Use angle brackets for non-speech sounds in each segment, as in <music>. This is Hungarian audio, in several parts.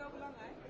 wel belangrijk.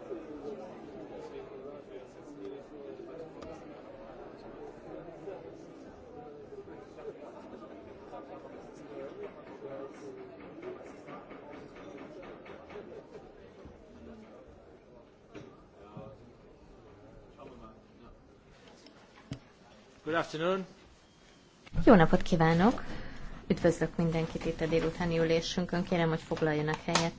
Good afternoon. Jó napot kívánok! Üdvözlök mindenkit itt a délutáni ülésünkön. Kérem, hogy foglaljanak helyet.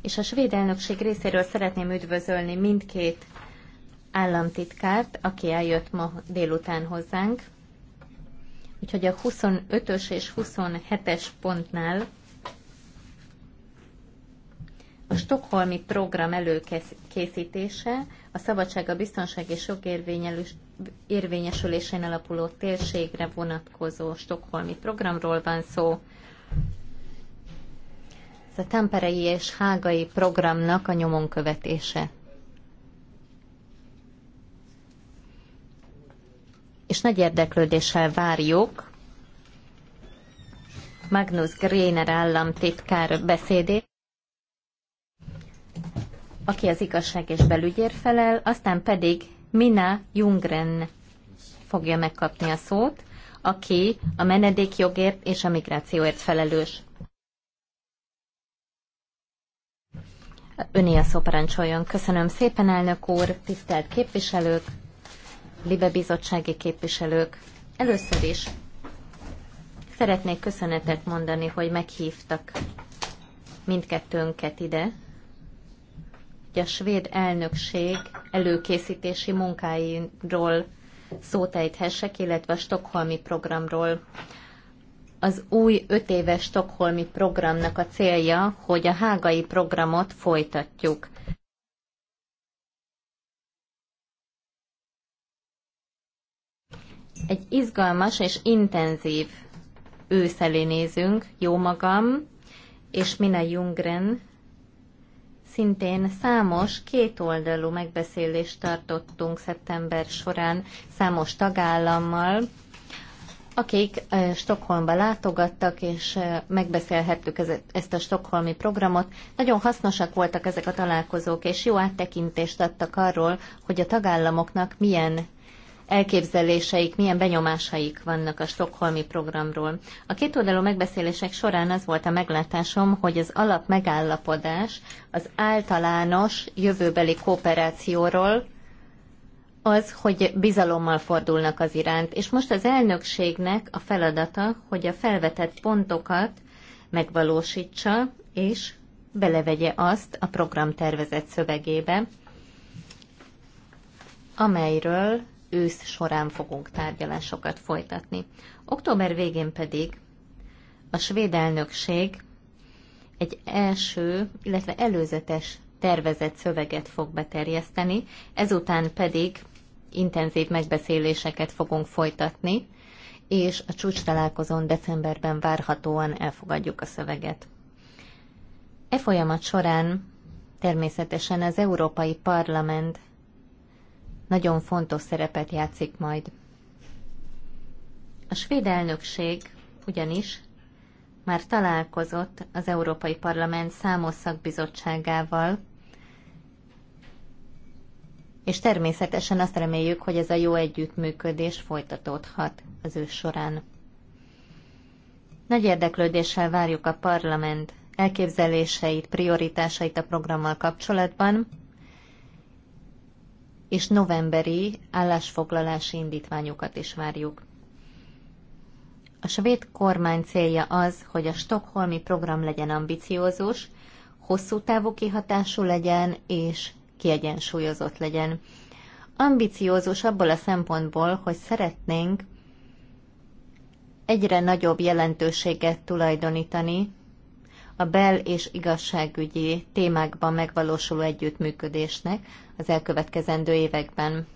És a svéd elnökség részéről szeretném üdvözölni mindkét államtitkárt, aki eljött ma délután hozzánk. Úgyhogy a 25-ös és 27-es pontnál a Stockholmi program előkészítése a szabadság, a biztonság és sok érvényesülésén alapuló térségre vonatkozó Stockholmi programról van szó. Ez a Temperei és Hágai programnak a nyomon követése. és nagy érdeklődéssel várjuk Magnus Gréner államtitkár beszédét, aki az igazság és belügyér felel, aztán pedig Mina Jungren fogja megkapni a szót, aki a menedékjogért és a migrációért felelős. Öné a szó parancsoljon. Köszönöm szépen, elnök úr, tisztelt képviselők! Libe bizottsági képviselők! Először is szeretnék köszönetet mondani, hogy meghívtak mindkettőnket ide, hogy a svéd elnökség előkészítési munkáiról szót ejthessek, illetve a stokholmi programról. Az új öt éves stokholmi programnak a célja, hogy a hágai programot folytatjuk. Egy izgalmas és intenzív ősz elé nézünk, jó magam, és Mina Jungren szintén számos kétoldalú megbeszélést tartottunk szeptember során számos tagállammal, akik Stockholmba látogattak, és megbeszélhettük ezt a Stockholmi programot. Nagyon hasznosak voltak ezek a találkozók, és jó áttekintést adtak arról, hogy a tagállamoknak milyen elképzeléseik, milyen benyomásaik vannak a Stockholmi programról. A kétoldalú megbeszélések során az volt a meglátásom, hogy az alap megállapodás az általános jövőbeli kooperációról az, hogy bizalommal fordulnak az iránt. És most az elnökségnek a feladata, hogy a felvetett pontokat megvalósítsa, és belevegye azt a programtervezet szövegébe, amelyről ősz során fogunk tárgyalásokat folytatni. Október végén pedig a svéd elnökség egy első, illetve előzetes tervezett szöveget fog beterjeszteni, ezután pedig intenzív megbeszéléseket fogunk folytatni, és a csúcs találkozón decemberben várhatóan elfogadjuk a szöveget. E folyamat során természetesen az Európai Parlament nagyon fontos szerepet játszik majd. A svéd elnökség ugyanis már találkozott az Európai Parlament számos szakbizottságával, és természetesen azt reméljük, hogy ez a jó együttműködés folytatódhat az ő során. Nagy érdeklődéssel várjuk a parlament elképzeléseit, prioritásait a programmal kapcsolatban, és novemberi állásfoglalási indítványokat is várjuk. A svéd kormány célja az, hogy a stokholmi program legyen ambiciózus, hosszú távú kihatású legyen és kiegyensúlyozott legyen. Ambiciózus abból a szempontból, hogy szeretnénk egyre nagyobb jelentőséget tulajdonítani a bel- és igazságügyi témákban megvalósuló együttműködésnek az elkövetkezendő években.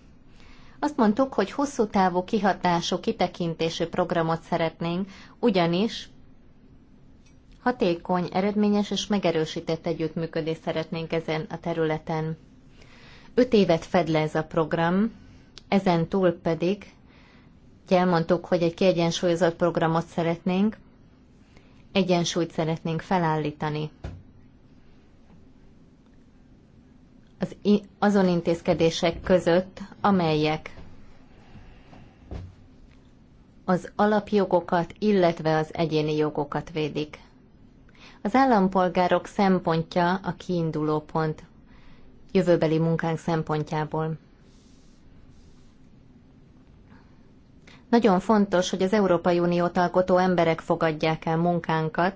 Azt mondtuk, hogy hosszú távú kihatású, kitekintésű programot szeretnénk, ugyanis hatékony, eredményes és megerősített együttműködést szeretnénk ezen a területen. Öt évet fed le ez a program, ezen túl pedig elmondtuk, hogy egy kiegyensúlyozott programot szeretnénk, egyensúlyt szeretnénk felállítani. Az, azon intézkedések között, amelyek az alapjogokat, illetve az egyéni jogokat védik. Az állampolgárok szempontja a kiinduló pont jövőbeli munkánk szempontjából. Nagyon fontos, hogy az Európai Uniót alkotó emberek fogadják el munkánkat,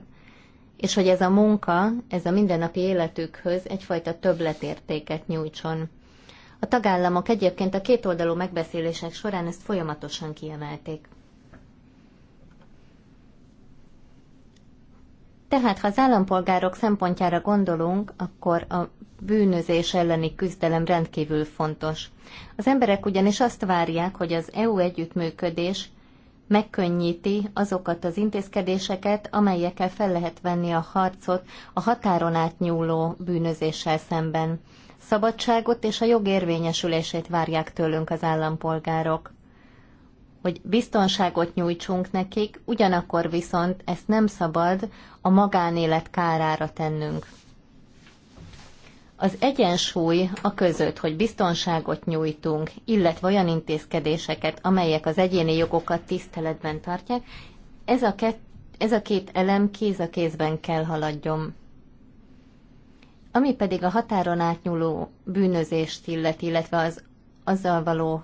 és hogy ez a munka, ez a mindennapi életükhöz egyfajta többletértéket nyújtson. A tagállamok egyébként a kétoldalú megbeszélések során ezt folyamatosan kiemelték. Tehát, ha az állampolgárok szempontjára gondolunk, akkor a bűnözés elleni küzdelem rendkívül fontos. Az emberek ugyanis azt várják, hogy az EU együttműködés megkönnyíti azokat az intézkedéseket, amelyekkel fel lehet venni a harcot a határon átnyúló bűnözéssel szemben. Szabadságot és a jog érvényesülését várják tőlünk az állampolgárok hogy biztonságot nyújtsunk nekik, ugyanakkor viszont ezt nem szabad a magánélet kárára tennünk. Az egyensúly a között, hogy biztonságot nyújtunk, illetve olyan intézkedéseket, amelyek az egyéni jogokat tiszteletben tartják, ez a, két, ez a két elem kéz a kézben kell haladjon. Ami pedig a határon átnyúló bűnözést illeti, illetve az azzal való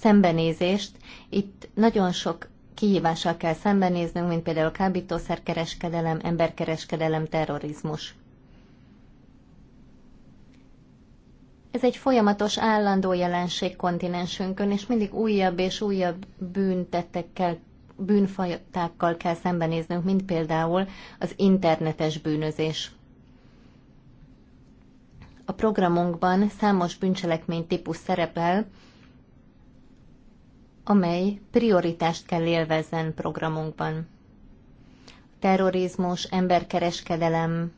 szembenézést. Itt nagyon sok kihívással kell szembenéznünk, mint például a kábítószerkereskedelem, emberkereskedelem, terrorizmus. Ez egy folyamatos, állandó jelenség kontinensünkön, és mindig újabb és újabb bűntettekkel, bűnfajtákkal kell szembenéznünk, mint például az internetes bűnözés. A programunkban számos bűncselekmény típus szerepel, amely prioritást kell élvezzen programunkban. Terrorizmus, emberkereskedelem,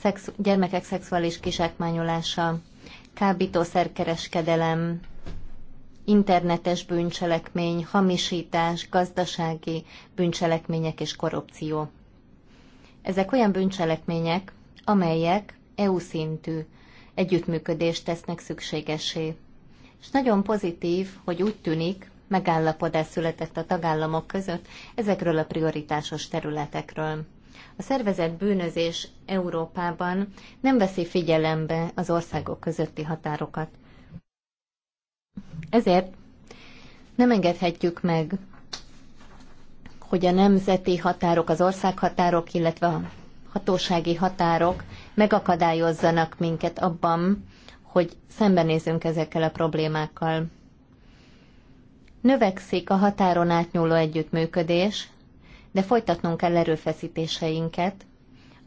szexu- gyermekek szexuális kisákmányolása, kábítószerkereskedelem, internetes bűncselekmény, hamisítás, gazdasági bűncselekmények és korrupció. Ezek olyan bűncselekmények, amelyek EU szintű együttműködést tesznek szükségesé és nagyon pozitív, hogy úgy tűnik, megállapodás született a tagállamok között ezekről a prioritásos területekről. A szervezett bűnözés Európában nem veszi figyelembe az országok közötti határokat. Ezért nem engedhetjük meg, hogy a nemzeti határok, az országhatárok, illetve a hatósági határok megakadályozzanak minket abban, hogy szembenézünk ezekkel a problémákkal. Növekszik a határon átnyúló együttműködés, de folytatnunk kell erőfeszítéseinket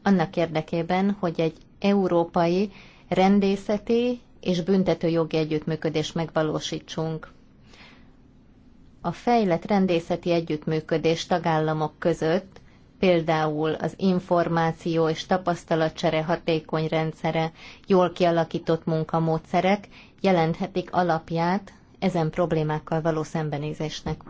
annak érdekében, hogy egy európai rendészeti és jogi együttműködés megvalósítsunk. A fejlett rendészeti együttműködés tagállamok között például az információ és tapasztalatcsere hatékony rendszere, jól kialakított munkamódszerek jelenthetik alapját ezen problémákkal való szembenézésnek.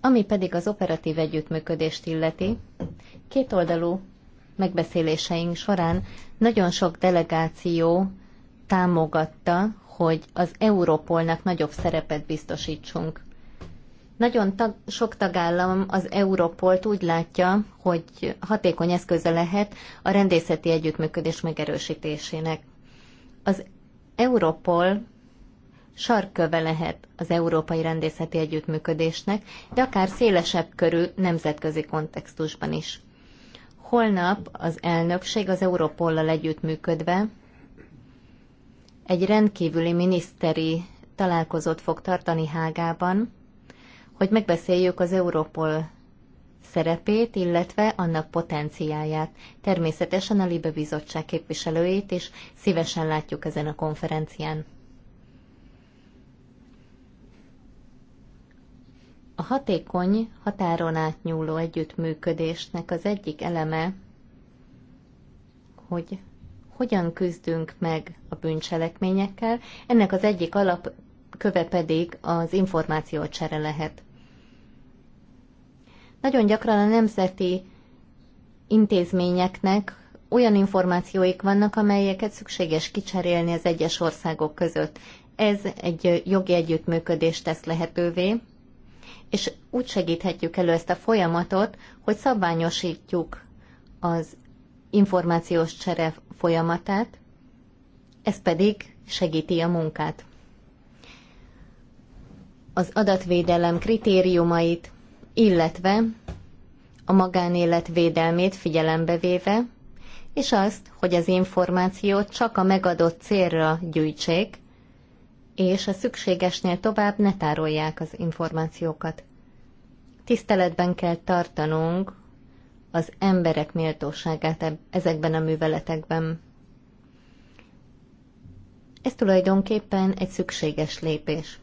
Ami pedig az operatív együttműködést illeti, kétoldalú megbeszéléseink során nagyon sok delegáció támogatta, hogy az Európolnak nagyobb szerepet biztosítsunk. Nagyon tag, sok tagállam az Europolt úgy látja, hogy hatékony eszköze lehet a rendészeti együttműködés megerősítésének. Az Europol sarköve lehet az európai rendészeti együttműködésnek, de akár szélesebb körű nemzetközi kontextusban is. Holnap az elnökség az Europollal együttműködve egy rendkívüli miniszteri találkozót fog tartani Hágában, hogy megbeszéljük az Európol szerepét, illetve annak potenciáját. Természetesen a Libe Bizottság képviselőjét is szívesen látjuk ezen a konferencián. A hatékony, határon átnyúló együttműködésnek az egyik eleme, hogy hogyan küzdünk meg a bűncselekményekkel, ennek az egyik alapköve pedig az információcsere lehet. Nagyon gyakran a nemzeti intézményeknek olyan információik vannak, amelyeket szükséges kicserélni az egyes országok között. Ez egy jogi együttműködést tesz lehetővé, és úgy segíthetjük elő ezt a folyamatot, hogy szabványosítjuk az információs csere folyamatát, ez pedig segíti a munkát. Az adatvédelem kritériumait illetve a magánélet védelmét figyelembe véve, és azt, hogy az információt csak a megadott célra gyűjtsék, és a szükségesnél tovább ne tárolják az információkat. Tiszteletben kell tartanunk az emberek méltóságát ezekben a műveletekben. Ez tulajdonképpen egy szükséges lépés.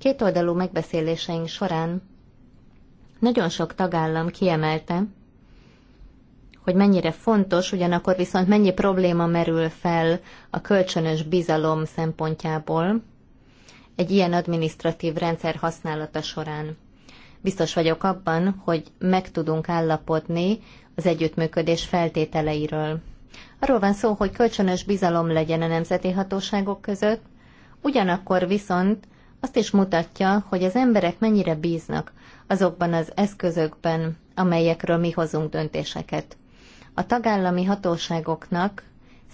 Kétoldalú megbeszéléseink során nagyon sok tagállam kiemelte, hogy mennyire fontos, ugyanakkor viszont mennyi probléma merül fel a kölcsönös bizalom szempontjából egy ilyen adminisztratív rendszer használata során. Biztos vagyok abban, hogy meg tudunk állapodni az együttműködés feltételeiről. Arról van szó, hogy kölcsönös bizalom legyen a nemzeti hatóságok között, ugyanakkor viszont azt is mutatja, hogy az emberek mennyire bíznak azokban az eszközökben, amelyekről mi hozunk döntéseket. A tagállami hatóságoknak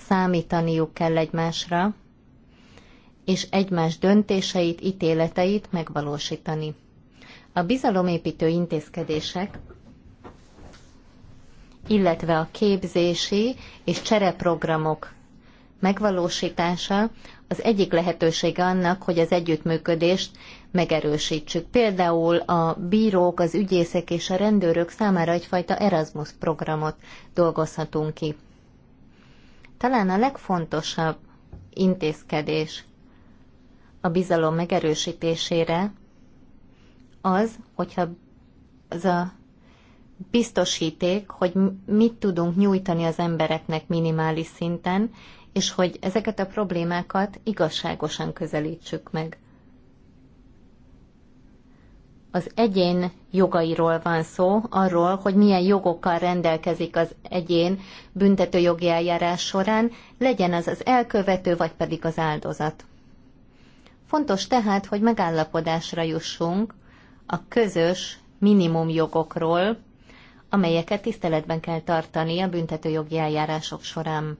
számítaniuk kell egymásra, és egymás döntéseit, ítéleteit megvalósítani. A bizalomépítő intézkedések, illetve a képzési és csereprogramok megvalósítása az egyik lehetősége annak, hogy az együttműködést megerősítsük. Például a bírók, az ügyészek és a rendőrök számára egyfajta Erasmus programot dolgozhatunk ki. Talán a legfontosabb intézkedés a bizalom megerősítésére az, hogyha az a biztosíték, hogy mit tudunk nyújtani az embereknek minimális szinten, és hogy ezeket a problémákat igazságosan közelítsük meg. Az egyén jogairól van szó, arról, hogy milyen jogokkal rendelkezik az egyén büntetőjogi eljárás során, legyen az az elkövető, vagy pedig az áldozat. Fontos tehát, hogy megállapodásra jussunk a közös minimum jogokról, amelyeket tiszteletben kell tartani a büntetőjogi eljárások során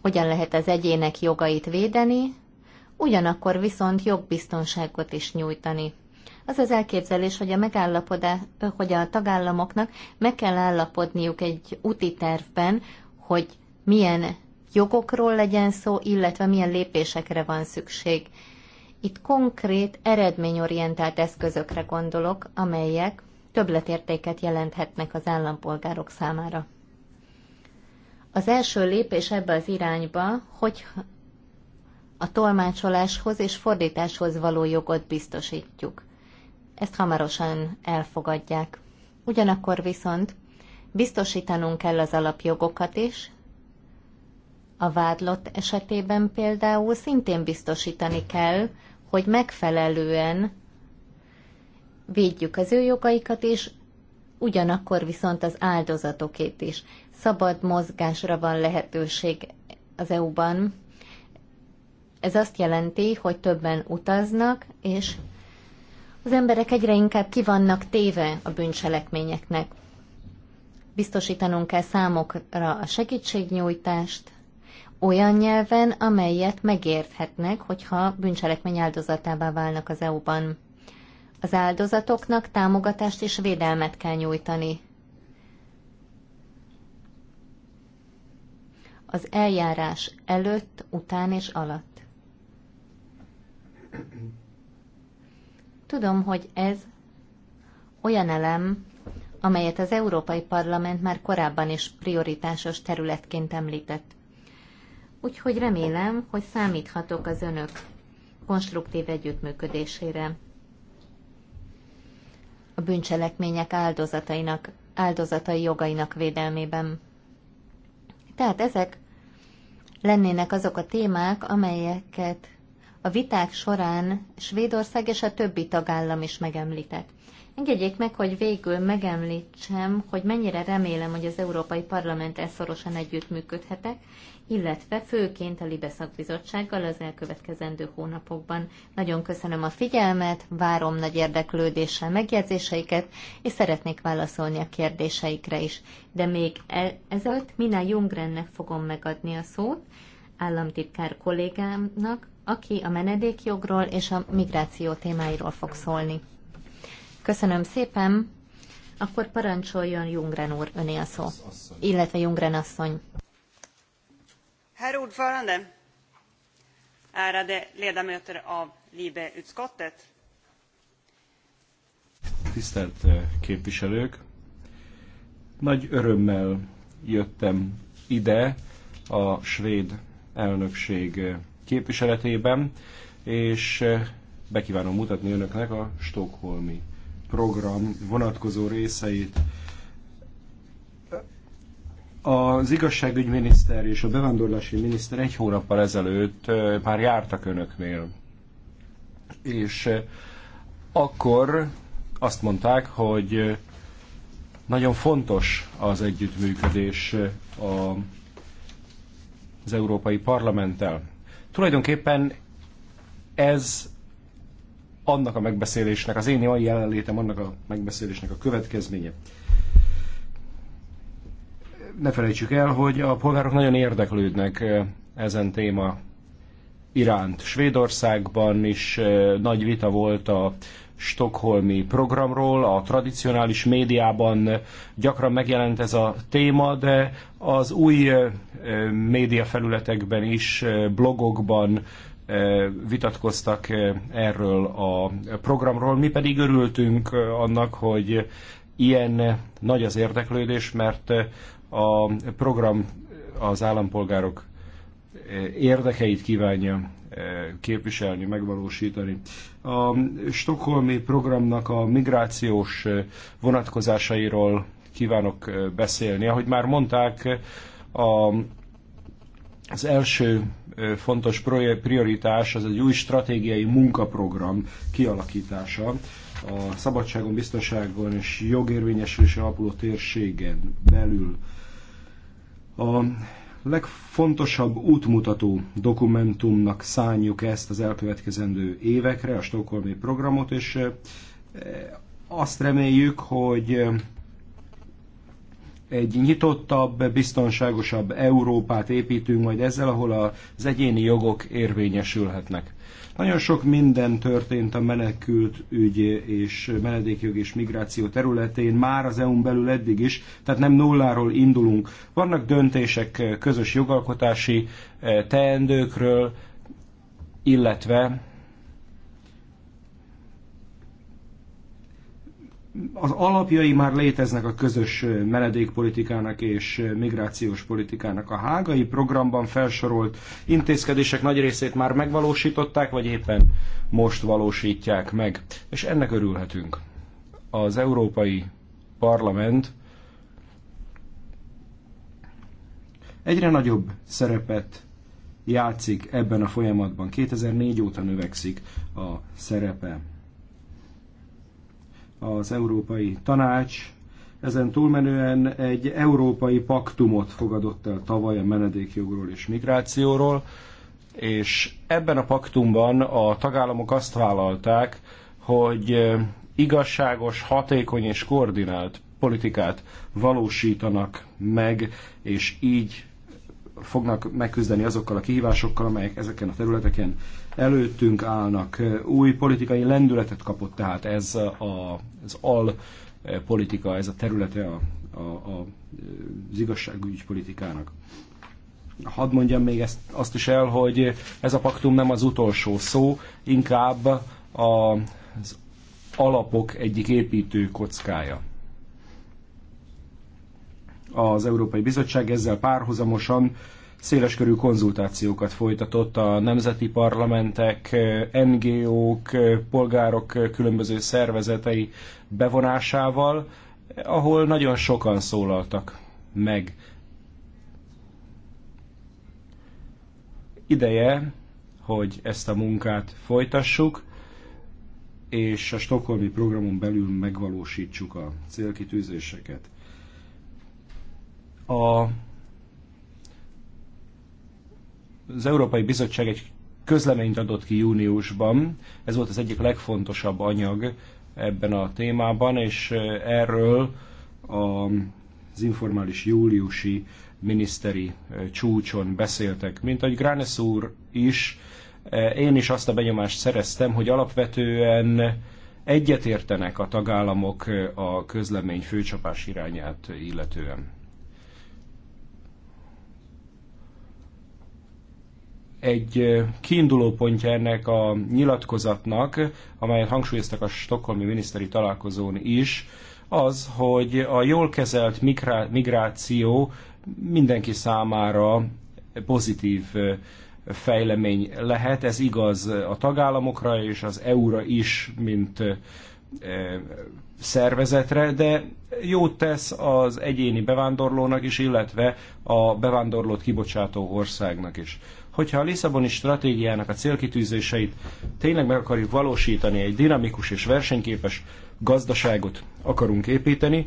hogyan lehet az egyének jogait védeni, ugyanakkor viszont jogbiztonságot is nyújtani. Az az elképzelés, hogy a, hogy a tagállamoknak meg kell állapodniuk egy úti tervben, hogy milyen jogokról legyen szó, illetve milyen lépésekre van szükség. Itt konkrét, eredményorientált eszközökre gondolok, amelyek többletértéket jelenthetnek az állampolgárok számára. Az első lépés ebbe az irányba, hogy a tolmácsoláshoz és fordításhoz való jogot biztosítjuk. Ezt hamarosan elfogadják. Ugyanakkor viszont biztosítanunk kell az alapjogokat is, a vádlott esetében például szintén biztosítani kell, hogy megfelelően védjük az ő jogaikat, és ugyanakkor viszont az áldozatokét is szabad mozgásra van lehetőség az EU-ban. Ez azt jelenti, hogy többen utaznak, és az emberek egyre inkább kivannak téve a bűncselekményeknek. Biztosítanunk kell számokra a segítségnyújtást, olyan nyelven, amelyet megérthetnek, hogyha bűncselekmény áldozatává válnak az EU-ban. Az áldozatoknak támogatást és védelmet kell nyújtani. az eljárás előtt, után és alatt. Tudom, hogy ez olyan elem, amelyet az Európai Parlament már korábban is prioritásos területként említett. Úgyhogy remélem, hogy számíthatok az önök konstruktív együttműködésére. A bűncselekmények áldozatainak, áldozatai jogainak védelmében. Tehát ezek lennének azok a témák, amelyeket a viták során Svédország és a többi tagállam is megemlített. Engedjék meg, hogy végül megemlítsem, hogy mennyire remélem, hogy az Európai Parlamenttel szorosan együttműködhetek, illetve főként a Libe szakbizottsággal az elkövetkezendő hónapokban. Nagyon köszönöm a figyelmet, várom nagy érdeklődéssel megjegyzéseiket, és szeretnék válaszolni a kérdéseikre is. De még e- ezelőtt Mina Jungrennek fogom megadni a szót, államtitkár kollégámnak, aki a menedékjogról és a migráció témáiról fog szólni. Köszönöm szépen, akkor parancsoljon Jungren úr öné a szó, illetve Jungren asszony. Herr ordförande, ärade ledamöter av LIBE-utskottet. Tisztelt eh, képviselők! Nagy örömmel jöttem ide a svéd elnökség eh, képviseletében, és eh, bekívánom mutatni önöknek a Stockholmi program vonatkozó részeit. Az igazságügyminiszter és a bevándorlási miniszter egy hónappal ezelőtt már jártak önöknél. És akkor azt mondták, hogy nagyon fontos az együttműködés a, az Európai Parlamenttel. Tulajdonképpen ez annak a megbeszélésnek, az én jelenlétem annak a megbeszélésnek a következménye ne felejtsük el, hogy a polgárok nagyon érdeklődnek ezen téma iránt. Svédországban is nagy vita volt a stokholmi programról, a tradicionális médiában gyakran megjelent ez a téma, de az új médiafelületekben is, blogokban vitatkoztak erről a programról. Mi pedig örültünk annak, hogy ilyen nagy az érdeklődés, mert a program az állampolgárok eh, érdekeit kívánja eh, képviselni, megvalósítani. A stokholmi programnak a migrációs eh, vonatkozásairól kívánok beszélni. Ahogy már mondták, a, az első fontos prioritás az egy új stratégiai munkaprogram kialakítása a szabadságon, biztonságon és jogérvényesülésen alapuló térségen belül a legfontosabb útmutató dokumentumnak szánjuk ezt az elkövetkezendő évekre, a Stokholmi programot, és azt reméljük, hogy egy nyitottabb, biztonságosabb Európát építünk majd ezzel, ahol az egyéni jogok érvényesülhetnek. Nagyon sok minden történt a menekült ügy és menedékjog és migráció területén, már az EU-n belül eddig is, tehát nem nulláról indulunk. Vannak döntések közös jogalkotási eh, teendőkről, illetve az alapjai már léteznek a közös menedékpolitikának és migrációs politikának. A hágai programban felsorolt intézkedések nagy részét már megvalósították, vagy éppen most valósítják meg. És ennek örülhetünk. Az Európai Parlament egyre nagyobb szerepet játszik ebben a folyamatban. 2004 óta növekszik a szerepe az Európai Tanács. Ezen túlmenően egy európai paktumot fogadott el tavaly a menedékjogról és migrációról, és ebben a paktumban a tagállamok azt vállalták, hogy igazságos, hatékony és koordinált politikát valósítanak meg, és így fognak megküzdeni azokkal a kihívásokkal, amelyek ezeken a területeken előttünk állnak. Új politikai lendületet kapott tehát ez a, az al politika, ez a területe a, a, a, az igazságügyi politikának. Hadd mondjam még ezt, azt is el, hogy ez a paktum nem az utolsó szó, inkább a, az alapok egyik építő kockája. Az Európai Bizottság ezzel párhuzamosan széleskörű konzultációkat folytatott a nemzeti parlamentek, NGO-k, polgárok különböző szervezetei bevonásával, ahol nagyon sokan szólaltak meg. Ideje, hogy ezt a munkát folytassuk, és a stokholmi programon belül megvalósítsuk a célkitűzéseket. A az Európai Bizottság egy közleményt adott ki júniusban, ez volt az egyik legfontosabb anyag ebben a témában, és eh, erről az informális júliusi miniszteri eh, csúcson beszéltek. Mint ahogy Gránes úr is, eh, én is azt a benyomást szereztem, hogy alapvetően egyetértenek a tagállamok a közlemény főcsapás irányát illetően. egy kiinduló pontja ennek a nyilatkozatnak, amelyet hangsúlyoztak a stokholmi miniszteri találkozón is, az, hogy a jól kezelt migráció mindenki számára pozitív fejlemény lehet. Ez igaz a tagállamokra és az EU-ra is, mint szervezetre, de jót tesz az egyéni bevándorlónak is, illetve a bevándorlót kibocsátó országnak is. Hogyha a Lisszaboni stratégiának a célkitűzéseit tényleg meg akarjuk valósítani, egy dinamikus és versenyképes gazdaságot akarunk építeni,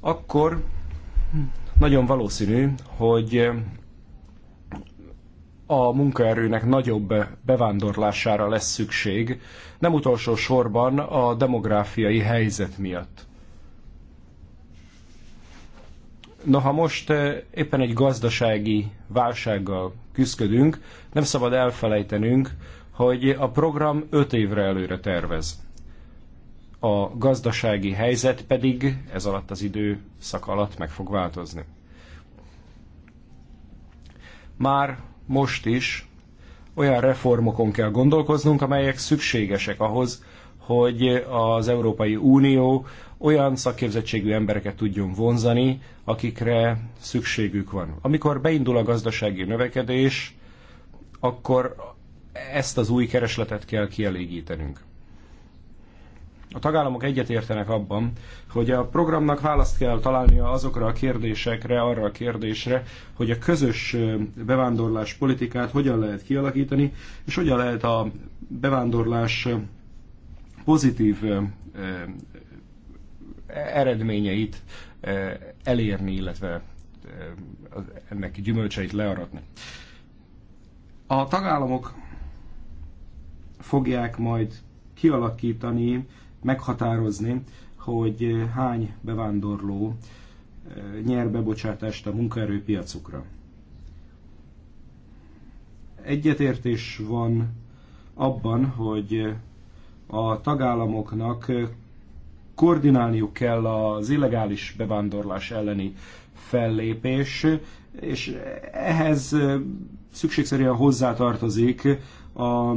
akkor nagyon valószínű, hogy a munkaerőnek nagyobb bevándorlására lesz szükség, nem utolsó sorban a demográfiai helyzet miatt. Noha most eh, éppen egy gazdasági válsággal küzdködünk, nem szabad elfelejtenünk, hogy a program öt évre előre tervez. A gazdasági helyzet pedig ez alatt az időszak alatt meg fog változni. Már most is olyan reformokon kell gondolkoznunk, amelyek szükségesek ahhoz, hogy az Európai Unió olyan szakképzettségű embereket tudjon vonzani, akikre szükségük van. Amikor beindul a gazdasági növekedés, akkor ezt az új keresletet kell kielégítenünk. A tagállamok egyetértenek abban, hogy a programnak választ kell találnia azokra a kérdésekre, arra a kérdésre, hogy a közös bevándorlás politikát hogyan lehet kialakítani, és hogyan lehet a bevándorlás pozitív eredményeit elérni, illetve ennek gyümölcseit learatni. A tagállamok fogják majd kialakítani, meghatározni, hogy hány bevándorló nyer bebocsátást a munkaerőpiacukra. Egyetértés van abban, hogy a tagállamoknak koordinálniuk kell az illegális bevándorlás elleni fellépés, és ehhez szükségszerűen hozzátartozik a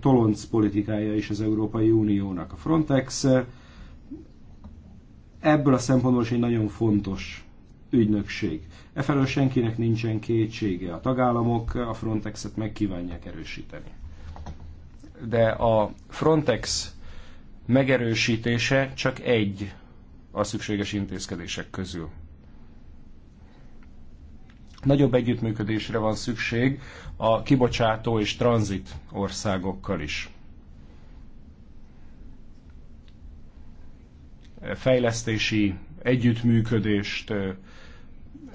tolonc politikája is az Európai Uniónak. A Frontex ebből a szempontból is egy nagyon fontos ügynökség. Efelől senkinek nincsen kétsége. A tagállamok a Frontexet meg kívánják erősíteni de a Frontex megerősítése csak egy a szükséges intézkedések közül. Nagyobb együttműködésre van szükség a kibocsátó és tranzit országokkal is. Fejlesztési együttműködést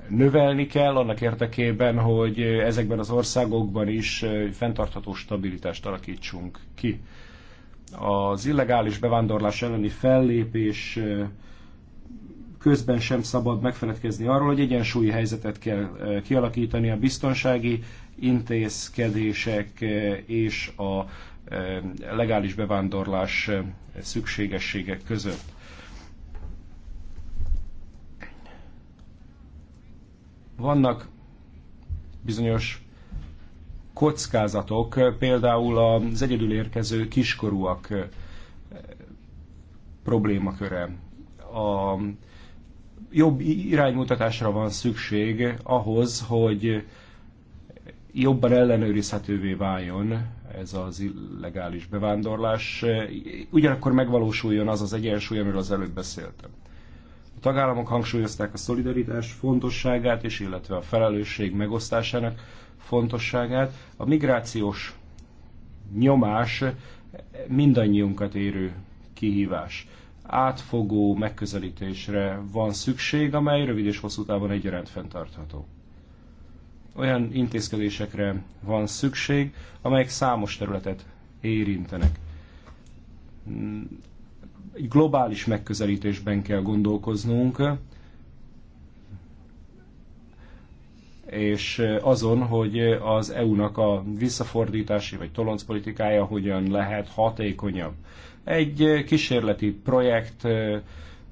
növelni kell annak érdekében, hogy ezekben az országokban is fenntartható stabilitást alakítsunk ki. Az illegális bevándorlás elleni fellépés közben sem szabad megfeledkezni arról, hogy egyensúlyi helyzetet kell kialakítani a biztonsági intézkedések és a legális bevándorlás szükségességek között Vannak bizonyos kockázatok, például az egyedül érkező kiskorúak eh, problémaköre. A jobb iránymutatásra van szükség ahhoz, hogy jobban ellenőrizhetővé váljon ez az illegális bevándorlás, ugyanakkor megvalósuljon az az egyensúly, amiről az előbb beszéltem. A tagállamok hangsúlyozták a szolidaritás fontosságát és illetve a felelősség megosztásának fontosságát. A migrációs nyomás mindannyiunkat érő kihívás. Átfogó megközelítésre van szükség, amely rövid és hosszú távon egyaránt fenntartható. Olyan intézkedésekre van szükség, amelyek számos területet érintenek globális megközelítésben kell gondolkoznunk, és azon, hogy az EU-nak a visszafordítási vagy toloncpolitikája hogyan lehet hatékonyabb. Egy kísérleti projekt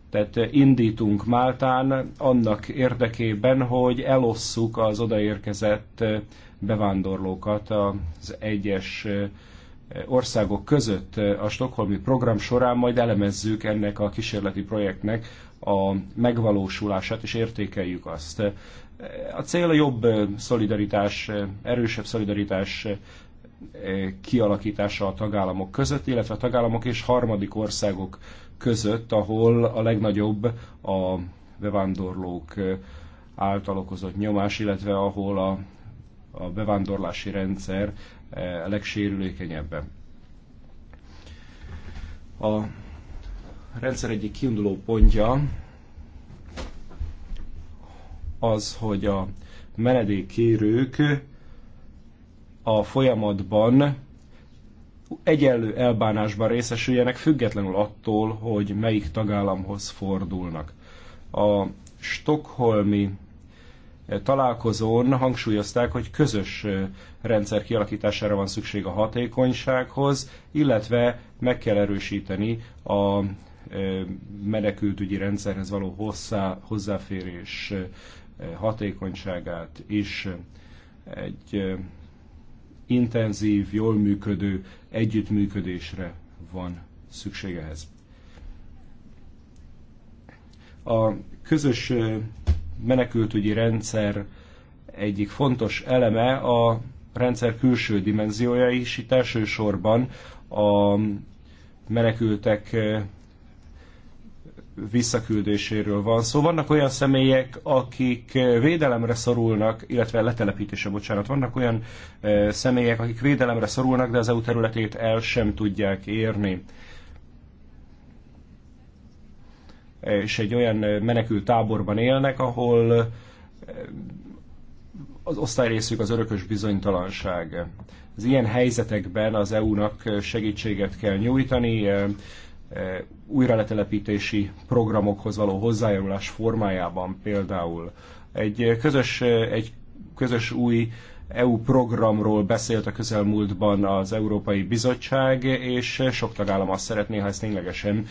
tehát indítunk Máltán annak érdekében, hogy elosszuk az odaérkezett bevándorlókat az egyes országok között a Stockholmi program során majd elemezzük ennek a kísérleti projektnek a megvalósulását és értékeljük azt. A cél a jobb szolidaritás, erősebb szolidaritás kialakítása a tagállamok között, illetve a tagállamok és harmadik országok között, ahol a legnagyobb a bevándorlók által okozott nyomás, illetve ahol a, a bevándorlási rendszer Eh, a legsérülékenyebben. A rendszer egyik kiinduló pontja az, hogy a menedékkérők a folyamatban egyenlő elbánásban részesüljenek, függetlenül attól, hogy melyik tagállamhoz fordulnak. A Stockholmi találkozón hangsúlyozták, hogy közös rendszer kialakítására van szükség a hatékonysághoz, illetve meg kell erősíteni a menekültügyi rendszerhez való hozzá, hozzáférés hatékonyságát is. Egy intenzív, jól működő együttműködésre van szükségehez. A közös menekültügyi rendszer egyik fontos eleme a rendszer külső dimenziója is, itt elsősorban a menekültek eh, visszaküldéséről van szó. Szóval vannak olyan személyek, akik eh, védelemre szorulnak, illetve letelepítése, bocsánat, vannak olyan eh, személyek, akik védelemre szorulnak, de az EU területét el sem tudják érni és egy olyan menekült táborban élnek, ahol az osztályrészük az örökös bizonytalanság. Az ilyen helyzetekben az EU-nak segítséget kell nyújtani, újraletelepítési programokhoz való hozzájárulás formájában például. Egy közös, egy közös új EU programról beszélt a közelmúltban az Európai Bizottság, és sok tagállam azt szeretné, ha ezt ténylegesen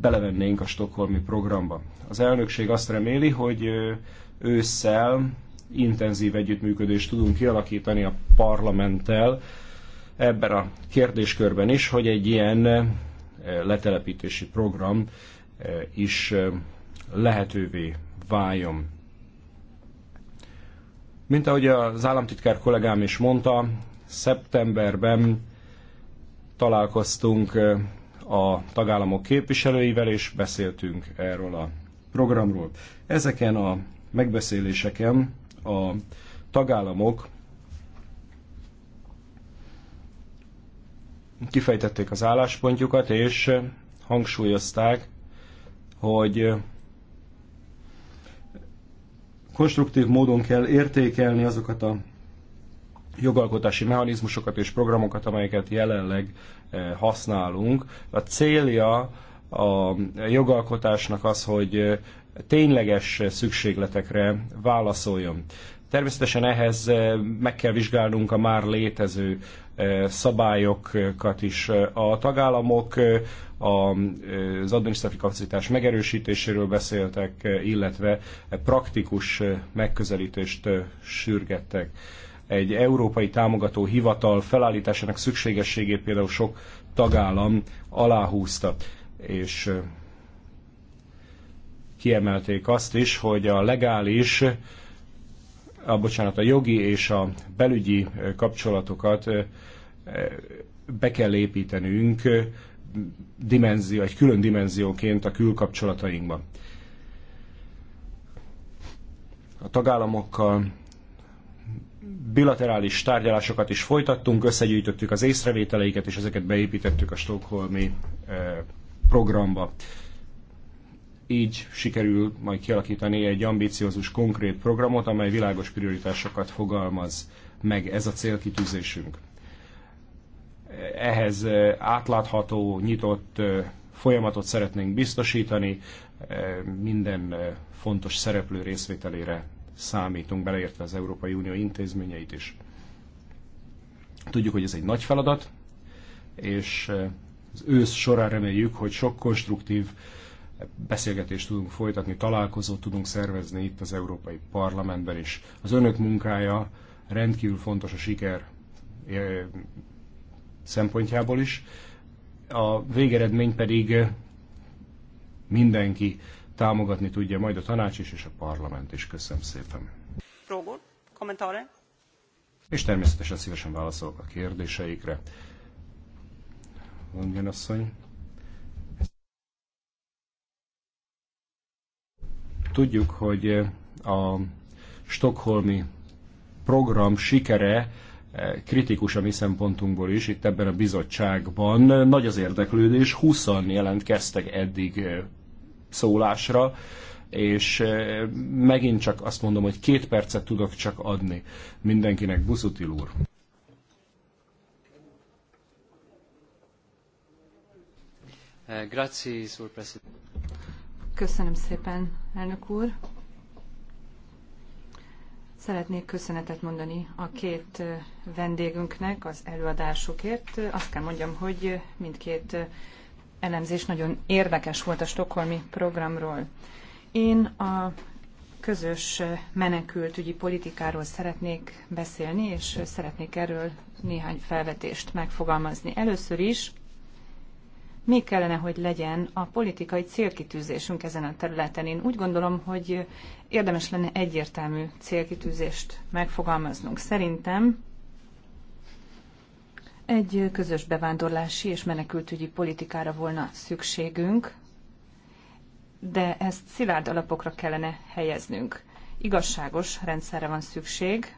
belevennénk a stokholmi programba. Az elnökség azt reméli, hogy ősszel intenzív együttműködést tudunk kialakítani a parlamenttel ebben a kérdéskörben is, hogy egy ilyen letelepítési program is lehetővé váljon. Mint ahogy az államtitkár kollégám is mondta, szeptemberben találkoztunk a tagállamok képviselőivel, és beszéltünk erről a programról. Ezeken a megbeszéléseken a tagállamok kifejtették az álláspontjukat, és hangsúlyozták, hogy konstruktív módon kell értékelni azokat a jogalkotási mechanizmusokat és programokat, amelyeket jelenleg eh, használunk. A célja a jogalkotásnak az, hogy eh, tényleges szükségletekre válaszoljon. Természetesen ehhez eh, meg kell vizsgálnunk a már létező szabályokat is. A tagállamok az adminisztratív kapacitás megerősítéséről beszéltek, illetve praktikus megközelítést sürgettek egy európai támogató hivatal felállításának szükségességét például sok tagállam aláhúzta. És kiemelték azt is, hogy a legális, a, bocsánat, a jogi és a belügyi kapcsolatokat be kell építenünk dimenzió, egy külön dimenzióként a külkapcsolatainkban. A tagállamokkal bilaterális tárgyalásokat is folytattunk, összegyűjtöttük az észrevételeiket, és ezeket beépítettük a Stockholmi eh, programba. Így sikerül majd kialakítani egy ambiciózus, konkrét programot, amely világos prioritásokat fogalmaz meg. Ez a célkitűzésünk. Ehhez eh, átlátható, nyitott eh, folyamatot szeretnénk biztosítani, minden fontos szereplő részvételére számítunk, beleértve az Európai Unió intézményeit is. Tudjuk, hogy ez egy nagy feladat, és e, az ősz során reméljük, hogy sok konstruktív beszélgetést tudunk folytatni, találkozót tudunk szervezni itt az Európai Parlamentben is. Az önök munkája rendkívül fontos a siker e, szempontjából is. A végeredmény pedig mindenki támogatni tudja majd a tanács is és a parlament is. Köszönöm szépen. Rógó, kommentáre? És természetesen szívesen válaszolok a kérdéseikre. Mondjon asszony. Tudjuk, hogy a stokholmi program sikere eh, kritikus a mi szempontunkból is, itt ebben a bizottságban nagy az érdeklődés, 20 jelentkeztek eddig eh, szólásra, és eh, megint csak azt mondom, hogy két percet tudok csak adni mindenkinek. Buszutil úr. Eh, Köszönöm szépen, elnök úr. Szeretnék köszönetet mondani a két eh, vendégünknek az előadásukért. Azt kell mondjam, hogy mindkét elemzés nagyon érdekes volt a stokholmi programról. Én a közös menekültügyi politikáról szeretnék beszélni, és szeretnék erről néhány felvetést megfogalmazni. Először is, mi kellene, hogy legyen a politikai célkitűzésünk ezen a területen? Én úgy gondolom, hogy érdemes lenne egyértelmű célkitűzést megfogalmaznunk. Szerintem egy közös bevándorlási és menekültügyi politikára volna szükségünk, de ezt szilárd alapokra kellene helyeznünk. Igazságos rendszerre van szükség,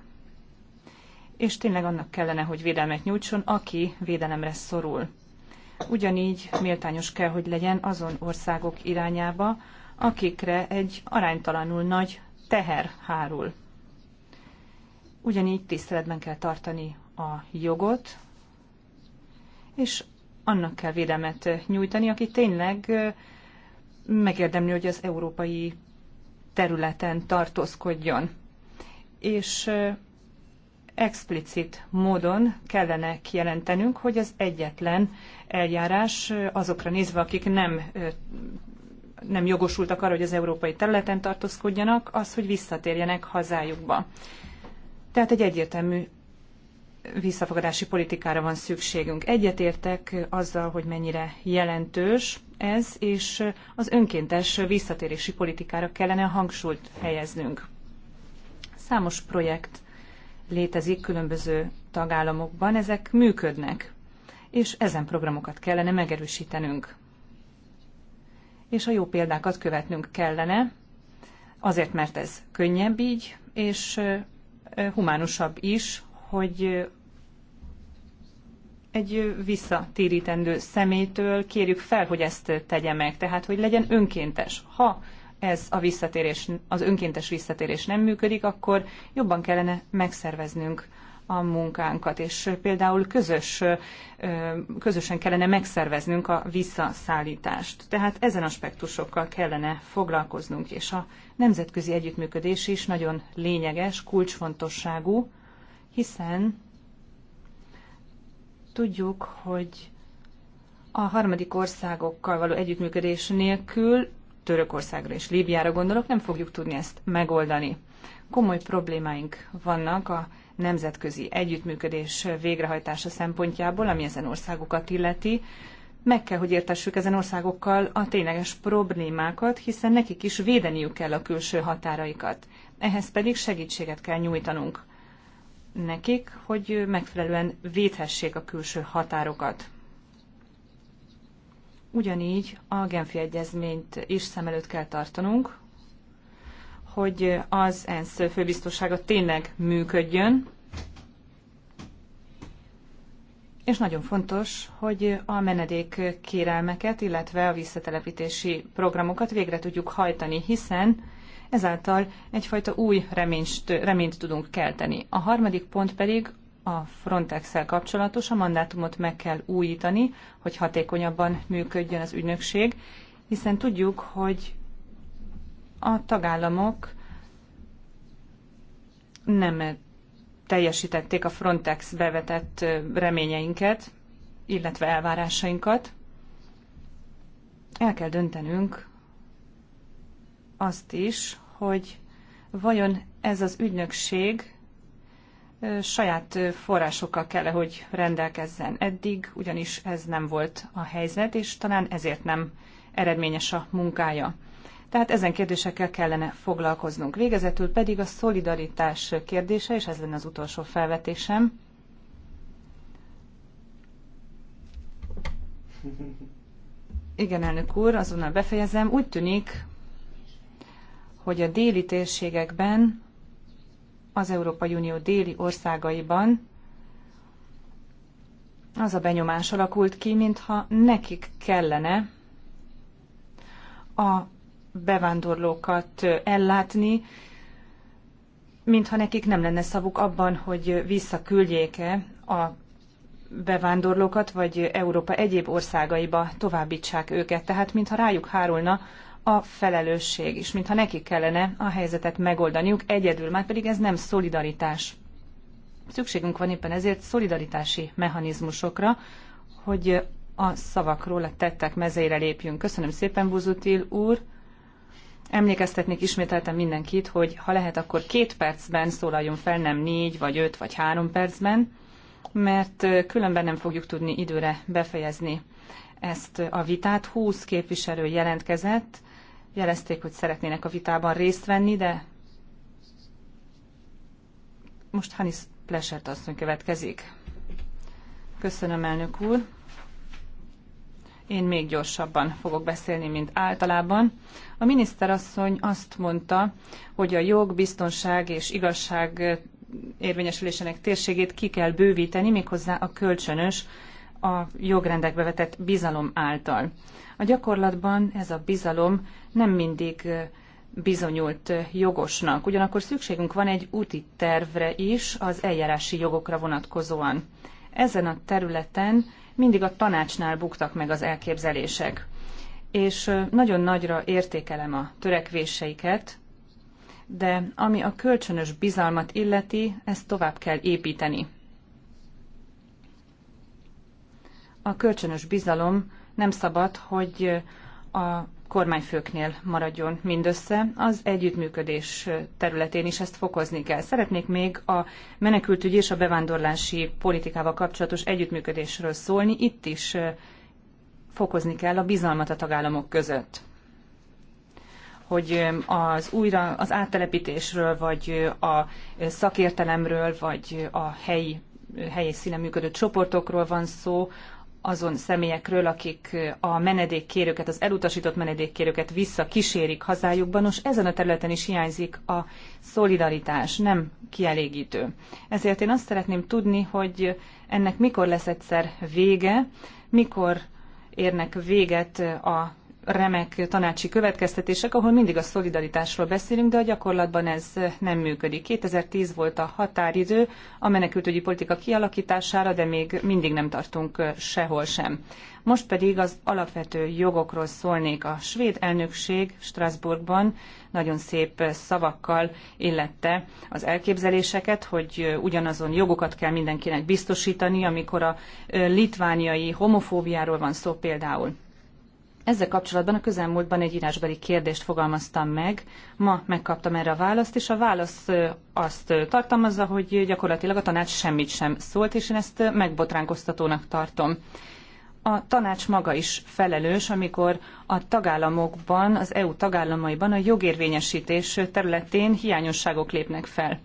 és tényleg annak kellene, hogy védelmet nyújtson, aki védelemre szorul. Ugyanígy méltányos kell, hogy legyen azon országok irányába, akikre egy aránytalanul nagy teher hárul. Ugyanígy tiszteletben kell tartani a jogot, és annak kell védelmet eh, nyújtani, aki tényleg eh, megérdemli, hogy az európai területen tartózkodjon. És eh, explicit módon kellene kijelentenünk, hogy az egyetlen eljárás azokra nézve, akik nem, nem jogosultak arra, hogy az európai területen tartózkodjanak, az, hogy visszatérjenek hazájukba. Tehát egy egyértelmű visszafogadási politikára van szükségünk. Egyetértek azzal, hogy mennyire jelentős ez, és az önkéntes visszatérési politikára kellene a hangsúlyt helyeznünk. Számos projekt létezik különböző tagállamokban, ezek működnek, és ezen programokat kellene megerősítenünk. És a jó példákat követnünk kellene, azért mert ez könnyebb így, és humánusabb is, hogy egy visszatérítendő szemétől kérjük fel, hogy ezt tegye meg, tehát hogy legyen önkéntes. Ha ez a visszatérés, az önkéntes visszatérés nem működik, akkor jobban kellene megszerveznünk a munkánkat, és például közös, közösen kellene megszerveznünk a visszaszállítást. Tehát ezen aspektusokkal kellene foglalkoznunk, és a nemzetközi együttműködés is nagyon lényeges, kulcsfontosságú, hiszen tudjuk, hogy a harmadik országokkal való együttműködés nélkül, Törökországra és Líbiára gondolok, nem fogjuk tudni ezt megoldani. Komoly problémáink vannak a nemzetközi együttműködés végrehajtása szempontjából, ami ezen országokat illeti. Meg kell, hogy értessük ezen országokkal a tényleges problémákat, hiszen nekik is védeniük kell a külső határaikat. Ehhez pedig segítséget kell nyújtanunk nekik, hogy megfelelően védhessék a külső határokat. Ugyanígy a Genfi Egyezményt is szem előtt kell tartanunk, hogy az ENSZ főbiztossága tényleg működjön, és nagyon fontos, hogy a menedék kérelmeket, illetve a visszatelepítési programokat végre tudjuk hajtani, hiszen Ezáltal egyfajta új reményt, reményt tudunk kelteni. A harmadik pont pedig a frontex kapcsolatos, a mandátumot meg kell újítani, hogy hatékonyabban működjön az ügynökség, hiszen tudjuk, hogy a tagállamok nem teljesítették a Frontex bevetett reményeinket, illetve elvárásainkat. El kell döntenünk azt is, hogy vajon ez az ügynökség saját forrásokkal kell, hogy rendelkezzen. Eddig ugyanis ez nem volt a helyzet, és talán ezért nem eredményes a munkája. Tehát ezen kérdésekkel kellene foglalkoznunk. Végezetül pedig a szolidaritás kérdése, és ez lenne az utolsó felvetésem. <laughs> Igen, elnök úr, azonnal befejezem. Úgy tűnik, hogy a déli térségekben, az Európai Unió déli országaiban az a benyomás alakult ki, mintha nekik kellene a bevándorlókat ellátni, mintha nekik nem lenne szavuk abban, hogy visszaküldjék-e a bevándorlókat, vagy Európa egyéb országaiba továbbítsák őket. Tehát, mintha rájuk hárulna a felelősség is, mintha nekik kellene a helyzetet megoldaniuk egyedül, már pedig ez nem szolidaritás. Szükségünk van éppen ezért szolidaritási mechanizmusokra, hogy a szavakról a tettek mezeire lépjünk. Köszönöm szépen, Buzutil úr! Emlékeztetnék ismételten mindenkit, hogy ha lehet, akkor két percben szólaljon fel, nem négy, vagy öt, vagy három percben, mert különben nem fogjuk tudni időre befejezni ezt a vitát. Húsz képviselő jelentkezett, jelezték, hogy szeretnének a vitában részt venni, de most Hanis Plesert asszony következik. Köszönöm, elnök úr. Én még gyorsabban fogok beszélni, mint általában. A miniszterasszony azt mondta, hogy a jog, biztonság és igazság érvényesülésének térségét ki kell bővíteni, méghozzá a kölcsönös, a jogrendekbe vetett bizalom által. A gyakorlatban ez a bizalom nem mindig bizonyult jogosnak. Ugyanakkor szükségünk van egy úti tervre is az eljárási jogokra vonatkozóan. Ezen a területen mindig a tanácsnál buktak meg az elképzelések. És nagyon nagyra értékelem a törekvéseiket, de ami a kölcsönös bizalmat illeti, ezt tovább kell építeni. A kölcsönös bizalom nem szabad, hogy a kormányfőknél maradjon mindössze. Az együttműködés területén is ezt fokozni kell. Szeretnék még a menekültügy és a bevándorlási politikával kapcsolatos együttműködésről szólni. Itt is fokozni kell a bizalmat a tagállamok között hogy az újra az áttelepítésről, vagy a szakértelemről, vagy a helyi helyi színe működő csoportokról van szó, azon személyekről, akik a menedékkérőket, az elutasított menedékkérőket visszakísérik hazájukban. Nos, ezen a területen is hiányzik a szolidaritás, nem kielégítő. Ezért én azt szeretném tudni, hogy ennek mikor lesz egyszer vége, mikor érnek véget a remek tanácsi következtetések, ahol mindig a szolidaritásról beszélünk, de a gyakorlatban ez nem működik. 2010 volt a határidő a menekültügyi politika kialakítására, de még mindig nem tartunk sehol sem. Most pedig az alapvető jogokról szólnék. A svéd elnökség Strasbourgban nagyon szép szavakkal illette az elképzeléseket, hogy ugyanazon jogokat kell mindenkinek biztosítani, amikor a litvániai homofóbiáról van szó például. Ezzel kapcsolatban a közelmúltban egy írásbeli kérdést fogalmaztam meg. Ma megkaptam erre a választ, és a válasz azt tartalmazza, hogy gyakorlatilag a tanács semmit sem szólt, és én ezt megbotránkoztatónak tartom. A tanács maga is felelős, amikor a tagállamokban, az EU tagállamaiban a jogérvényesítés területén hiányosságok lépnek fel.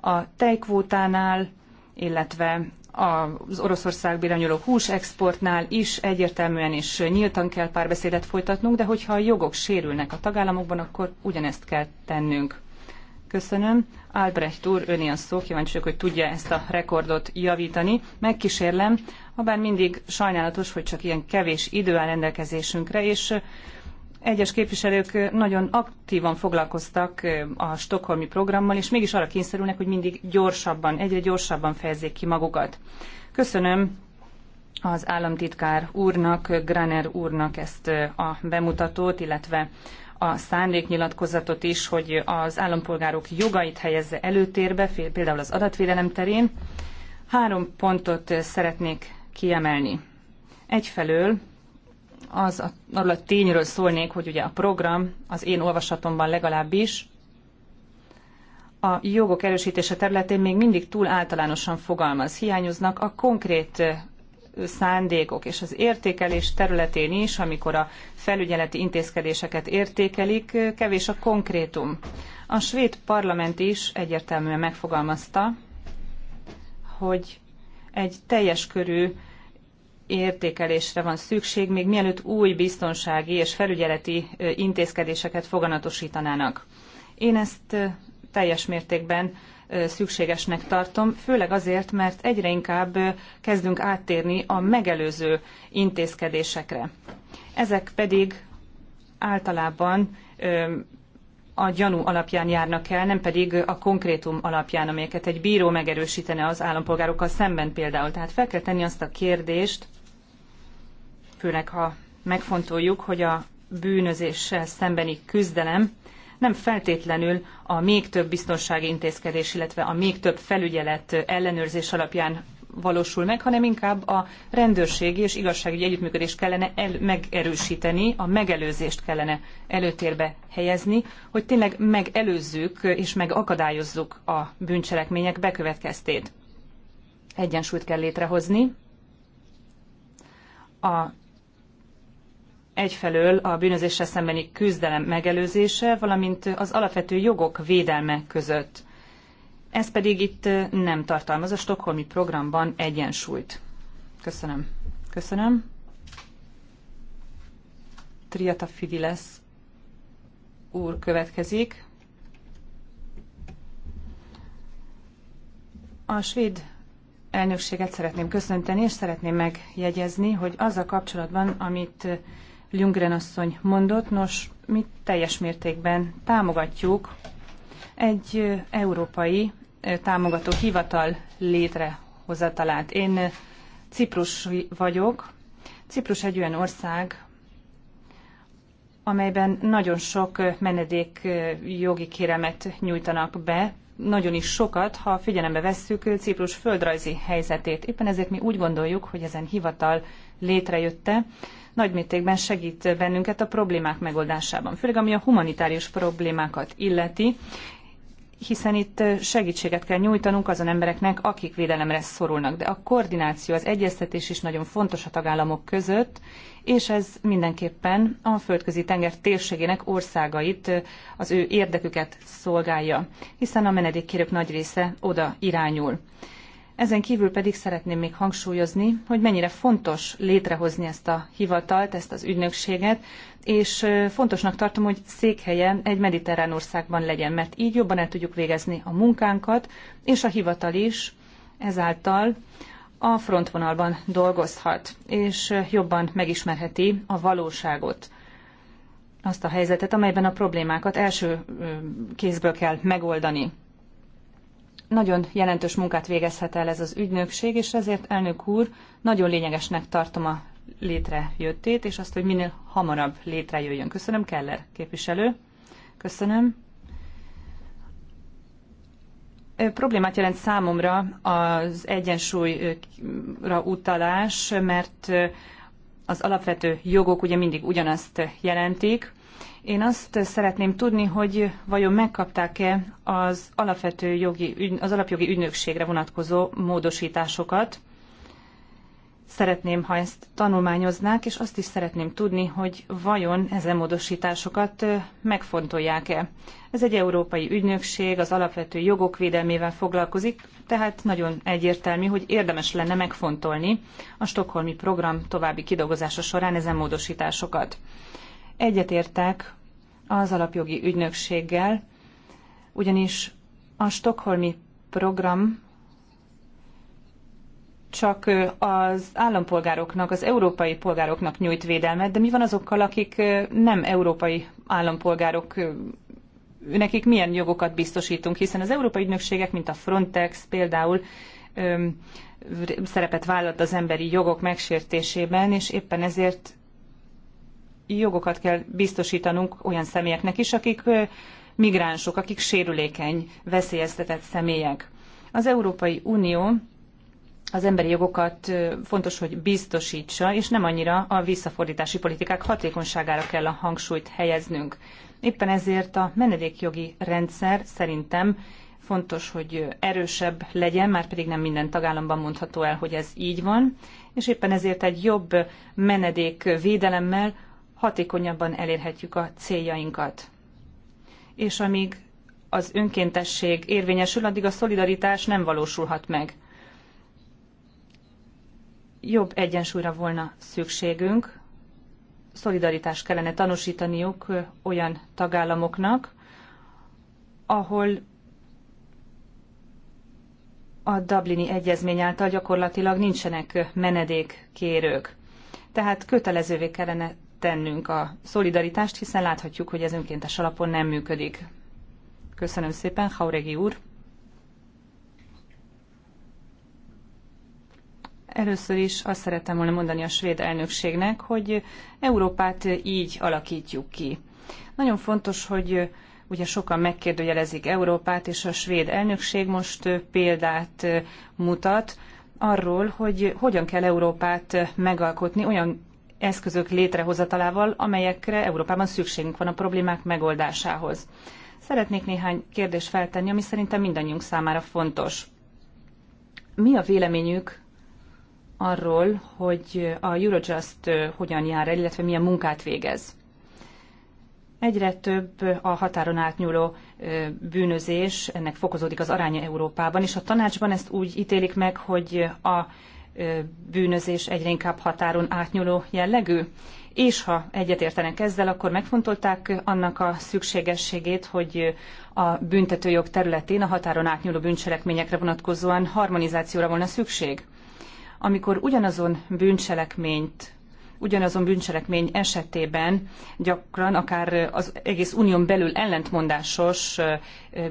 A tejkvótánál, illetve az Oroszország irányuló exportnál is egyértelműen és nyíltan kell párbeszédet folytatnunk, de hogyha a jogok sérülnek a tagállamokban, akkor ugyanezt kell tennünk. Köszönöm. Albrecht úr, ön ilyen szó, kíváncsiak, hogy tudja ezt a rekordot javítani. Megkísérlem, habár mindig sajnálatos, hogy csak ilyen kevés idő áll rendelkezésünkre, és egyes képviselők nagyon aktívan foglalkoztak a stokholmi programmal, és mégis arra kényszerülnek, hogy mindig gyorsabban, egyre gyorsabban fejezzék ki magukat. Köszönöm az államtitkár úrnak, Graner úrnak ezt a bemutatót, illetve a szándéknyilatkozatot is, hogy az állampolgárok jogait helyezze előtérbe, például az adatvédelem terén. Három pontot szeretnék kiemelni. Egyfelől az arról a tényről szólnék, hogy ugye a program az én olvasatomban legalábbis a jogok erősítése területén még mindig túl általánosan fogalmaz. Hiányoznak a konkrét szándékok és az értékelés területén is, amikor a felügyeleti intézkedéseket értékelik, kevés a konkrétum. A svéd parlament is egyértelműen megfogalmazta, hogy egy teljes körű értékelésre van szükség, még mielőtt új biztonsági és felügyeleti intézkedéseket foganatosítanának. Én ezt teljes mértékben szükségesnek tartom, főleg azért, mert egyre inkább kezdünk áttérni a megelőző intézkedésekre. Ezek pedig általában a gyanú alapján járnak el, nem pedig a konkrétum alapján, amelyeket egy bíró megerősítene az állampolgárokkal szemben például. Tehát fel kell tenni azt a kérdést, főleg ha megfontoljuk, hogy a bűnözéssel szembeni küzdelem nem feltétlenül a még több biztonsági intézkedés, illetve a még több felügyelet ellenőrzés alapján valósul meg, hanem inkább a rendőrségi és igazságügyi együttműködés kellene el, megerősíteni, a megelőzést kellene előtérbe helyezni, hogy tényleg megelőzzük és megakadályozzuk a bűncselekmények bekövetkeztét. Egyensúlyt kell létrehozni a egyfelől a bűnözéssel szembeni küzdelem megelőzése, valamint az alapvető jogok védelme között. Ez pedig itt nem tartalmaz a Stockholmi programban egyensúlyt. Köszönöm. Köszönöm. Triata Fidiles úr következik. A svéd elnökséget szeretném köszönteni, és szeretném megjegyezni, hogy azzal kapcsolatban, amit Ljungren asszony mondott. Nos, mi teljes mértékben támogatjuk egy európai támogató hivatal létrehozatalát. Én Ciprus vagyok. Ciprus egy olyan ország, amelyben nagyon sok menedék jogi kéremet nyújtanak be, nagyon is sokat, ha figyelembe vesszük Ciprus földrajzi helyzetét. Éppen ezért mi úgy gondoljuk, hogy ezen hivatal létrejötte, nagymértékben segít bennünket a problémák megoldásában, főleg ami a humanitárius problémákat illeti, hiszen itt segítséget kell nyújtanunk azon embereknek, akik védelemre szorulnak. De a koordináció, az egyeztetés is nagyon fontos a tagállamok között, és ez mindenképpen a földközi tenger térségének országait, az ő érdeküket szolgálja, hiszen a menedékkérők nagy része oda irányul. Ezen kívül pedig szeretném még hangsúlyozni, hogy mennyire fontos létrehozni ezt a hivatalt, ezt az ügynökséget, és fontosnak tartom, hogy székhelye egy mediterrán országban legyen, mert így jobban el tudjuk végezni a munkánkat, és a hivatal is ezáltal a frontvonalban dolgozhat, és jobban megismerheti a valóságot, azt a helyzetet, amelyben a problémákat első kézből kell megoldani. Nagyon jelentős munkát végezhet el ez az ügynökség, és ezért, elnök úr, nagyon lényegesnek tartom a létrejöttét, és azt, hogy minél hamarabb létrejöjjön. Köszönöm, Keller képviselő. Köszönöm problémát jelent számomra az egyensúlyra utalás, mert az alapvető jogok ugye mindig ugyanazt jelentik. Én azt szeretném tudni, hogy vajon megkapták-e az alapvető jogi, az alapjogi ügynökségre vonatkozó módosításokat, Szeretném, ha ezt tanulmányoznák, és azt is szeretném tudni, hogy vajon ezen módosításokat megfontolják-e. Ez egy európai ügynökség, az alapvető jogok védelmével foglalkozik, tehát nagyon egyértelmű, hogy érdemes lenne megfontolni a Stockholmi program további kidolgozása során ezen módosításokat. Egyetértek az alapjogi ügynökséggel, ugyanis a Stockholmi program csak az állampolgároknak, az európai polgároknak nyújt védelmet, de mi van azokkal, akik nem európai állampolgárok, nekik milyen jogokat biztosítunk, hiszen az európai ügynökségek, mint a Frontex például, szerepet vállalt az emberi jogok megsértésében, és éppen ezért jogokat kell biztosítanunk olyan személyeknek is, akik migránsok, akik sérülékeny, veszélyeztetett személyek. Az Európai Unió az emberi jogokat fontos, hogy biztosítsa, és nem annyira a visszafordítási politikák hatékonyságára kell a hangsúlyt helyeznünk. Éppen ezért a menedékjogi rendszer szerintem fontos, hogy erősebb legyen, már pedig nem minden tagállamban mondható el, hogy ez így van, és éppen ezért egy jobb menedék védelemmel hatékonyabban elérhetjük a céljainkat. És amíg az önkéntesség érvényesül, addig a szolidaritás nem valósulhat meg jobb egyensúlyra volna szükségünk, szolidaritást kellene tanúsítaniuk olyan tagállamoknak, ahol a Dublini Egyezmény által gyakorlatilag nincsenek menedékkérők. Tehát kötelezővé kellene tennünk a szolidaritást, hiszen láthatjuk, hogy ez önkéntes alapon nem működik. Köszönöm szépen, Hauregi úr! Először is azt szerettem volna mondani a svéd elnökségnek, hogy Európát így alakítjuk ki. Nagyon fontos, hogy ugye sokan megkérdőjelezik Európát, és a svéd elnökség most példát mutat arról, hogy hogyan kell Európát megalkotni olyan eszközök létrehozatalával, amelyekre Európában szükségünk van a problémák megoldásához. Szeretnék néhány kérdést feltenni, ami szerintem mindannyiunk számára fontos. Mi a véleményük arról, hogy a Eurojust hogyan jár el, illetve milyen munkát végez. Egyre több a határon átnyúló bűnözés, ennek fokozódik az aránya Európában, és a tanácsban ezt úgy ítélik meg, hogy a bűnözés egyre inkább határon átnyúló jellegű. És ha egyetértenek ezzel, akkor megfontolták annak a szükségességét, hogy a büntetőjog területén a határon átnyúló bűncselekményekre vonatkozóan harmonizációra volna szükség amikor ugyanazon bűncselekményt ugyanazon bűncselekmény esetében gyakran akár az egész unión belül ellentmondásos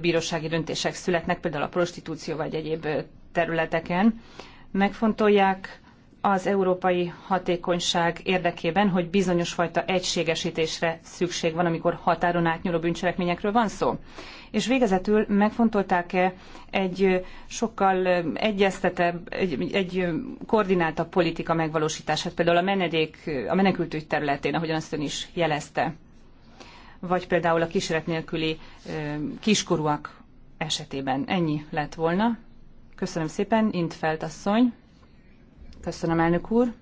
bírósági döntések születnek, például a prostitúció vagy egyéb területeken. Megfontolják az európai hatékonyság érdekében, hogy bizonyos fajta egységesítésre szükség van, amikor határon átnyúló bűncselekményekről van szó. És végezetül megfontolták-e egy sokkal egyeztetebb, egy, egy koordináltabb politika megvalósítását, például a menedék, a menekültügy területén, ahogyan azt ön is jelezte, vagy például a kísérlet nélküli kiskorúak esetében. Ennyi lett volna. Köszönöm szépen, Intfelt asszony. Köszönöm, elnök úr.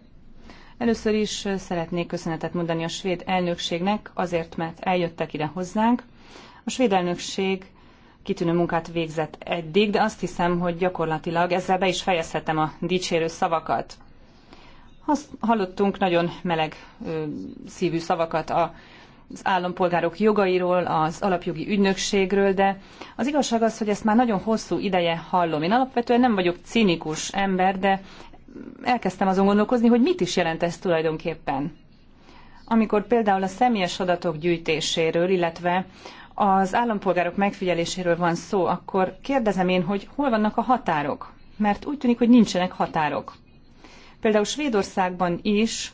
Először is szeretnék köszönetet mondani a svéd elnökségnek azért, mert eljöttek ide hozzánk, a svéd elnökség kitűnő munkát végzett eddig, de azt hiszem, hogy gyakorlatilag ezzel be is fejezhetem a dicsérő szavakat. Azt hallottunk nagyon meleg ö, szívű szavakat a az állampolgárok jogairól, az alapjogi ügynökségről, de az igazság az, hogy ezt már nagyon hosszú ideje hallom. Én alapvetően nem vagyok cinikus ember, de elkezdtem azon gondolkozni, hogy mit is jelent ez tulajdonképpen. Amikor például a személyes adatok gyűjtéséről, illetve az állampolgárok megfigyeléséről van szó, akkor kérdezem én, hogy hol vannak a határok? Mert úgy tűnik, hogy nincsenek határok. Például Svédországban is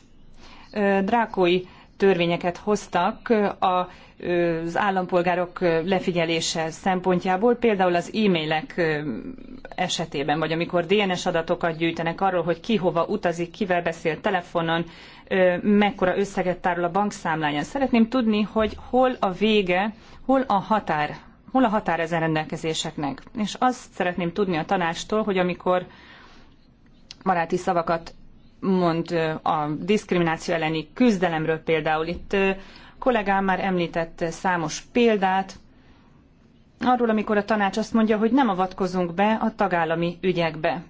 drákói törvényeket hoztak az állampolgárok lefigyelése szempontjából, például az e-mailek esetében, vagy amikor DNS adatokat gyűjtenek arról, hogy ki hova utazik, kivel beszél telefonon, mekkora összeget tárol a bankszámláján. Szeretném tudni, hogy hol a vége Hol a határ? Hol a határ ezen rendelkezéseknek? És azt szeretném tudni a tanástól, hogy amikor baráti szavakat mond a diszkrimináció elleni küzdelemről például. Itt kollégám már említett számos példát, arról, amikor a tanács azt mondja, hogy nem avatkozunk be a tagállami ügyekbe.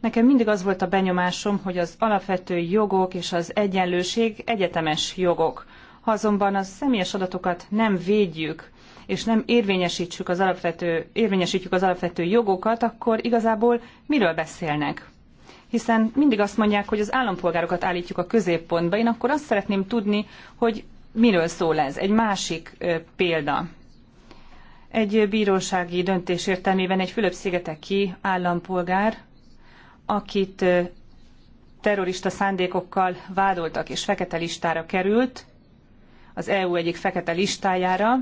Nekem mindig az volt a benyomásom, hogy az alapvető jogok és az egyenlőség egyetemes jogok. Ha azonban a személyes adatokat nem védjük, és nem érvényesítjük az alapvető, érvényesítjük az alapvető jogokat, akkor igazából miről beszélnek? Hiszen mindig azt mondják, hogy az állampolgárokat állítjuk a középpontba. Én akkor azt szeretném tudni, hogy miről szól ez. Egy másik példa. Egy bírósági döntés értelmében egy Fülöp-szigeteki állampolgár, akit terrorista szándékokkal vádoltak és fekete listára került, az EU egyik fekete listájára,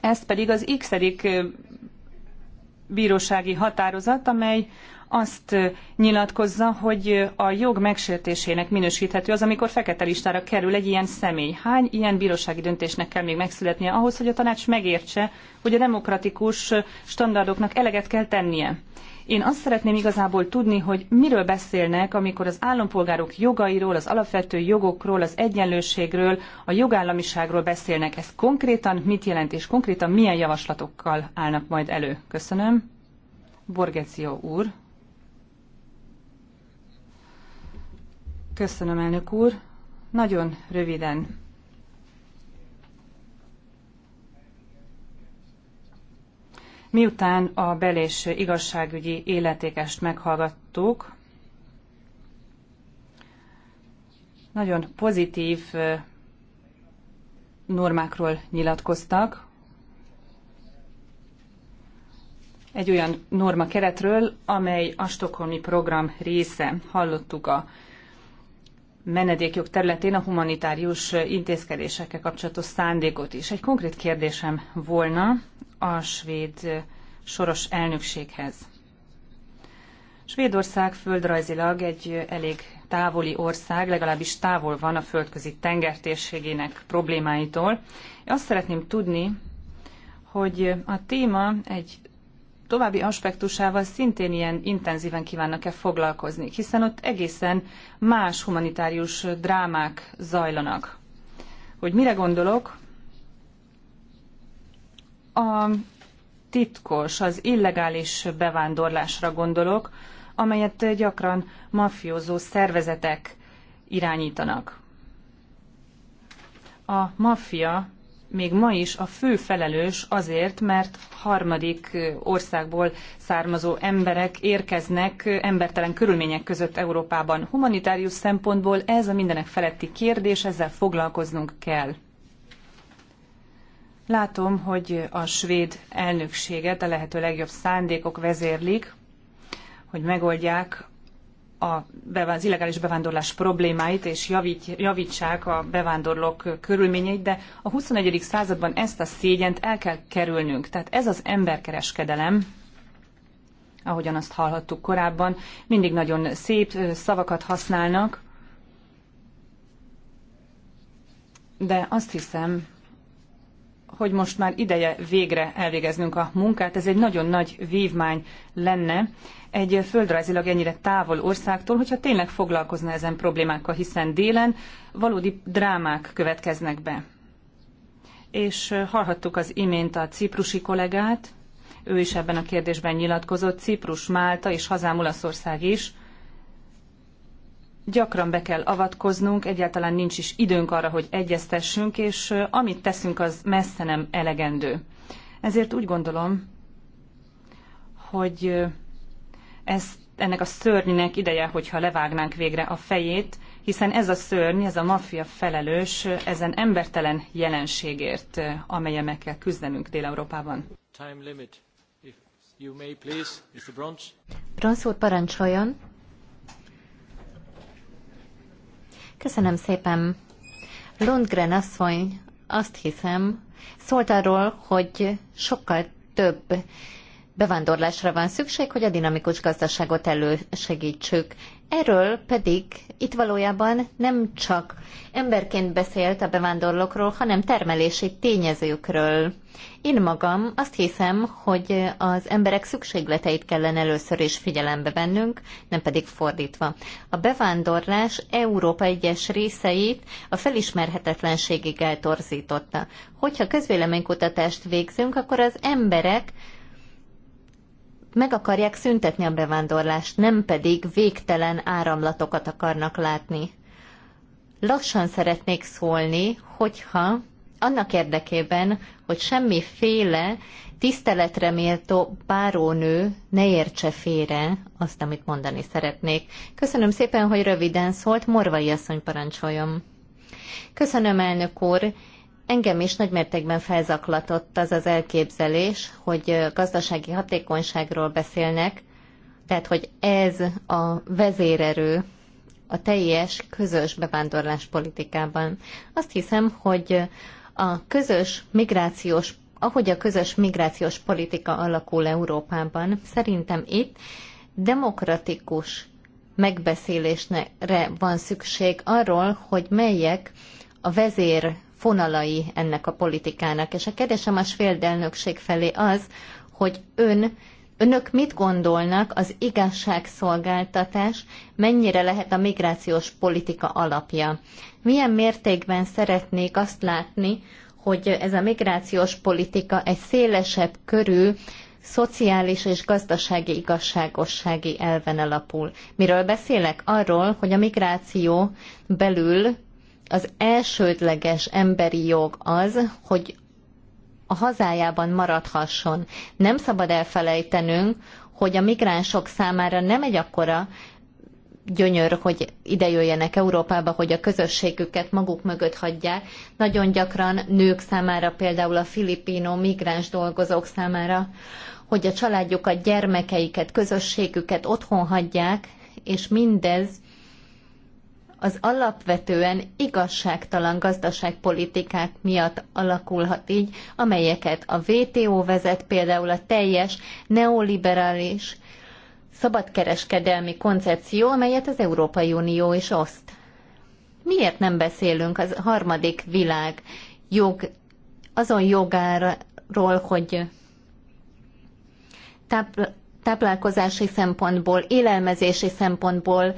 ez pedig az x bírósági határozat, amely azt nyilatkozza, hogy a jog megsértésének minősíthető az, amikor fekete listára kerül egy ilyen személy. Hány ilyen bírósági döntésnek kell még megszületnie ahhoz, hogy a tanács megértse, hogy a demokratikus standardoknak eleget kell tennie? Én azt szeretném igazából tudni, hogy miről beszélnek, amikor az állampolgárok jogairól, az alapvető jogokról, az egyenlőségről, a jogállamiságról beszélnek. Ez konkrétan mit jelent, és konkrétan milyen javaslatokkal állnak majd elő? Köszönöm. Borgecio úr. Köszönöm, elnök úr. Nagyon röviden Miután a belés igazságügyi életékest meghallgattuk, nagyon pozitív normákról nyilatkoztak, egy olyan norma keretről, amely a Stokholmi program része. Hallottuk a menedékjog területén a humanitárius intézkedésekkel kapcsolatos szándékot is. Egy konkrét kérdésem volna a svéd soros elnökséghez. Svédország földrajzilag egy elég távoli ország, legalábbis távol van a földközi tengertérségének problémáitól. Én azt szeretném tudni, hogy a téma egy további aspektusával szintén ilyen intenzíven kívánnak-e foglalkozni, hiszen ott egészen más humanitárius drámák zajlanak. Hogy mire gondolok? a titkos, az illegális bevándorlásra gondolok, amelyet gyakran mafiózó szervezetek irányítanak. A maffia még ma is a fő felelős azért, mert harmadik országból származó emberek érkeznek embertelen körülmények között Európában. Humanitárius szempontból ez a mindenek feletti kérdés, ezzel foglalkoznunk kell. Látom, hogy a svéd elnökséget a lehető legjobb szándékok vezérlik, hogy megoldják a az illegális bevándorlás problémáit, és javít, javítsák a bevándorlók körülményeit, de a 21. században ezt a szégyent el kell kerülnünk. Tehát ez az emberkereskedelem, ahogyan azt hallhattuk korábban, mindig nagyon szép szavakat használnak, de azt hiszem, hogy most már ideje végre elvégeznünk a munkát. Ez egy nagyon nagy vívmány lenne egy földrajzilag ennyire távol országtól, hogyha tényleg foglalkozna ezen problémákkal, hiszen délen valódi drámák következnek be. És hallhattuk az imént a ciprusi kollégát, ő is ebben a kérdésben nyilatkozott, Ciprus, Málta és hazám Olaszország is gyakran be kell avatkoznunk, egyáltalán nincs is időnk arra, hogy egyeztessünk, és amit teszünk, az messze nem elegendő. Ezért úgy gondolom, hogy ez, ennek a szörnynek ideje, hogyha levágnánk végre a fejét, hiszen ez a szörny, ez a maffia felelős ezen embertelen jelenségért, amelyen meg kell küzdenünk Dél-Európában. Bronz úr, parancsoljon! Köszönöm szépen. Lundgren asszony, azt hiszem, szólt arról, hogy sokkal több bevándorlásra van szükség, hogy a dinamikus gazdaságot elősegítsük. Erről pedig itt valójában nem csak emberként beszélt a bevándorlókról, hanem termelési tényezőkről. Én magam azt hiszem, hogy az emberek szükségleteit kellene először is figyelembe vennünk, nem pedig fordítva. A bevándorlás Európa egyes részeit a felismerhetetlenségig eltorzította. Hogyha közvéleménykutatást végzünk, akkor az emberek meg akarják szüntetni a bevándorlást, nem pedig végtelen áramlatokat akarnak látni. Lassan szeretnék szólni, hogyha annak érdekében, hogy semmiféle tiszteletre méltó bárónő ne értse félre azt, amit mondani szeretnék. Köszönöm szépen, hogy röviden szólt, Morvai asszony parancsoljon. Köszönöm, elnök úr. Engem is nagymértékben felzaklatott az az elképzelés, hogy gazdasági hatékonyságról beszélnek, tehát hogy ez a vezérerő a teljes közös bevándorlás politikában. Azt hiszem, hogy a közös migrációs, ahogy a közös migrációs politika alakul Európában, szerintem itt demokratikus megbeszélésre van szükség arról, hogy melyek a vezér fonalai ennek a politikának. És a kérdésem a svéd elnökség felé az, hogy ön Önök mit gondolnak az igazságszolgáltatás mennyire lehet a migrációs politika alapja? Milyen mértékben szeretnék azt látni, hogy ez a migrációs politika egy szélesebb körű szociális és gazdasági igazságossági elven alapul. Miről beszélek? Arról, hogy a migráció belül az elsődleges emberi jog az, hogy a hazájában maradhasson. Nem szabad elfelejtenünk, hogy a migránsok számára nem egy akkora gyönyör, hogy jöjjenek Európába, hogy a közösségüket maguk mögött hagyják. Nagyon gyakran nők számára, például a filipino migráns dolgozók számára, hogy a családjukat, gyermekeiket, közösségüket otthon hagyják, és mindez az alapvetően igazságtalan gazdaságpolitikák miatt alakulhat így, amelyeket a WTO vezet, például a teljes neoliberális szabadkereskedelmi koncepció, amelyet az Európai Unió is oszt. Miért nem beszélünk az harmadik világ jog, azon jogáról, hogy táplálkozási szempontból, élelmezési szempontból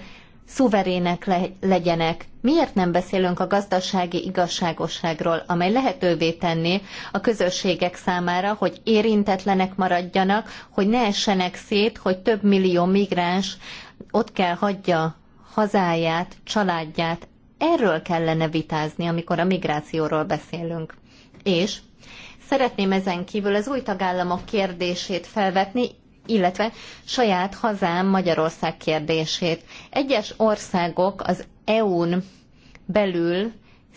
szuverének le- legyenek. Miért nem beszélünk a gazdasági igazságosságról, amely lehetővé tenné a közösségek számára, hogy érintetlenek maradjanak, hogy ne essenek szét, hogy több millió migráns ott kell hagyja hazáját, családját. Erről kellene vitázni, amikor a migrációról beszélünk. És szeretném ezen kívül az új tagállamok kérdését felvetni, illetve saját hazám Magyarország kérdését. Egyes országok az EU-n belül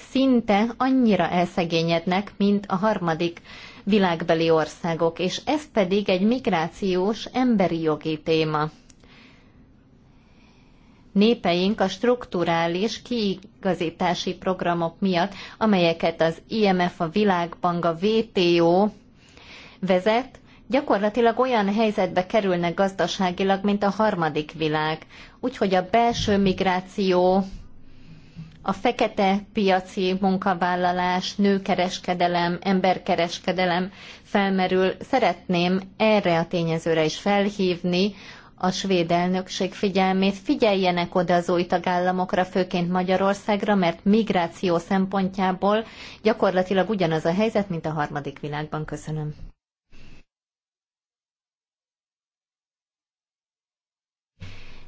szinte annyira elszegényednek, mint a harmadik világbeli országok, és ez pedig egy migrációs emberi jogi téma. Népeink a strukturális kiigazítási programok miatt, amelyeket az IMF, a Világbank, a WTO vezet, gyakorlatilag olyan helyzetbe kerülnek gazdaságilag, mint a harmadik világ. Úgyhogy a belső migráció, a fekete piaci munkavállalás, nőkereskedelem, emberkereskedelem felmerül. Szeretném erre a tényezőre is felhívni, a svéd elnökség figyelmét, figyeljenek oda az új tagállamokra, főként Magyarországra, mert migráció szempontjából gyakorlatilag ugyanaz a helyzet, mint a harmadik világban. Köszönöm.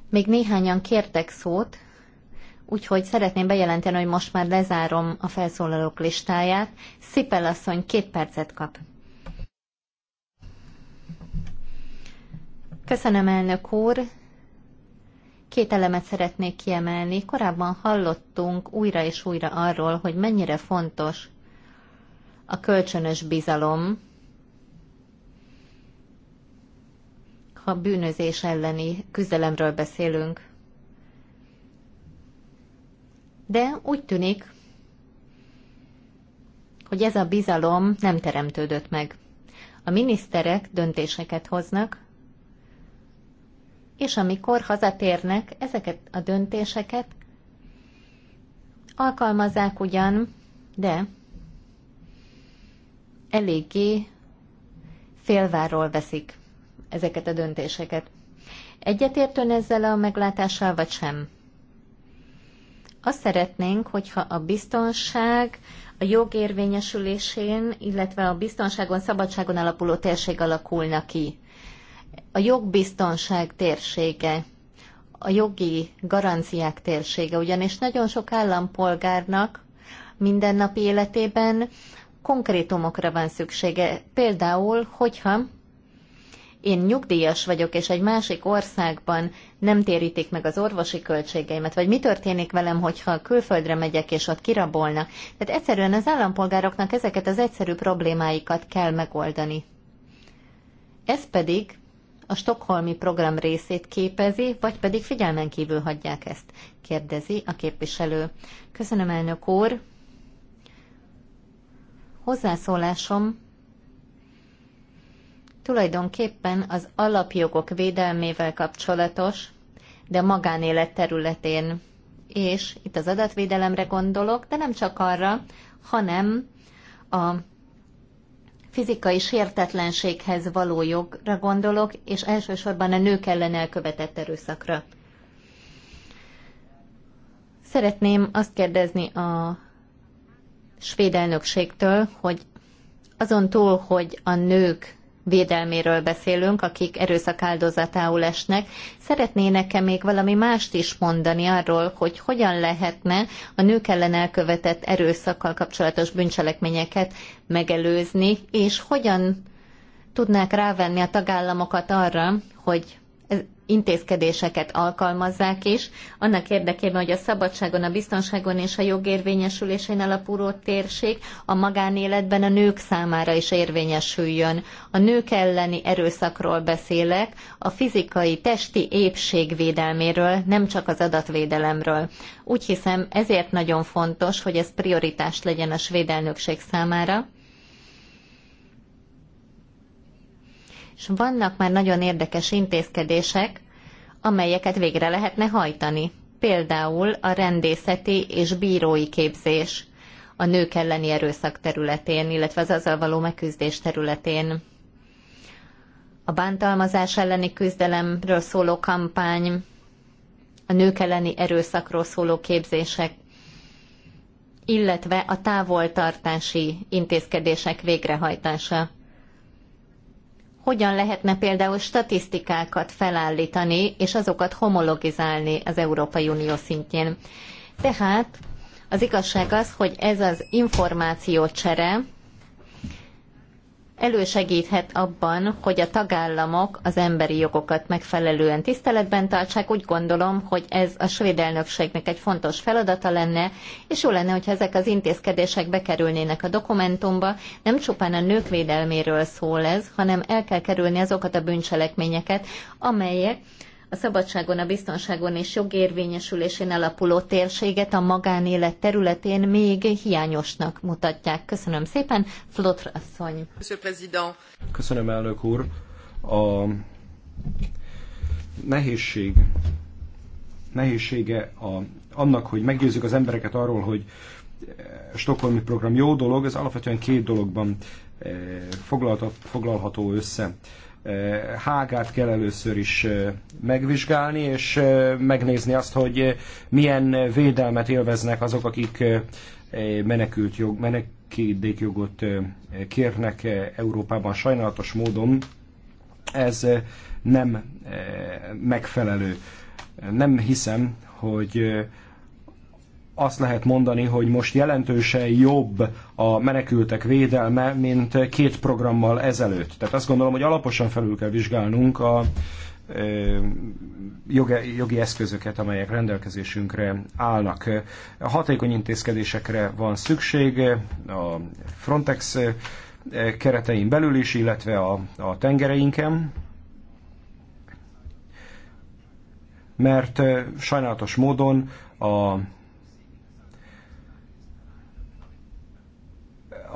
Még néhányan kértek szót, úgyhogy szeretném bejelenteni, hogy most már lezárom a felszólalók listáját. Szipel asszony két percet kap. Köszönöm, elnök úr! Két elemet szeretnék kiemelni. Korábban hallottunk újra és újra arról, hogy mennyire fontos a kölcsönös bizalom ha bűnözés elleni küzdelemről beszélünk. De úgy tűnik, hogy ez a bizalom nem teremtődött meg. A miniszterek döntéseket hoznak, és amikor hazatérnek, ezeket a döntéseket alkalmazzák ugyan, de eléggé félváról veszik ezeket a döntéseket. Egyetértőn ezzel a meglátással, vagy sem? Azt szeretnénk, hogyha a biztonság a jog érvényesülésén, illetve a biztonságon, szabadságon alapuló térség alakulna ki. A jogbiztonság térsége, a jogi garanciák térsége, ugyanis nagyon sok állampolgárnak mindennapi életében konkrétumokra van szüksége. Például, hogyha én nyugdíjas vagyok, és egy másik országban nem térítik meg az orvosi költségeimet, vagy mi történik velem, hogyha külföldre megyek, és ott kirabolnak. Tehát egyszerűen az állampolgároknak ezeket az egyszerű problémáikat kell megoldani. Ez pedig a stokholmi program részét képezi, vagy pedig figyelmen kívül hagyják ezt, kérdezi a képviselő. Köszönöm, elnök úr! Hozzászólásom tulajdonképpen az alapjogok védelmével kapcsolatos, de magánélet területén. És itt az adatvédelemre gondolok, de nem csak arra, hanem a fizikai sértetlenséghez való jogra gondolok, és elsősorban a nők ellen elkövetett erőszakra. Szeretném azt kérdezni a svéd elnökségtől, hogy azon túl, hogy a nők védelméről beszélünk, akik erőszak áldozatául esnek. Szeretnének-e még valami mást is mondani arról, hogy hogyan lehetne a nők ellen elkövetett erőszakkal kapcsolatos bűncselekményeket megelőzni, és hogyan tudnák rávenni a tagállamokat arra, hogy intézkedéseket alkalmazzák is, annak érdekében, hogy a szabadságon, a biztonságon és a jogérvényesülésén alapuló térség a magánéletben a nők számára is érvényesüljön. A nők elleni erőszakról beszélek, a fizikai, testi épség védelméről, nem csak az adatvédelemről. Úgy hiszem, ezért nagyon fontos, hogy ez prioritás legyen a svéd elnökség számára, és vannak már nagyon érdekes intézkedések, amelyeket végre lehetne hajtani. Például a rendészeti és bírói képzés a nők elleni erőszak területén, illetve az azzal való megküzdés területén. A bántalmazás elleni küzdelemről szóló kampány, a nők elleni erőszakról szóló képzések, illetve a távoltartási intézkedések végrehajtása hogyan lehetne például statisztikákat felállítani, és azokat homologizálni az Európai Unió szintjén. Tehát az igazság az, hogy ez az információcsere elősegíthet abban, hogy a tagállamok az emberi jogokat megfelelően tiszteletben tartsák. Úgy gondolom, hogy ez a svéd elnökségnek egy fontos feladata lenne, és jó lenne, hogyha ezek az intézkedések bekerülnének a dokumentumba. Nem csupán a nők védelméről szól ez, hanem el kell kerülni azokat a bűncselekményeket, amelyek a szabadságon, a biztonságon és jogérvényesülésén alapuló térséget a magánélet területén még hiányosnak mutatják. Köszönöm szépen, Flotr asszony. Köszönöm, elnök úr. A nehézség, nehézsége a, annak, hogy meggyőzzük az embereket arról, hogy eh, Stockholmi program jó dolog, ez alapvetően két dologban eh, foglalható össze. Eh, hágát kell először is eh, megvizsgálni, és eh, megnézni azt, hogy milyen védelmet élveznek azok, akik menekült jog, jogot kérnek Európában. Sajnálatos módon ez nem megfelelő. Nem hiszem, hogy azt lehet mondani, hogy most jelentősen jobb a menekültek védelme, mint két programmal ezelőtt. Tehát azt gondolom, hogy alaposan felül kell vizsgálnunk a jogi, eszközöket, amelyek rendelkezésünkre állnak. Hatékony intézkedésekre van szükség a Frontex keretein belül is, illetve a, a tengereinken, mert sajnálatos módon a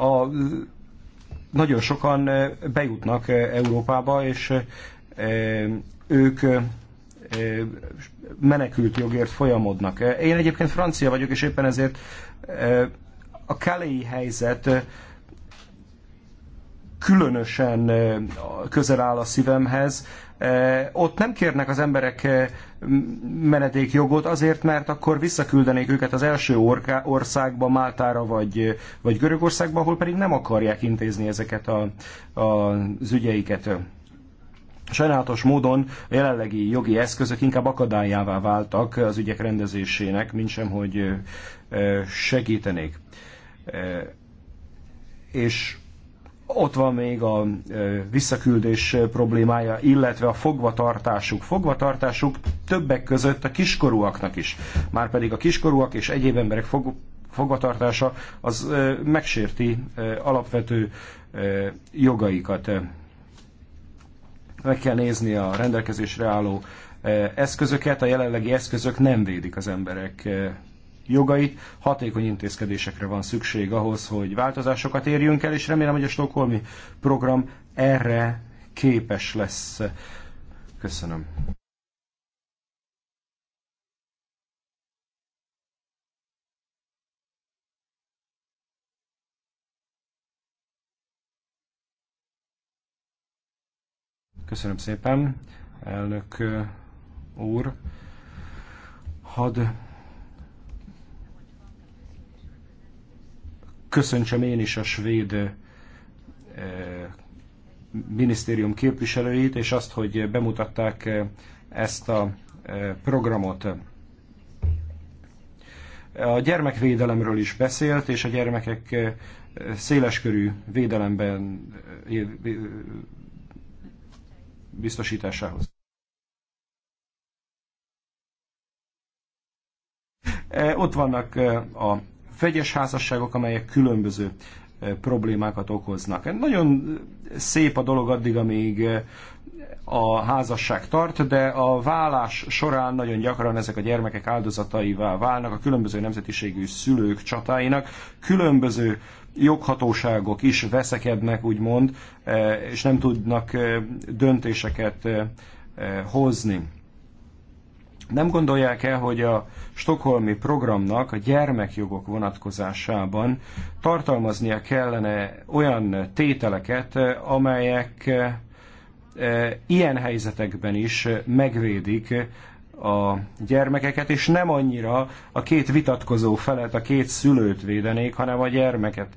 a, nagyon sokan eh, bejutnak eh, Európába, és eh, ők menekült jogért folyamodnak. Én egyébként francia vagyok, és éppen ezért a Calais helyzet különösen közel áll a szívemhez, ott nem kérnek az emberek menedékjogot azért, mert akkor visszaküldenék őket az első országba, Máltára vagy, vagy Görögországba, ahol pedig nem akarják intézni ezeket a, a, az ügyeiket. Sajnálatos módon a jelenlegi jogi eszközök inkább akadályává váltak az ügyek rendezésének, mintsem, hogy segítenék. És ott van még a visszaküldés problémája, illetve a fogvatartásuk. Fogvatartásuk többek között a kiskorúaknak is. Márpedig a kiskorúak és egyéb emberek fog, fogvatartása az megsérti alapvető jogaikat. Meg kell nézni a rendelkezésre álló eszközöket, a jelenlegi eszközök nem védik az emberek jogait. Hatékony intézkedésekre van szükség ahhoz, hogy változásokat érjünk el, és remélem, hogy a Stokholmi program erre képes lesz. Köszönöm. Köszönöm szépen, elnök úr. Hadd köszöntsem én is a svéd eh, minisztérium képviselőit, és azt, hogy bemutatták eh, ezt a eh, programot. A gyermekvédelemről is beszélt, és a gyermekek széleskörű védelemben biztosításához. Ott vannak a vegyes házasságok, amelyek különböző e, problémákat okoznak. Nagyon szép a dolog addig, amíg e, a házasság tart, de a vállás során nagyon gyakran ezek a gyermekek áldozataivá válnak a különböző nemzetiségű szülők csatáinak, különböző joghatóságok is veszekednek, úgymond, e, és nem tudnak döntéseket hozni. Nem gondolják el, hogy a stokholmi programnak a gyermekjogok vonatkozásában tartalmaznia kellene olyan tételeket, amelyek e, e, ilyen helyzetekben is megvédik a gyermekeket, és nem annyira a két vitatkozó felet, a két szülőt védenék, hanem a gyermeket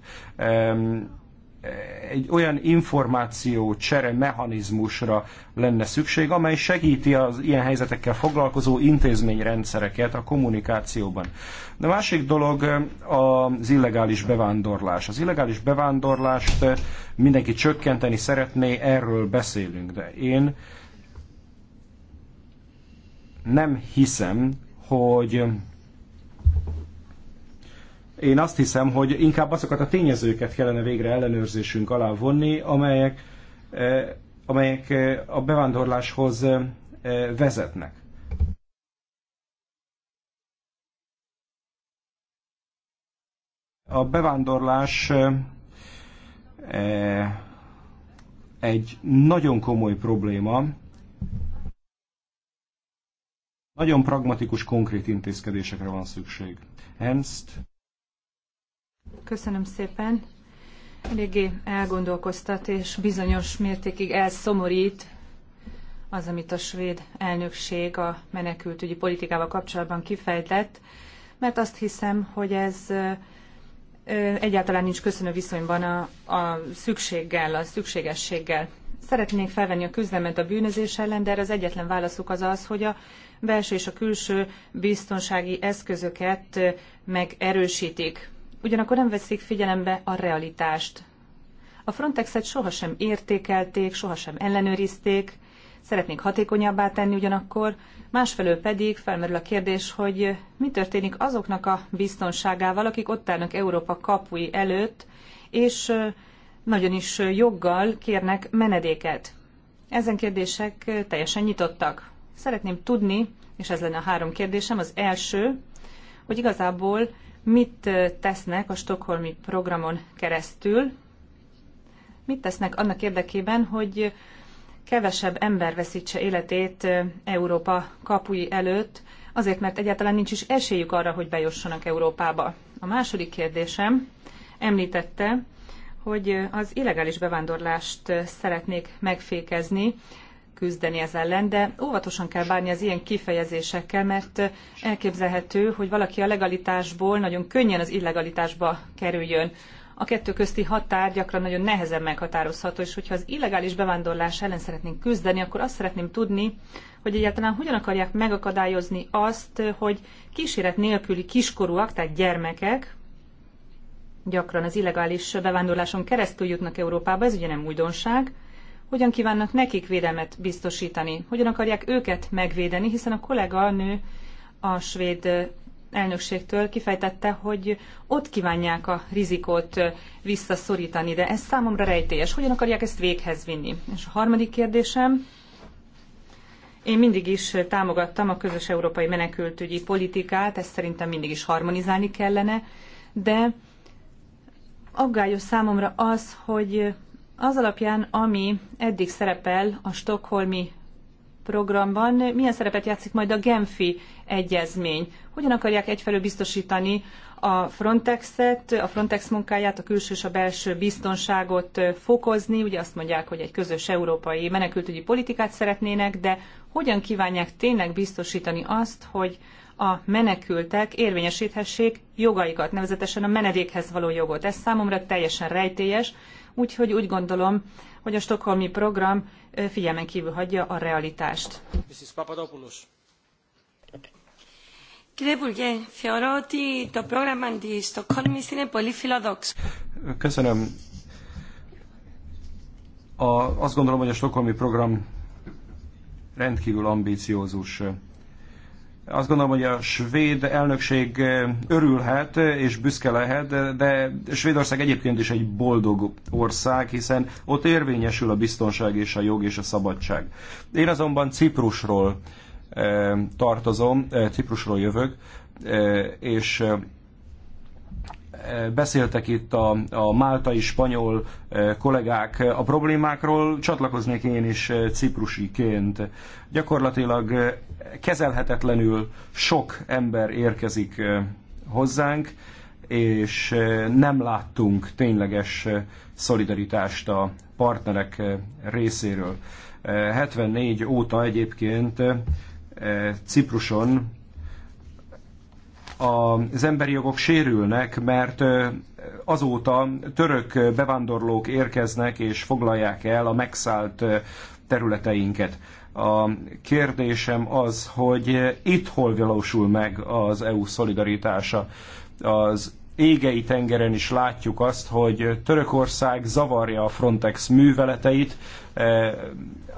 egy olyan információ csere mechanizmusra lenne szükség, amely segíti az ilyen helyzetekkel foglalkozó intézményrendszereket a kommunikációban. De másik dolog az illegális bevándorlás. Az illegális bevándorlást mindenki csökkenteni szeretné, erről beszélünk, de én nem hiszem, hogy én azt hiszem, hogy inkább azokat a tényezőket kellene végre ellenőrzésünk alá vonni, amelyek, e, amelyek e, a bevándorláshoz e, vezetnek. A bevándorlás egy nagyon komoly probléma, nagyon pragmatikus, konkrét intézkedésekre van szükség. Ernst Köszönöm szépen. Eléggé elgondolkoztat, és bizonyos mértékig elszomorít az, amit a svéd elnökség a menekültügyi politikával kapcsolatban kifejtett, mert azt hiszem, hogy ez egyáltalán nincs köszönő viszonyban a, a szükséggel, a szükségességgel. Szeretnék felvenni a küzdelmet a bűnözés ellen, de erre az egyetlen válaszuk az az, hogy a belső és a külső biztonsági eszközöket megerősítik ugyanakkor nem veszik figyelembe a realitást. A Frontexet sohasem értékelték, sohasem ellenőrizték, szeretnénk hatékonyabbá tenni ugyanakkor, másfelől pedig felmerül a kérdés, hogy mi történik azoknak a biztonságával, akik ott állnak Európa kapui előtt, és nagyon is joggal kérnek menedéket. Ezen kérdések teljesen nyitottak. Szeretném tudni, és ez lenne a három kérdésem, az első, hogy igazából mit tesznek a Stockholmi programon keresztül, mit tesznek annak érdekében, hogy kevesebb ember veszítse életét Európa kapui előtt, azért, mert egyáltalán nincs is esélyük arra, hogy bejussanak Európába. A második kérdésem említette, hogy az illegális bevándorlást szeretnék megfékezni küzdeni ez ellen, de óvatosan kell bánni az ilyen kifejezésekkel, mert elképzelhető, hogy valaki a legalitásból nagyon könnyen az illegalitásba kerüljön. A kettő közti határ gyakran nagyon nehezen meghatározható, és hogyha az illegális bevándorlás ellen szeretnénk küzdeni, akkor azt szeretném tudni, hogy egyáltalán hogyan akarják megakadályozni azt, hogy kíséret nélküli kiskorúak, tehát gyermekek, gyakran az illegális bevándorláson keresztül jutnak Európába, ez ugye nem újdonság, hogyan kívánnak nekik védelmet biztosítani, hogyan akarják őket megvédeni, hiszen a kollega nő a svéd elnökségtől kifejtette, hogy ott kívánják a rizikót visszaszorítani, de ez számomra rejtélyes. Hogyan akarják ezt véghez vinni? És a harmadik kérdésem, én mindig is támogattam a közös európai menekültügyi politikát, ezt szerintem mindig is harmonizálni kellene, de aggályos számomra az, hogy az alapján, ami eddig szerepel a stokholmi programban, milyen szerepet játszik majd a Genfi egyezmény? Hogyan akarják egyfelől biztosítani a Frontexet, a Frontex munkáját, a külső és a belső biztonságot fokozni? Ugye azt mondják, hogy egy közös európai menekültügyi politikát szeretnének, de hogyan kívánják tényleg biztosítani azt, hogy a menekültek érvényesíthessék jogaikat, nevezetesen a menedékhez való jogot. Ez számomra teljesen rejtélyes, Úgyhogy úgy gondolom, hogy a stokholmi program figyelmen kívül hagyja a realitást. Mrs. Papadopoulos. Κύριε Υπουργέ, θεωρώ ότι το πρόγραμμα της Στοκχόλμης είναι Köszönöm. A, azt gondolom, hogy a Stokholmi program rendkívül ambíciózus azt gondolom, hogy a svéd elnökség eh, örülhet és büszke lehet, de Svédország egyébként is egy boldog ország, hiszen ott érvényesül a biztonság és a jog és a szabadság. Én azonban Ciprusról eh, tartozom, eh, Ciprusról jövök, és beszéltek itt a, a máltai spanyol kollégák a problémákról, csatlakoznék én is ciprusiként. Gyakorlatilag kezelhetetlenül sok ember érkezik hozzánk, és nem láttunk tényleges szolidaritást a partnerek részéről. 74 óta egyébként Cipruson az emberi jogok sérülnek, mert azóta török bevándorlók érkeznek és foglalják el a megszállt területeinket. A kérdésem az, hogy itt hol valósul meg az EU szolidaritása. Az égei tengeren is látjuk azt, hogy Törökország zavarja a Frontex műveleteit,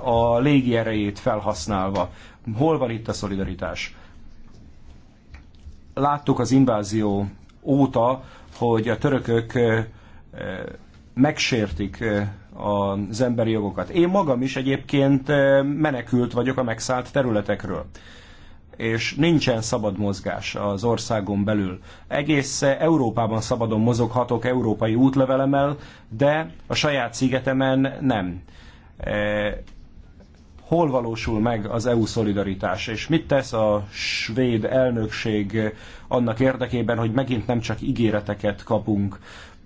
a légierejét felhasználva. Hol van itt a szolidaritás? láttuk az invázió óta, hogy a törökök megsértik az emberi jogokat. Én magam is egyébként menekült vagyok a megszállt területekről és nincsen szabad mozgás az országon belül. Egész Európában szabadon mozoghatok európai útlevelemmel, de a saját szigetemen nem hol valósul meg az EU szolidaritás, és mit tesz a svéd elnökség annak érdekében, hogy megint nem csak ígéreteket kapunk,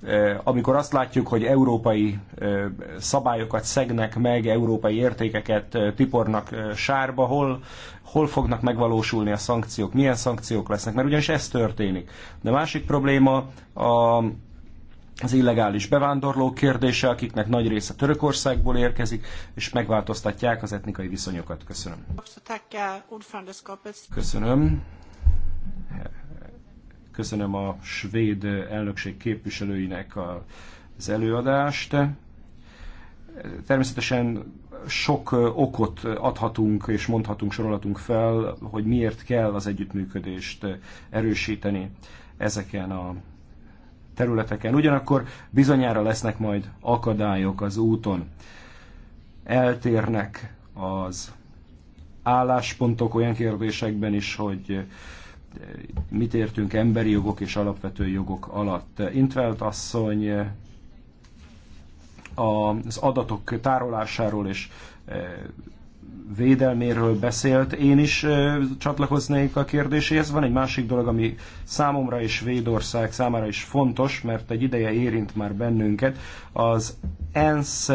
e, amikor azt látjuk, hogy európai e, szabályokat szegnek meg, európai értékeket e, tipornak sárba, hol, hol fognak megvalósulni a szankciók, milyen szankciók lesznek, mert ugyanis ez történik. De másik probléma a az illegális bevándorlók kérdése, akiknek nagy része Törökországból érkezik, és megváltoztatják az etnikai viszonyokat. Köszönöm. Köszönöm. Köszönöm a svéd elnökség képviselőinek az előadást. Természetesen sok okot adhatunk és mondhatunk, sorolatunk fel, hogy miért kell az együttműködést erősíteni ezeken a területeken. Ugyanakkor bizonyára lesznek majd akadályok az úton. Eltérnek az álláspontok olyan kérdésekben is, hogy eh, mit értünk emberi jogok és alapvető jogok alatt. Intvelt asszony eh, az adatok tárolásáról és eh, védelméről beszélt. Én is csatlakoznék a kérdéséhez. Van egy másik dolog, ami számomra és Védország számára is fontos, mert egy ideje érint már bennünket. Az ENSZ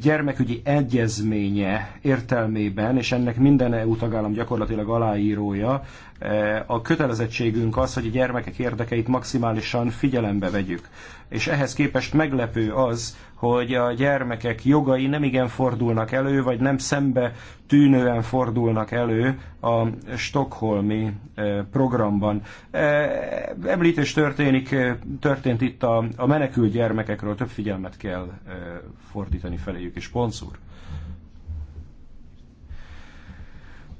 gyermekügyi egyezménye értelmében, és ennek minden EU tagállam gyakorlatilag aláírója, a kötelezettségünk az, hogy a gyermekek érdekeit maximálisan figyelembe vegyük és ehhez képest meglepő az, hogy a gyermekek jogai nem igen fordulnak elő, vagy nem szembe tűnően fordulnak elő a stokholmi eh, programban. Eh, említés történik, eh, történt itt a, a menekült gyermekekről, több figyelmet kell fordítani feléjük, és Sponsor.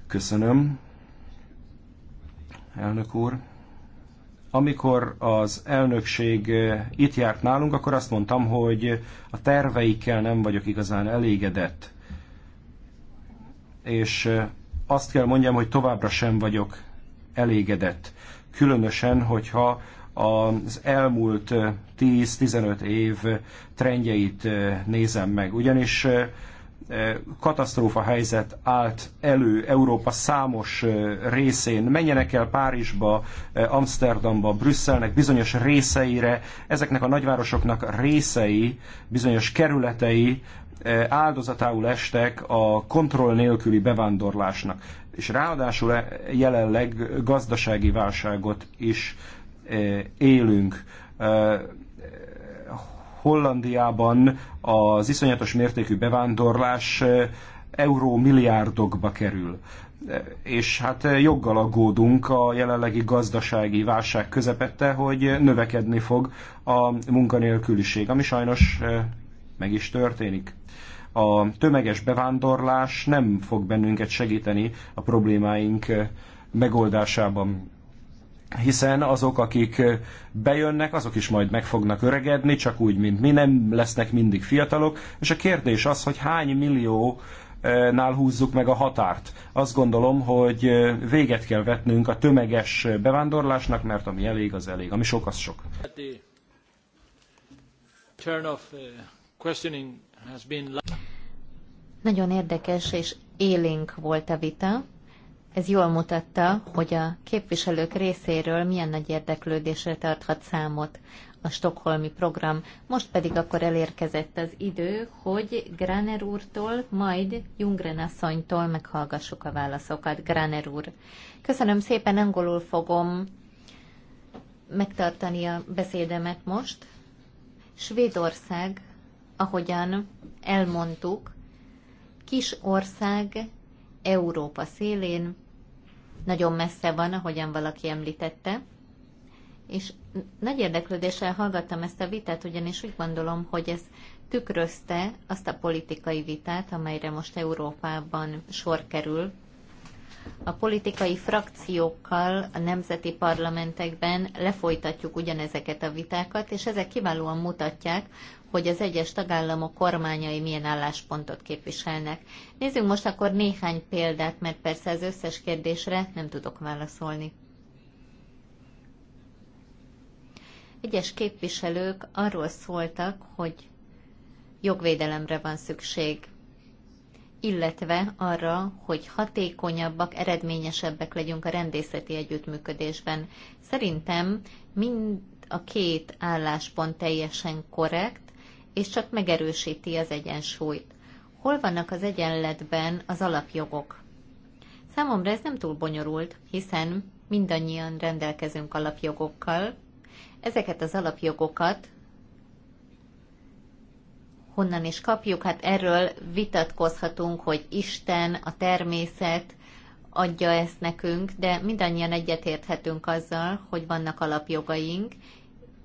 Köszönöm. Elnök úr amikor az elnökség itt járt nálunk, akkor azt mondtam, hogy a terveikkel nem vagyok igazán elégedett. És azt kell mondjam, hogy továbbra sem vagyok elégedett. Különösen, hogyha az elmúlt 10-15 év trendjeit nézem meg. Ugyanis katasztrófa helyzet állt elő Európa számos részén. Menjenek el Párizsba, Amsterdamba, Brüsszelnek bizonyos részeire. Ezeknek a nagyvárosoknak részei, bizonyos kerületei áldozatául estek a kontroll nélküli bevándorlásnak. És ráadásul e, jelenleg gazdasági válságot is élünk Hollandiában az iszonyatos mértékű bevándorlás eh, euró milliárdokba kerül. Eh, és hát eh, joggal aggódunk a jelenlegi gazdasági válság közepette, hogy növekedni fog a munkanélküliség, ami sajnos meg is történik. A tömeges bevándorlás nem fog bennünket segíteni a problémáink megoldásában hiszen azok, akik bejönnek, azok is majd meg fognak öregedni, csak úgy, mint mi, nem lesznek mindig fiatalok, és a kérdés az, hogy hány millió nál húzzuk meg a határt. Azt gondolom, hogy véget kell vetnünk a tömeges bevándorlásnak, mert ami elég, az elég. Ami sok, az sok. Uh, Nagyon érdekes és élénk volt a vita. Ez jól mutatta, hogy a képviselők részéről milyen nagy érdeklődésre tarthat számot a stokholmi program. Most pedig akkor elérkezett az idő, hogy Graner úrtól, majd Jungren asszonytól meghallgassuk a válaszokat. Graner úr, köszönöm szépen, angolul fogom megtartani a beszédemet most. Svédország, ahogyan elmondtuk, kis ország, Európa szélén, nagyon messze van, ahogyan valaki említette, és nagy érdeklődéssel hallgattam ezt a vitát, ugyanis úgy gondolom, hogy ez tükrözte azt a politikai vitát, amelyre most Európában sor kerül. A politikai frakciókkal a nemzeti parlamentekben lefolytatjuk ugyanezeket a vitákat, és ezek kiválóan mutatják, hogy az egyes tagállamok kormányai milyen álláspontot képviselnek. Nézzük most akkor néhány példát, mert persze az összes kérdésre nem tudok válaszolni. Egyes képviselők arról szóltak, hogy jogvédelemre van szükség, illetve arra, hogy hatékonyabbak, eredményesebbek legyünk a rendészeti együttműködésben. Szerintem mind a két álláspont teljesen korrekt, és csak megerősíti az egyensúlyt. Hol vannak az egyenletben az alapjogok? Számomra ez nem túl bonyolult, hiszen mindannyian rendelkezünk alapjogokkal. Ezeket az alapjogokat honnan is kapjuk, hát erről vitatkozhatunk, hogy Isten, a természet adja ezt nekünk, de mindannyian egyetérthetünk azzal, hogy vannak alapjogaink,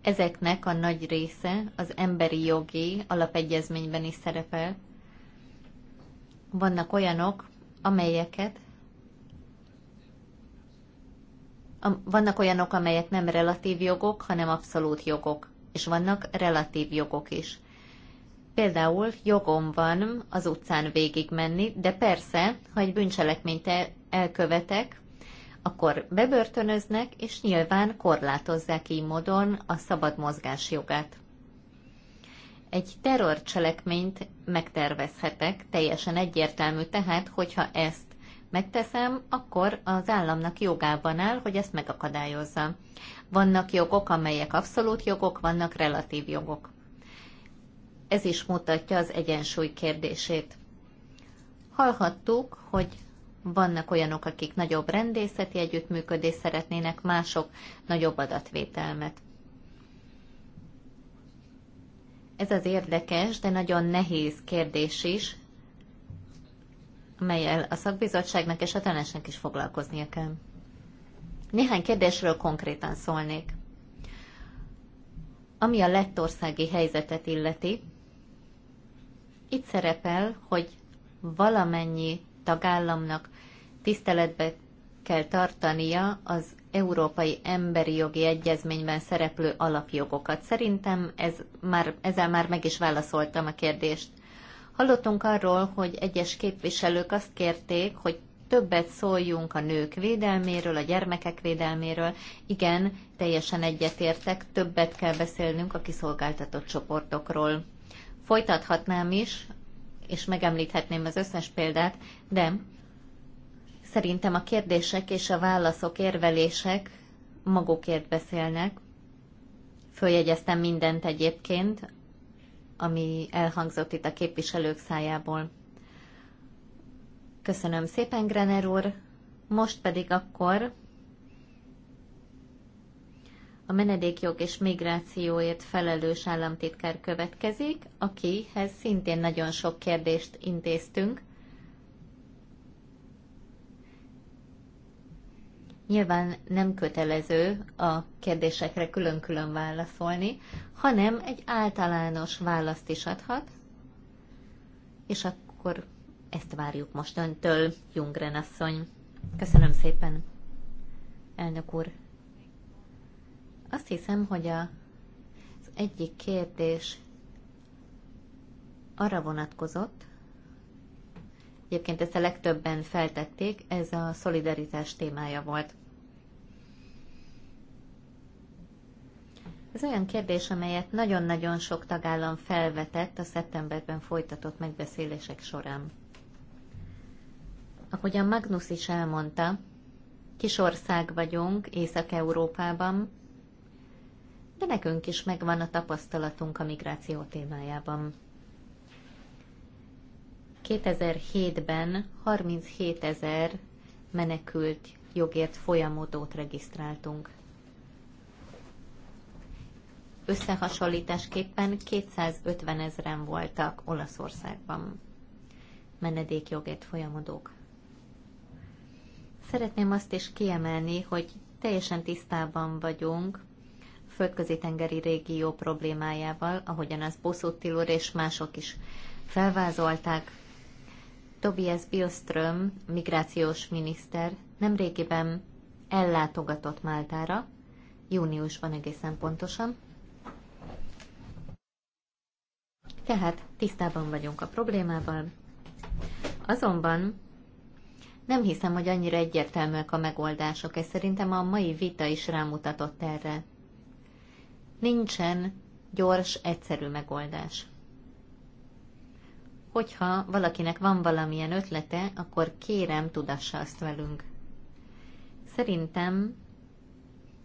Ezeknek a nagy része az emberi jogi alapegyezményben is szerepel. Vannak olyanok, amelyeket vannak olyanok, amelyek nem relatív jogok, hanem abszolút jogok, és vannak relatív jogok is. Például jogom van az utcán végigmenni, de persze, ha egy bűncselekményt elkövetek, akkor bebörtönöznek, és nyilván korlátozzák így módon a szabad mozgás jogát. Egy terrorcselekményt megtervezhetek, teljesen egyértelmű tehát, hogyha ezt megteszem, akkor az államnak jogában áll, hogy ezt megakadályozza. Vannak jogok, amelyek abszolút jogok, vannak relatív jogok. Ez is mutatja az egyensúly kérdését. Hallhattuk, hogy vannak olyanok, akik nagyobb rendészeti együttműködést szeretnének, mások nagyobb adatvételmet. Ez az érdekes, de nagyon nehéz kérdés is, melyel a szakbizottságnak és a tanácsnak is foglalkoznia kell. Néhány kérdésről konkrétan szólnék. Ami a lettországi helyzetet illeti, itt szerepel, hogy valamennyi tagállamnak tiszteletbe kell tartania az Európai Emberi Jogi Egyezményben szereplő alapjogokat. Szerintem ez már, ezzel már meg is válaszoltam a kérdést. Hallottunk arról, hogy egyes képviselők azt kérték, hogy többet szóljunk a nők védelméről, a gyermekek védelméről. Igen, teljesen egyetértek, többet kell beszélnünk a kiszolgáltatott csoportokról. Folytathatnám is, és megemlíthetném az összes példát, de Szerintem a kérdések és a válaszok, érvelések magukért beszélnek. Följegyeztem mindent egyébként, ami elhangzott itt a képviselők szájából. Köszönöm szépen, Grener úr. Most pedig akkor a menedékjog és migrációért felelős államtitkár következik, akihez szintén nagyon sok kérdést intéztünk. Nyilván nem kötelező a kérdésekre külön-külön válaszolni, hanem egy általános választ is adhat, és akkor ezt várjuk most öntől, Jungren asszony. Köszönöm szépen, elnök úr. Azt hiszem, hogy a, az egyik kérdés arra vonatkozott, Egyébként ezt a legtöbben feltették, ez a szolidaritás témája volt. Ez olyan kérdés, amelyet nagyon-nagyon sok tagállam felvetett a szeptemberben folytatott megbeszélések során. Ahogy a Magnus is elmondta, kis ország vagyunk Észak-Európában, de nekünk is megvan a tapasztalatunk a migráció témájában. 2007-ben 37 ezer menekült jogért folyamodót regisztráltunk. Összehasonlításképpen 250 ezeren voltak Olaszországban menedékjogért folyamodók. Szeretném azt is kiemelni, hogy teljesen tisztában vagyunk földközi-tengeri régió problémájával, ahogyan az Boszottilur és mások is felvázolták. Tobias Billström, migrációs miniszter, nemrégiben ellátogatott Máltára, júniusban egészen pontosan. Tehát tisztában vagyunk a problémával. Azonban nem hiszem, hogy annyira egyértelműek a megoldások, és szerintem a mai vita is rámutatott erre. Nincsen gyors, egyszerű megoldás. Hogyha valakinek van valamilyen ötlete, akkor kérem, tudassa azt velünk. Szerintem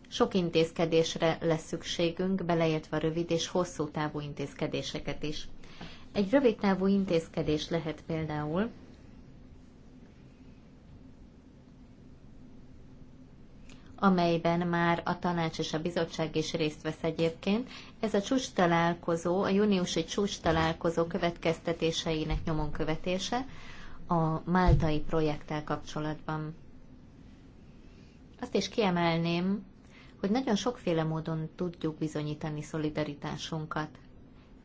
sok intézkedésre lesz szükségünk, beleértve a rövid és hosszú távú intézkedéseket is. Egy rövid távú intézkedés lehet például amelyben már a tanács és a bizottság is részt vesz egyébként. Ez a csúcs találkozó, a júniusi csúcs találkozó következtetéseinek nyomon követése a máltai projekttel kapcsolatban. Azt is kiemelném, hogy nagyon sokféle módon tudjuk bizonyítani szolidaritásunkat.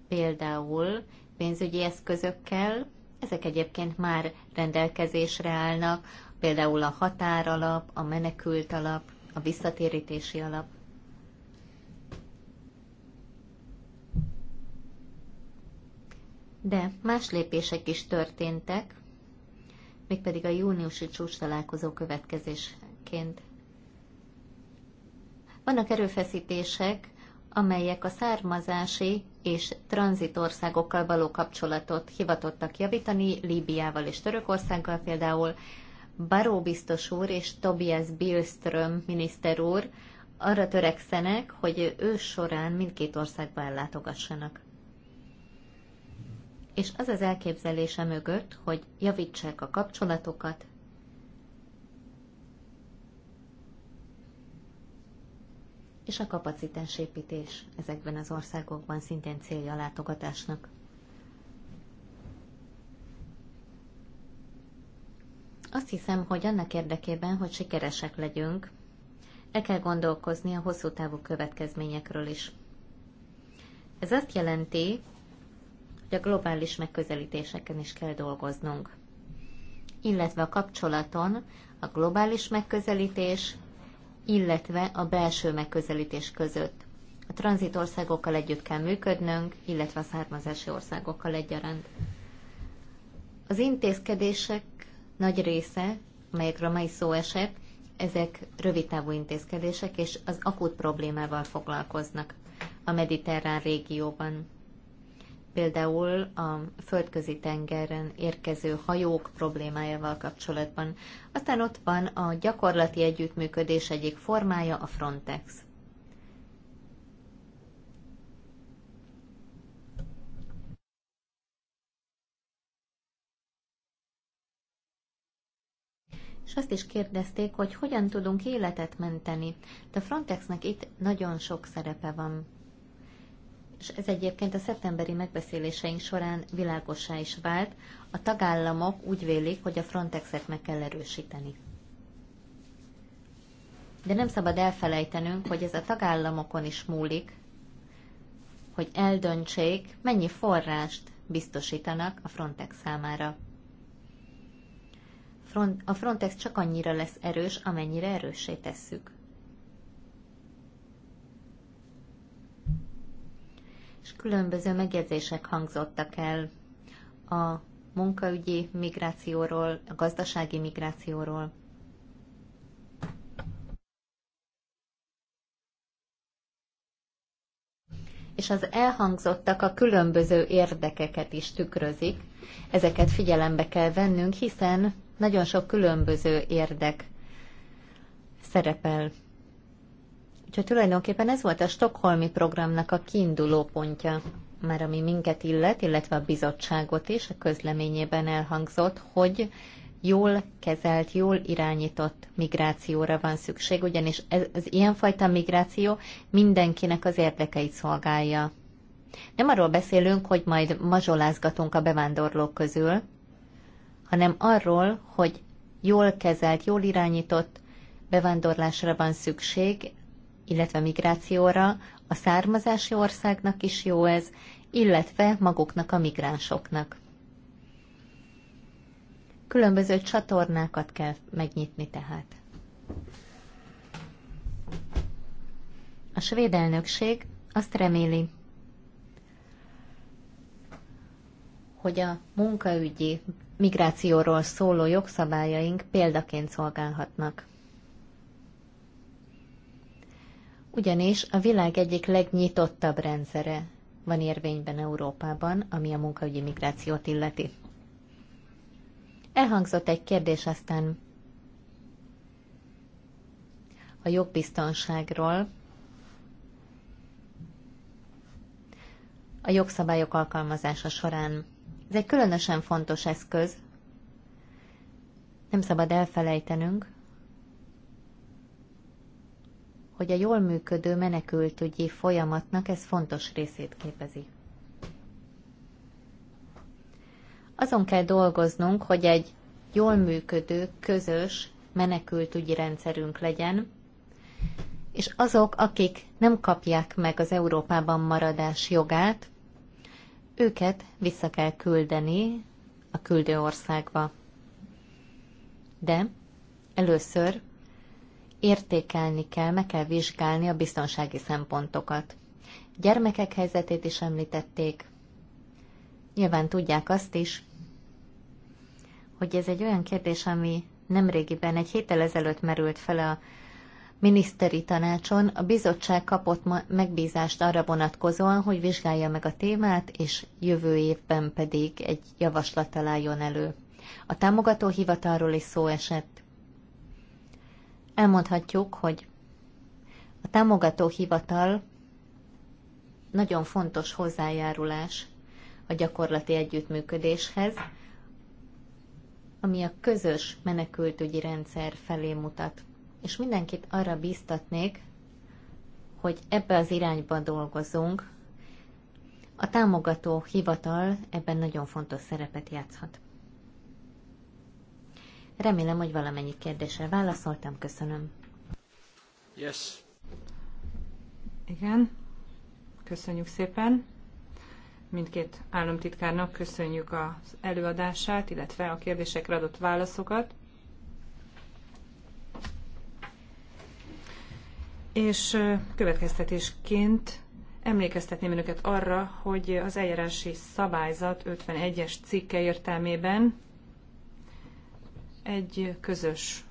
Például pénzügyi eszközökkel, ezek egyébként már rendelkezésre állnak, például a határalap, a menekült alap, a visszatérítési alap. De más lépések is történtek, mégpedig a júniusi csúcs találkozó következésként. Vannak erőfeszítések, amelyek a származási és tranzitországokkal való kapcsolatot hivatottak javítani, Líbiával és Törökországgal például, Baró biztos úr és Tobias Billström miniszter úr arra törekszenek, hogy ő során mindkét országba ellátogassanak. És az az elképzelése mögött, hogy javítsák a kapcsolatokat, és a kapacitásépítés ezekben az országokban szintén célja a látogatásnak. Azt hiszem, hogy annak érdekében, hogy sikeresek legyünk, el kell gondolkozni a hosszú távú következményekről is. Ez azt jelenti, hogy a globális megközelítéseken is kell dolgoznunk, illetve a kapcsolaton a globális megközelítés, illetve a belső megközelítés között. A tranzitországokkal együtt kell működnünk, illetve a származási országokkal egyaránt. Az intézkedések nagy része, amelyekről mai szó esett, ezek rövidtávú intézkedések, és az akut problémával foglalkoznak a mediterrán régióban. Például a földközi tengeren érkező hajók problémájával kapcsolatban. Aztán ott van a gyakorlati együttműködés egyik formája, a Frontex. és azt is kérdezték, hogy hogyan tudunk életet menteni. De Frontexnek itt nagyon sok szerepe van. És ez egyébként a szeptemberi megbeszéléseink során világosá is vált, a tagállamok úgy vélik, hogy a Frontexet meg kell erősíteni. De nem szabad elfelejtenünk, hogy ez a tagállamokon is múlik, hogy eldöntsék, mennyi forrást biztosítanak a Frontex számára front, a Frontex csak annyira lesz erős, amennyire erőssé tesszük. És különböző megjegyzések hangzottak el a munkaügyi migrációról, a gazdasági migrációról. és az elhangzottak a különböző érdekeket is tükrözik. Ezeket figyelembe kell vennünk, hiszen nagyon sok különböző érdek szerepel. Úgyhogy tulajdonképpen ez volt a Stockholmi programnak a kiinduló pontja, már ami minket illet, illetve a bizottságot is, a közleményében elhangzott, hogy jól kezelt, jól irányított migrációra van szükség, ugyanis ez, az ilyenfajta migráció mindenkinek az érdekeit szolgálja. Nem arról beszélünk, hogy majd mazsolázgatunk a bevándorlók közül, hanem arról, hogy jól kezelt, jól irányított bevándorlásra van szükség, illetve migrációra, a származási országnak is jó ez, illetve maguknak a migránsoknak. Különböző csatornákat kell megnyitni tehát. A svéd elnökség azt reméli, hogy a munkaügyi migrációról szóló jogszabályaink példaként szolgálhatnak. Ugyanis a világ egyik legnyitottabb rendszere van érvényben Európában, ami a munkaügyi migrációt illeti. Elhangzott egy kérdés aztán a jogbiztonságról, a jogszabályok alkalmazása során. Ez egy különösen fontos eszköz. Nem szabad elfelejtenünk, hogy a jól működő menekültügyi folyamatnak ez fontos részét képezi. Azon kell dolgoznunk, hogy egy jól működő, közös menekültügyi rendszerünk legyen, és azok, akik nem kapják meg az Európában maradás jogát, őket vissza kell küldeni a küldő országba. De először értékelni kell, meg kell vizsgálni a biztonsági szempontokat. Gyermekek helyzetét is említették. Nyilván tudják azt is, hogy ez egy olyan kérdés, ami nemrégiben, egy héttel ezelőtt merült fel a miniszteri tanácson a bizottság kapott megbízást arra vonatkozóan, hogy vizsgálja meg a témát, és jövő évben pedig egy javaslat találjon elő. A támogató hivatalról is szó esett. Elmondhatjuk, hogy a támogató hivatal nagyon fontos hozzájárulás a gyakorlati együttműködéshez, ami a közös menekültügyi rendszer felé mutat és mindenkit arra bíztatnék, hogy ebbe az irányba dolgozunk. A támogató hivatal ebben nagyon fontos szerepet játszhat. Remélem, hogy valamennyi kérdésre válaszoltam. Köszönöm. Yes. Igen. Köszönjük szépen. Mindkét államtitkárnak köszönjük az előadását, illetve a kérdésekre adott válaszokat. és következtetésként emlékeztetném önöket arra, hogy az eljárási szabályzat 51-es cikke értelmében egy közös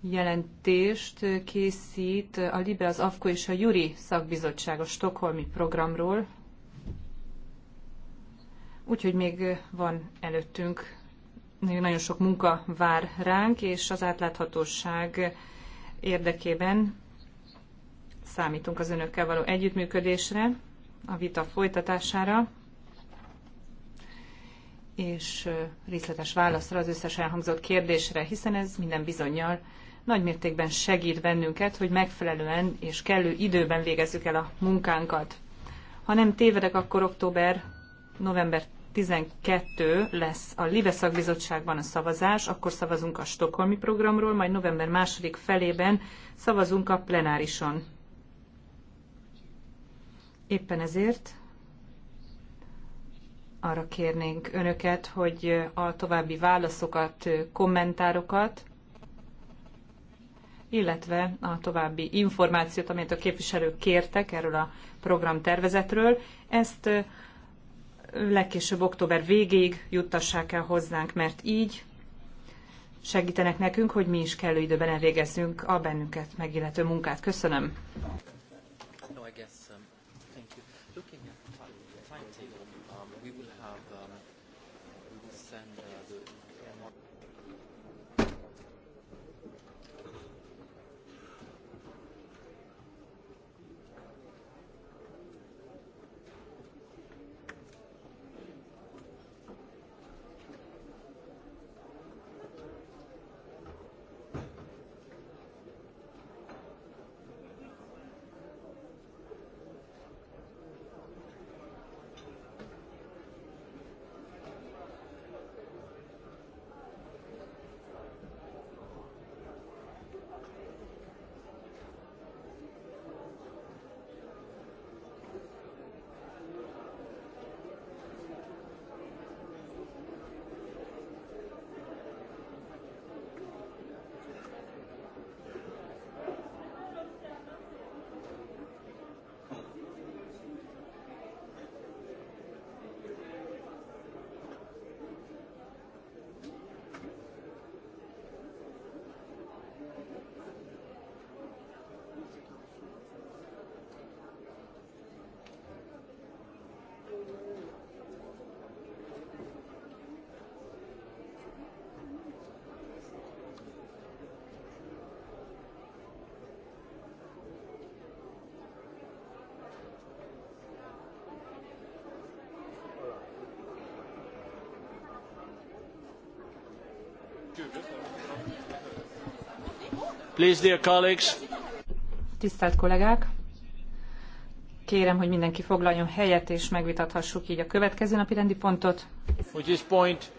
jelentést készít a LIBE, az AFKO és a JURI szakbizottság a Stockholmi programról. Úgyhogy még van előttünk, még nagyon sok munka vár ránk, és az átláthatóság érdekében számítunk az önökkel való együttműködésre, a vita folytatására, és részletes válaszra az összes elhangzott kérdésre, hiszen ez minden bizonyal mértékben segít bennünket, hogy megfelelően és kellő időben végezzük el a munkánkat. Ha nem tévedek, akkor október, november 12 lesz a Live szakbizottságban a szavazás, akkor szavazunk a Stokholmi programról, majd november második felében szavazunk a plenárison. Éppen ezért arra kérnénk önöket, hogy a további válaszokat, kommentárokat, illetve a további információt, amit a képviselők kértek erről a programtervezetről, ezt legkésőbb október végéig juttassák el hozzánk, mert így segítenek nekünk, hogy mi is kellő időben elvégezzünk a bennünket megillető munkát. Köszönöm. Please, dear colleagues. Tisztelt kollégák! Kérem, hogy mindenki foglaljon helyet, és megvitathassuk így a következő napi rendi pontot. Which is point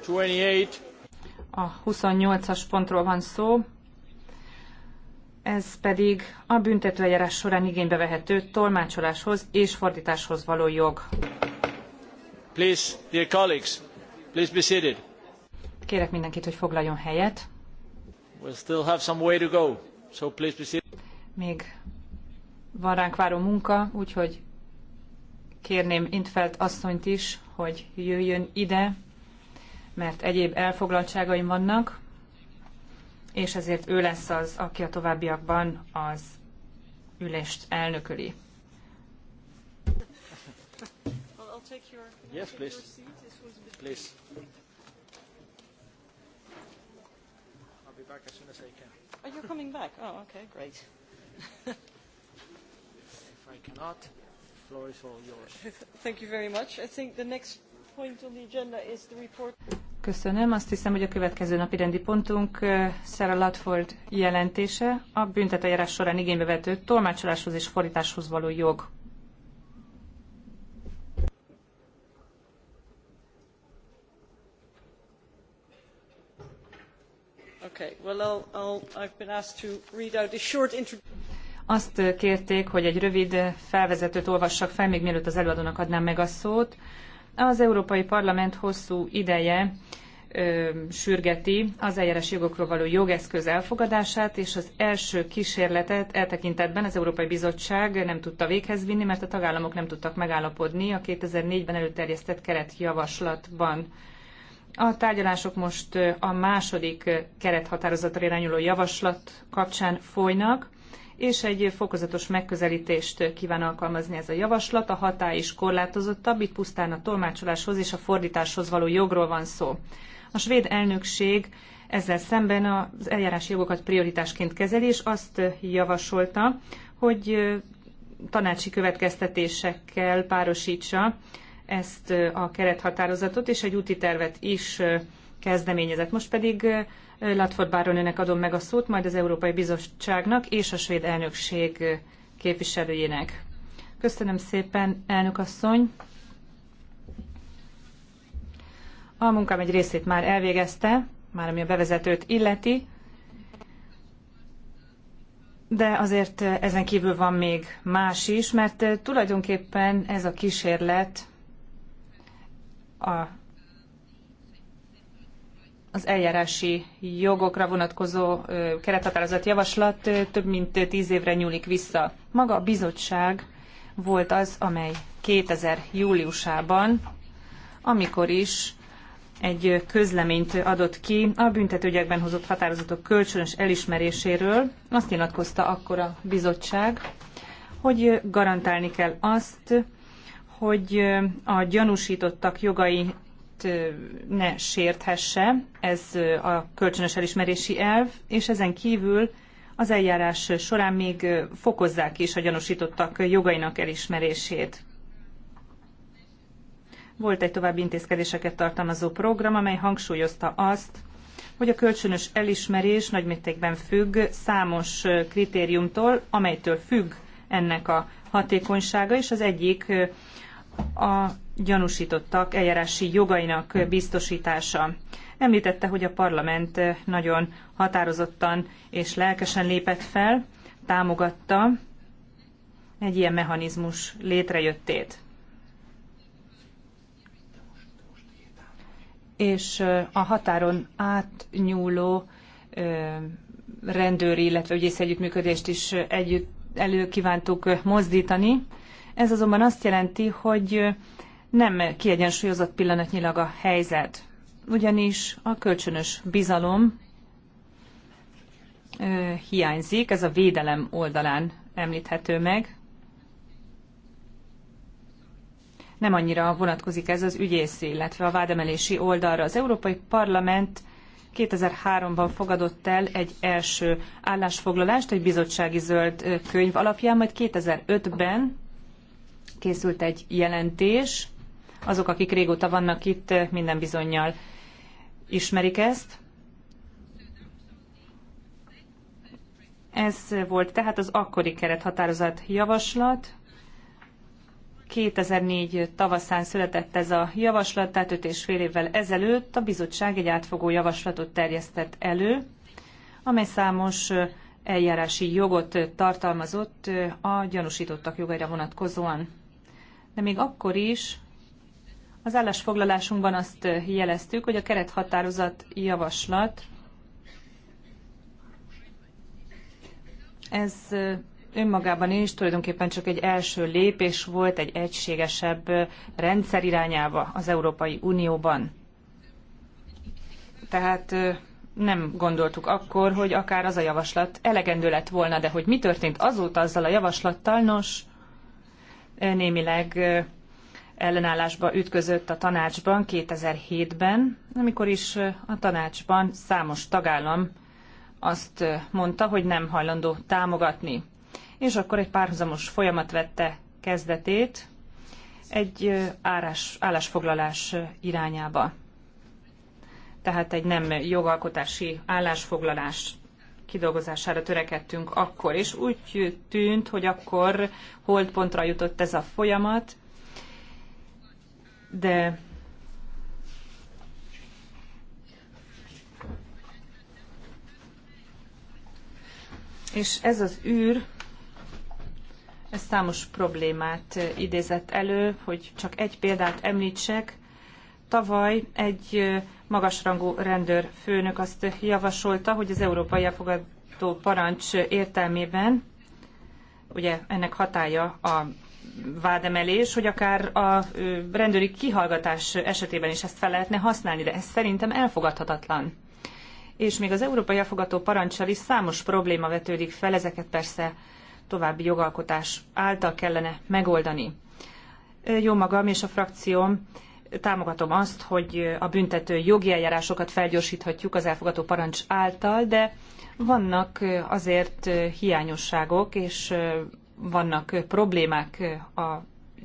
28. A 28-as pontról van szó, ez pedig a büntetőeljárás során igénybe vehető tolmácsoláshoz és fordításhoz való jog. Please, dear colleagues. Please be seated. Kérek mindenkit, hogy foglaljon helyet. We still have some way to go, so please be seated. Még van ránk váró munka, úgyhogy kérném Intfeld asszonyt is, hogy jöjjön ide, mert egyéb elfoglaltságaim vannak, és ezért ő lesz az, aki a továbbiakban az ülést elnököli. Yes, please please. I'll be back as soon as I can. Oh, you're coming back? Oh, okay, great. if I cannot, the floor is all yours. Thank you very much. I think the next point on the agenda is the report. Köszönöm. Azt hiszem, hogy a következő napi rendi pontunk Sarah Ludford jelentése a büntetőjárás során igénybe vető tolmácsoláshoz és fordításhoz való jog Azt kérték, hogy egy rövid felvezetőt olvassak fel, még mielőtt az előadónak adnám meg a szót. Az Európai Parlament hosszú ideje ö, sürgeti az eljárás jogokról való jogeszköz elfogadását, és az első kísérletet eltekintetben az Európai Bizottság nem tudta véghez vinni, mert a tagállamok nem tudtak megállapodni a 2004-ben előterjesztett keretjavaslatban a tárgyalások most a második kerethatározatra irányuló javaslat kapcsán folynak, és egy fokozatos megközelítést kíván alkalmazni ez a javaslat. A hatály is korlátozottabb, itt pusztán a tolmácsoláshoz és a fordításhoz való jogról van szó. A svéd elnökség ezzel szemben az eljárási jogokat prioritásként kezeli, és azt javasolta, hogy tanácsi következtetésekkel párosítsa ezt a kerethatározatot és egy úti tervet is kezdeményezett. Most pedig Latford Báronőnek adom meg a szót, majd az Európai Bizottságnak és a svéd elnökség képviselőjének. Köszönöm szépen, elnök asszony! A munkám egy részét már elvégezte, már ami a bevezetőt illeti, de azért ezen kívül van még más is, mert tulajdonképpen ez a kísérlet a, az eljárási jogokra vonatkozó kerethatározat javaslat több mint tíz évre nyúlik vissza. Maga a bizottság volt az, amely 2000 júliusában, amikor is egy közleményt adott ki a büntetőgyekben hozott határozatok kölcsönös elismeréséről. Azt nyilatkozta akkor a bizottság, hogy garantálni kell azt, hogy a gyanúsítottak jogait ne sérthesse, ez a kölcsönös elismerési elv, és ezen kívül az eljárás során még fokozzák is a gyanúsítottak jogainak elismerését. Volt egy további intézkedéseket tartalmazó program, amely hangsúlyozta azt, hogy a kölcsönös elismerés nagymértékben függ számos kritériumtól, amelytől függ ennek a hatékonysága, és az egyik a gyanúsítottak eljárási jogainak biztosítása. Említette, hogy a parlament nagyon határozottan és lelkesen lépett fel, támogatta egy ilyen mechanizmus létrejöttét. És a határon átnyúló rendőri, illetve ügyész együttműködést is együtt elő kívántuk mozdítani, ez azonban azt jelenti, hogy nem kiegyensúlyozott pillanatnyilag a helyzet, ugyanis a kölcsönös bizalom hiányzik, ez a védelem oldalán említhető meg. Nem annyira vonatkozik ez az ügyész, illetve a vádemelési oldalra. Az Európai Parlament 2003-ban fogadott el egy első állásfoglalást, egy bizottsági zöld könyv alapján, majd 2005-ben készült egy jelentés. Azok, akik régóta vannak itt, minden bizonyal ismerik ezt. Ez volt tehát az akkori kerethatározat javaslat. 2004 tavaszán született ez a javaslat, tehát 5 és fél évvel ezelőtt a bizottság egy átfogó javaslatot terjesztett elő, amely számos eljárási jogot tartalmazott a gyanúsítottak jogaira vonatkozóan de még akkor is az állásfoglalásunkban azt eh, jeleztük, hogy a kerethatározat javaslat ez eh, önmagában is tulajdonképpen csak egy első lépés volt egy egységesebb eh, rendszer irányába az Európai Unióban. Tehát nem gondoltuk akkor, hogy akár az a javaslat elegendő lett volna, de hogy mi történt azóta azzal a javaslattal, nos, némileg ellenállásba ütközött a tanácsban 2007-ben, amikor is a tanácsban számos tagállam azt mondta, hogy nem hajlandó támogatni. És akkor egy párhuzamos folyamat vette kezdetét egy árás, állásfoglalás irányába. Tehát egy nem jogalkotási állásfoglalás kidolgozására törekedtünk akkor, és úgy tűnt, hogy akkor holdpontra jutott ez a folyamat, de És ez az űr, ez számos problémát idézett elő, hogy csak egy példát említsek, Tavaly egy magasrangú rendőrfőnök azt javasolta, hogy az Európai Elfogadó Parancs értelmében, ugye ennek hatája a vádemelés, hogy akár a rendőri kihallgatás esetében is ezt fel lehetne használni, de ez szerintem elfogadhatatlan. És még az Európai Elfogató Parancsal is számos probléma vetődik fel, ezeket persze további jogalkotás által kellene megoldani. Jó magam és a frakcióm támogatom azt, hogy a büntető jogi eljárásokat felgyorsíthatjuk az elfogadó parancs által, de vannak azért hiányosságok, és vannak problémák a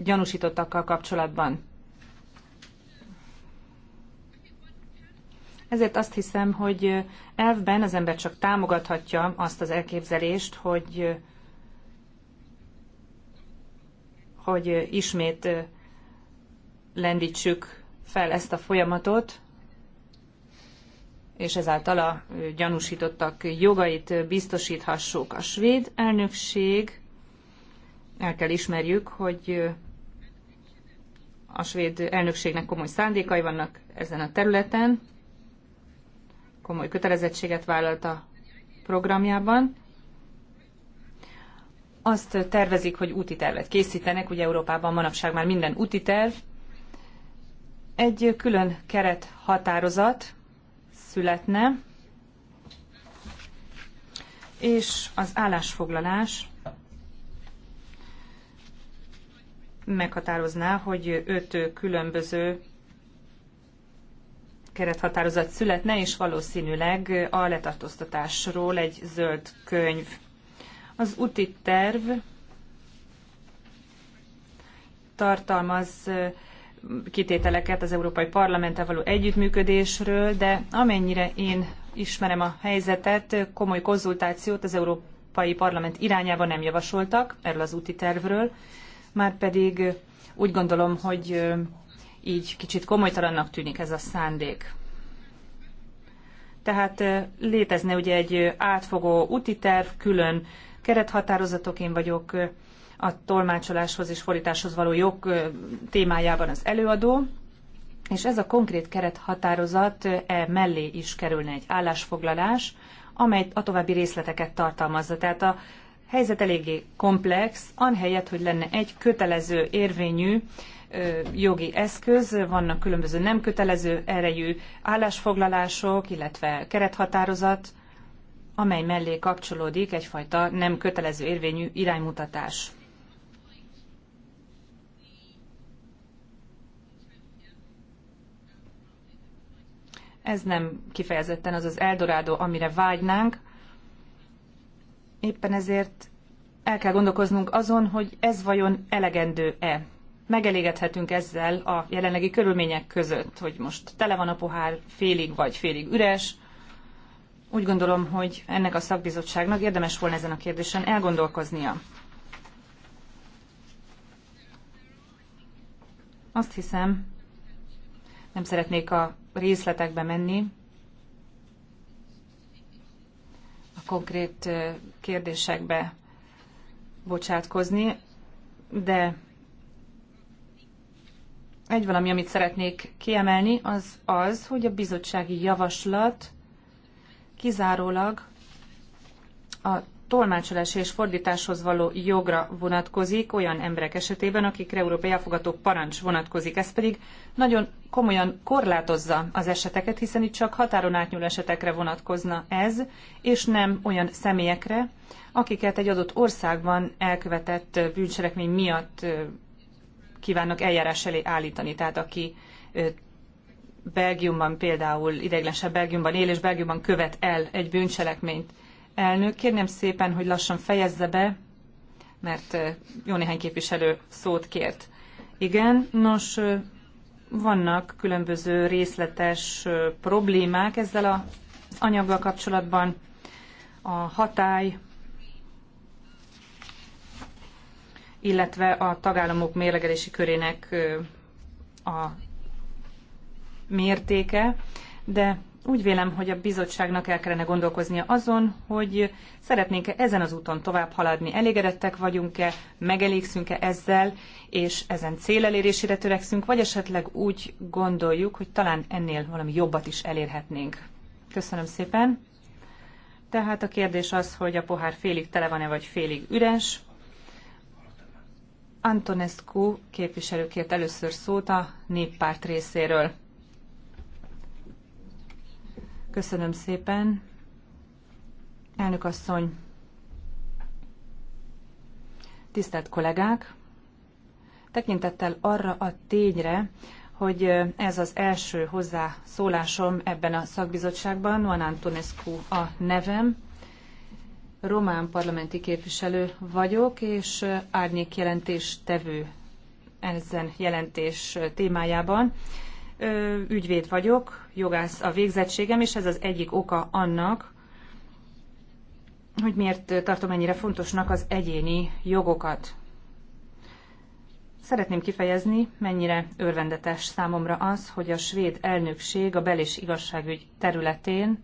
gyanúsítottakkal kapcsolatban. Ezért azt hiszem, hogy elvben az ember csak támogathatja azt az elképzelést, hogy, hogy ismét lendítsük fel ezt a folyamatot, és ezáltal a gyanúsítottak jogait biztosíthassuk. A svéd elnökség, el kell ismerjük, hogy a svéd elnökségnek komoly szándékai vannak ezen a területen, komoly kötelezettséget vállalt a programjában. Azt tervezik, hogy úti tervet készítenek, ugye Európában manapság már minden úti terv, egy külön keret határozat születne, és az állásfoglalás meghatározná, hogy öt különböző kerethatározat születne, és valószínűleg a letartóztatásról egy zöld könyv. Az úti terv tartalmaz kitételeket az Európai Parlamenttel való együttműködésről, de amennyire én ismerem a helyzetet, komoly konzultációt az Európai Parlament irányába nem javasoltak erről az úti tervről, már pedig úgy gondolom, hogy így kicsit komolytalannak tűnik ez a szándék. Tehát létezne ugye egy átfogó úti terv, külön kerethatározatok, én vagyok a tolmácsoláshoz és fordításhoz való jog témájában az előadó, és ez a konkrét kerethatározat e mellé is kerülne egy állásfoglalás, amely a további részleteket tartalmazza. Tehát a helyzet eléggé komplex, anhelyett, hogy lenne egy kötelező érvényű jogi eszköz, vannak különböző nem kötelező erejű állásfoglalások, illetve kerethatározat, amely mellé kapcsolódik egyfajta nem kötelező érvényű iránymutatás. Ez nem kifejezetten az az Eldorado, amire vágynánk. Éppen ezért el kell gondolkoznunk azon, hogy ez vajon elegendő-e. Megelégedhetünk ezzel a jelenlegi körülmények között, hogy most tele van a pohár, félig vagy félig üres. Úgy gondolom, hogy ennek a szakbizottságnak érdemes volna ezen a kérdésen elgondolkoznia. Azt hiszem, nem szeretnék a részletekbe menni a konkrét kérdésekbe bocsátkozni, de egy valami, amit szeretnék kiemelni, az az, hogy a bizottsági javaslat kizárólag a tolmácsolás és fordításhoz való jogra vonatkozik olyan emberek esetében, akikre európai elfogató parancs vonatkozik. Ez pedig nagyon komolyan korlátozza az eseteket, hiszen itt csak határon átnyúló esetekre vonatkozna ez, és nem olyan személyekre, akiket egy adott országban elkövetett bűncselekmény miatt kívánnak eljárás elé állítani. Tehát aki Belgiumban például, ideiglenesen Belgiumban él, és Belgiumban követ el egy bűncselekményt, Elnök, kérném szépen, hogy lassan fejezze be, mert jó néhány képviselő szót kért. Igen, nos, vannak különböző részletes problémák ezzel az anyaggal kapcsolatban. A hatály, illetve a tagállamok mérlegelési körének a mértéke, de úgy vélem, hogy a bizottságnak el kellene gondolkoznia azon, hogy szeretnénk-e ezen az úton tovább haladni, elégedettek vagyunk-e, megelégszünk-e ezzel, és ezen cél elérésére törekszünk, vagy esetleg úgy gondoljuk, hogy talán ennél valami jobbat is elérhetnénk. Köszönöm szépen. Tehát a kérdés az, hogy a pohár félig tele van-e, vagy félig üres. Antonescu képviselő kért először szót a néppárt részéről. Köszönöm szépen. Elnök asszony, tisztelt kollégák, tekintettel arra a tényre, hogy ez az első hozzászólásom ebben a szakbizottságban, Juan Antonescu a nevem, román parlamenti képviselő vagyok, és árnyékjelentés tevő ezen jelentés témájában ügyvéd vagyok, jogász a végzettségem, és ez az egyik oka annak, hogy miért tartom ennyire fontosnak az egyéni jogokat. Szeretném kifejezni, mennyire örvendetes számomra az, hogy a svéd elnökség a bel- és igazságügy területén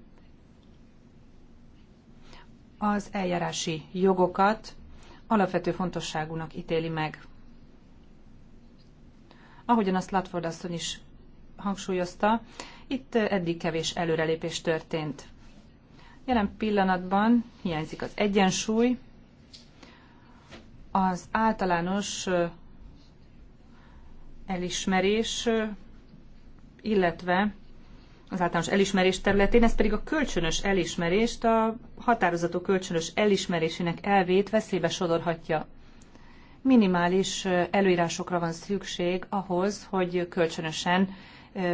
az eljárási jogokat alapvető fontosságúnak ítéli meg. Ahogyan azt Latford asszony is hangsúlyozta, itt eddig kevés előrelépés történt. Jelen pillanatban hiányzik az egyensúly, az általános elismerés, illetve az általános elismerés területén, ez pedig a kölcsönös elismerést, a határozatok kölcsönös elismerésének elvét veszélybe sodorhatja. Minimális előírásokra van szükség ahhoz, hogy kölcsönösen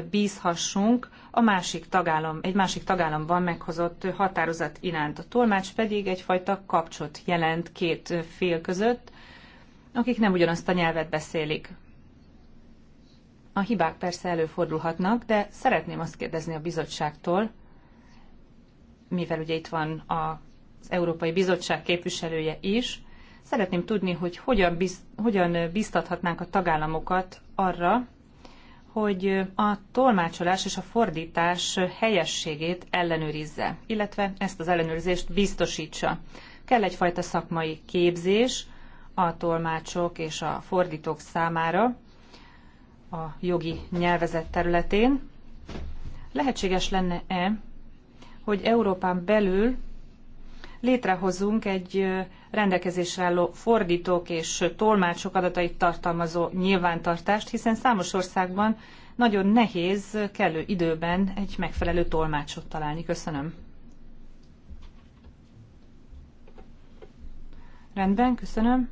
bízhassunk a másik tagállam, egy másik tagállamban meghozott határozat iránt. A tolmács pedig egyfajta kapcsot jelent két fél között, akik nem ugyanazt a nyelvet beszélik. A hibák persze előfordulhatnak, de szeretném azt kérdezni a bizottságtól, mivel ugye itt van az Európai Bizottság képviselője is, szeretném tudni, hogy hogyan, biz, hogyan biztathatnánk a tagállamokat arra, hogy a tolmácsolás és a fordítás helyességét ellenőrizze, illetve ezt az ellenőrzést biztosítsa. Kell egyfajta szakmai képzés a tolmácsok és a fordítók számára a jogi nyelvezet területén. Lehetséges lenne-e, hogy Európán belül létrehozunk egy rendelkezésre álló fordítók és tolmácsok adatait tartalmazó nyilvántartást, hiszen számos országban nagyon nehéz kellő időben egy megfelelő tolmácsot találni. Köszönöm. Rendben, köszönöm.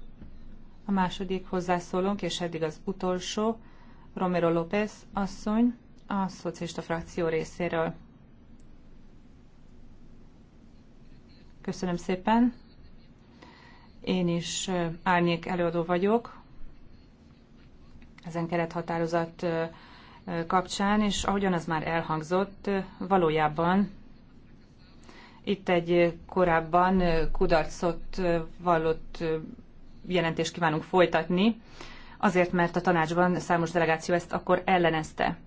A második hozzászólónk, és eddig az utolsó, Romero López asszony, a szocialista frakció részéről. Köszönöm szépen. Én is árnyék előadó vagyok ezen kerethatározat kapcsán, és ahogyan az már elhangzott, valójában itt egy korábban kudarcot vallott jelentést kívánunk folytatni, azért, mert a tanácsban számos delegáció ezt akkor ellenezte.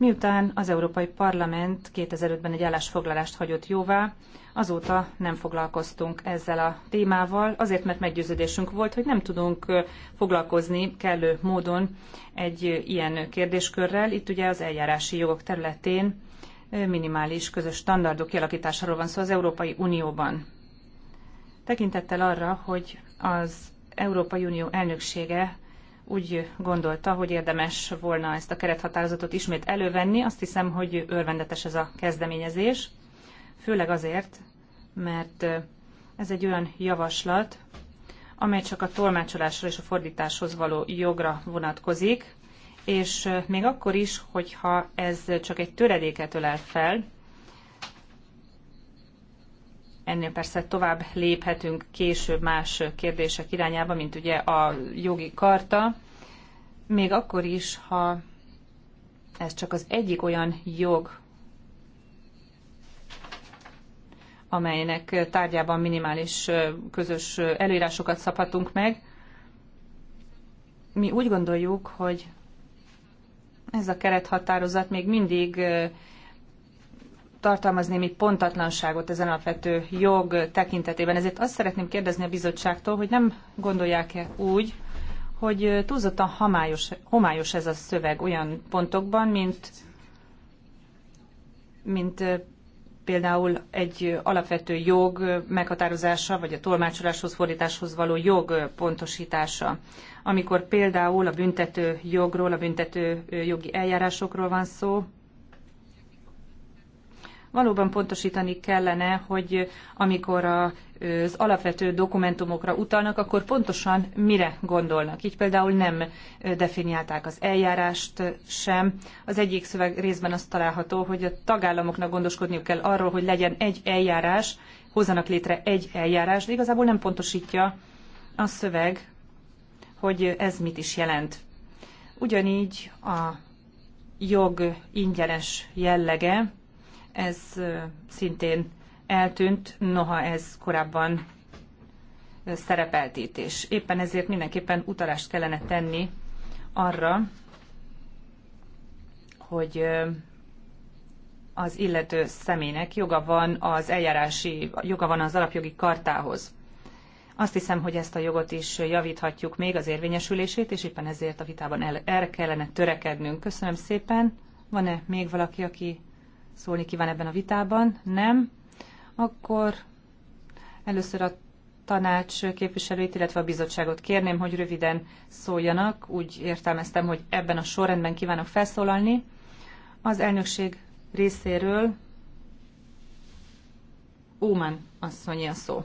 Miután az Európai Parlament 2005-ben egy állásfoglalást hagyott jóvá, azóta nem foglalkoztunk ezzel a témával, azért mert meggyőződésünk volt, hogy nem tudunk foglalkozni kellő módon egy ilyen kérdéskörrel. Itt ugye az eljárási jogok területén minimális közös standardok kialakításáról van szó az Európai Unióban. Tekintettel arra, hogy az Európai Unió elnöksége úgy gondolta, hogy érdemes volna ezt a kerethatározatot ismét elővenni. Azt hiszem, hogy örvendetes ez a kezdeményezés, főleg azért, mert ez egy olyan javaslat, amely csak a tolmácsolásra és a fordításhoz való jogra vonatkozik, és még akkor is, hogyha ez csak egy töredéket ölel fel, Ennél persze tovább léphetünk később más kérdések irányába, mint ugye a jogi karta, még akkor is, ha ez csak az egyik olyan jog, amelynek tárgyában minimális közös előírásokat szabhatunk meg. Mi úgy gondoljuk, hogy ez a kerethatározat még mindig tartalmaz némi pontatlanságot ezen alapvető jog tekintetében. Ezért azt szeretném kérdezni a bizottságtól, hogy nem gondolják-e úgy, hogy túlzottan homályos, homályos ez a szöveg olyan pontokban, mint, mint például egy alapvető jog meghatározása, vagy a tolmácsoláshoz, fordításhoz való jog pontosítása. Amikor például a büntető jogról, a büntető jogi eljárásokról van szó, Valóban pontosítani kellene, hogy amikor az alapvető dokumentumokra utalnak, akkor pontosan mire gondolnak. Így például nem definiálták az eljárást sem. Az egyik szöveg részben azt található, hogy a tagállamoknak gondoskodniuk kell arról, hogy legyen egy eljárás, hozzanak létre egy eljárás, de igazából nem pontosítja a szöveg, hogy ez mit is jelent. Ugyanígy a jog ingyenes jellege ez szintén eltűnt, noha ez korábban szerepelt itt Éppen ezért mindenképpen utalást kellene tenni arra, hogy az illető személynek joga van az eljárási, joga van az alapjogi kartához. Azt hiszem, hogy ezt a jogot is javíthatjuk még az érvényesülését, és éppen ezért a vitában el, erre kellene törekednünk. Köszönöm szépen. Van-e még valaki, aki szólni kíván ebben a vitában? Nem. Akkor először a tanács képviselőit, illetve a bizottságot kérném, hogy röviden szóljanak. Úgy értelmeztem, hogy ebben a sorrendben kívánok felszólalni. Az elnökség részéről Óman asszonyi a szó.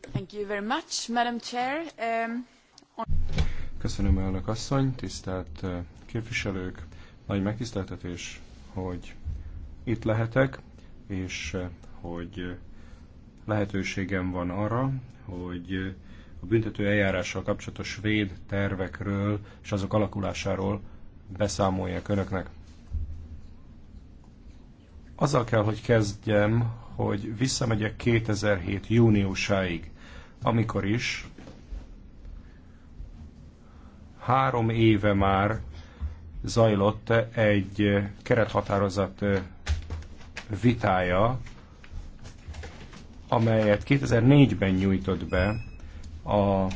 Thank you very much, Madam Chair. Um, on... Köszönöm, elnök asszony, tisztelt uh, képviselők. Nagy megtiszteltetés, hogy itt lehetek, és eh, hogy eh, lehetőségem van arra, hogy eh, a büntető eljárással kapcsolatos svéd tervekről és azok alakulásáról beszámoljak önöknek. Azzal kell, hogy kezdjem, hogy visszamegyek 2007. júniusáig, amikor is három éve már zajlott egy kerethatározat vitája, amelyet 2004-ben nyújtott be a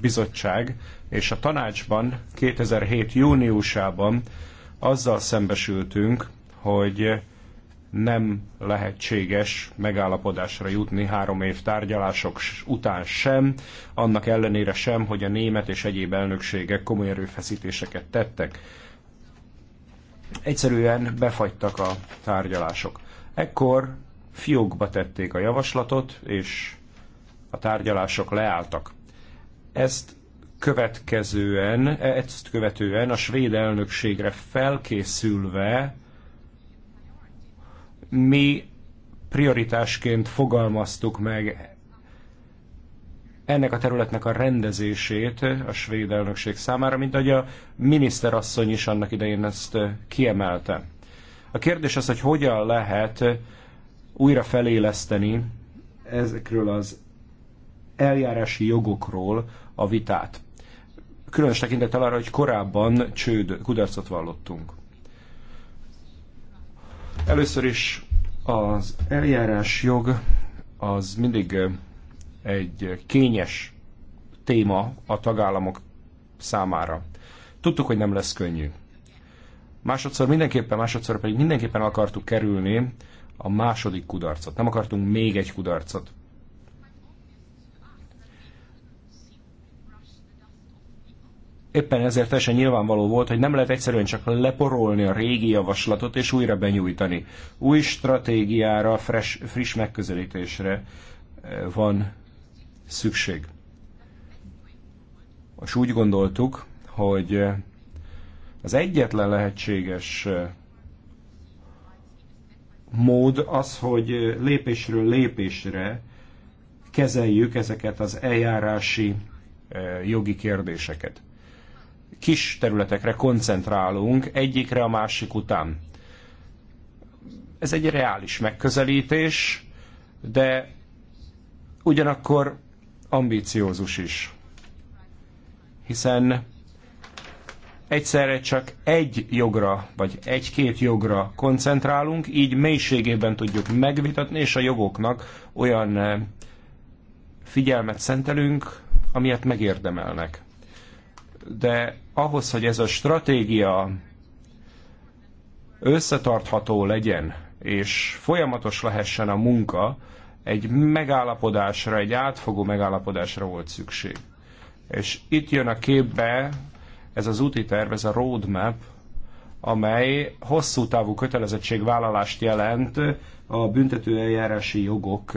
bizottság, és a tanácsban 2007. júniusában azzal szembesültünk, hogy nem lehetséges megállapodásra jutni három év tárgyalások után sem, annak ellenére sem, hogy a német és egyéb elnökségek komoly erőfeszítéseket tettek. Egyszerűen befagytak a tárgyalások. Ekkor fiókba tették a javaslatot, és a tárgyalások leálltak. Ezt következően, ezt követően a svéd elnökségre felkészülve mi prioritásként fogalmaztuk meg ennek a területnek a rendezését a svéd elnökség számára, mint ahogy a miniszterasszony is annak idején ezt kiemelte. A kérdés az, hogy hogyan lehet újra feléleszteni ezekről az eljárási jogokról a vitát. Különös tekintettel arra, hogy korábban csőd, kudarcot vallottunk. Először is az eljárás jog az mindig egy kényes téma a tagállamok számára. Tudtuk, hogy nem lesz könnyű. Másodszor mindenképpen, másodszor pedig mindenképpen akartuk kerülni a második kudarcot. Nem akartunk még egy kudarcot. éppen ezért teljesen nyilvánvaló volt, hogy nem lehet egyszerűen csak leporolni a régi javaslatot és újra benyújtani. Új stratégiára, fresh, friss megközelítésre eh, van szükség. És úgy gondoltuk, hogy eh, az egyetlen lehetséges eh, mód az, hogy lépésről lépésre kezeljük ezeket az eljárási jogi kérdéseket kis területekre koncentrálunk egyikre a másik után. Ez egy reális megközelítés, de ugyanakkor ambíciózus is. Hiszen egyszerre csak egy jogra, vagy egy-két jogra koncentrálunk, így mélységében tudjuk megvitatni, és a jogoknak olyan eh, figyelmet szentelünk, amilyet megérdemelnek. De ahhoz, hogy ez a stratégia összetartható legyen, és folyamatos lehessen a munka, egy megállapodásra, egy átfogó megállapodásra volt szükség. És itt jön a képbe ez az úti terv, ez a roadmap, amely hosszú távú kötelezettségvállalást jelent a büntető eljárási jogok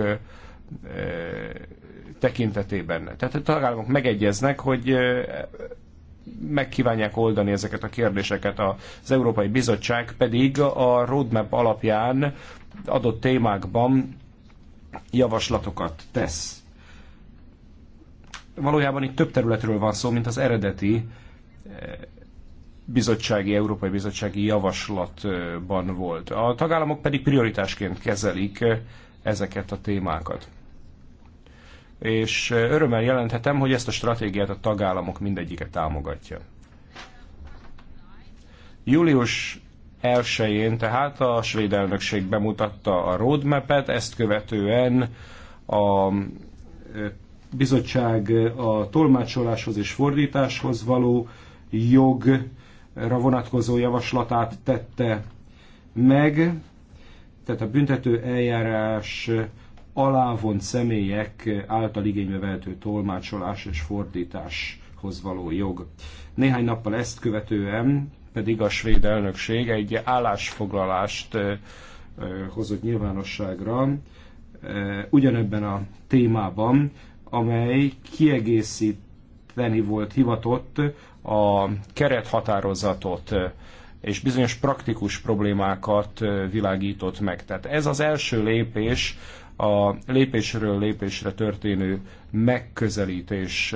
tekintetében. Tehát a tagállamok megegyeznek, hogy megkívánják oldani ezeket a kérdéseket. Az Európai Bizottság pedig a roadmap alapján adott témákban javaslatokat tesz. Valójában itt több területről van szó, mint az eredeti eh, bizottsági, Európai Bizottsági javaslatban volt. A tagállamok pedig prioritásként kezelik eh, ezeket a témákat és örömmel jelenthetem, hogy ezt a stratégiát a tagállamok mindegyike támogatja. Július 1-én tehát a svéd elnökség bemutatta a roadmap-et, ezt követően a bizottság a tolmácsoláshoz és fordításhoz való jogra vonatkozó javaslatát tette meg, tehát a büntető eljárás alávont személyek által igénybe vehető tolmácsolás és fordításhoz való jog. Néhány nappal ezt követően pedig a svéd elnökség egy állásfoglalást hozott nyilvánosságra ugyanebben a témában, amely kiegészíteni volt hivatott a kerethatározatot és bizonyos praktikus problémákat világított meg. Tehát ez az első lépés a lépésről lépésre történő megközelítés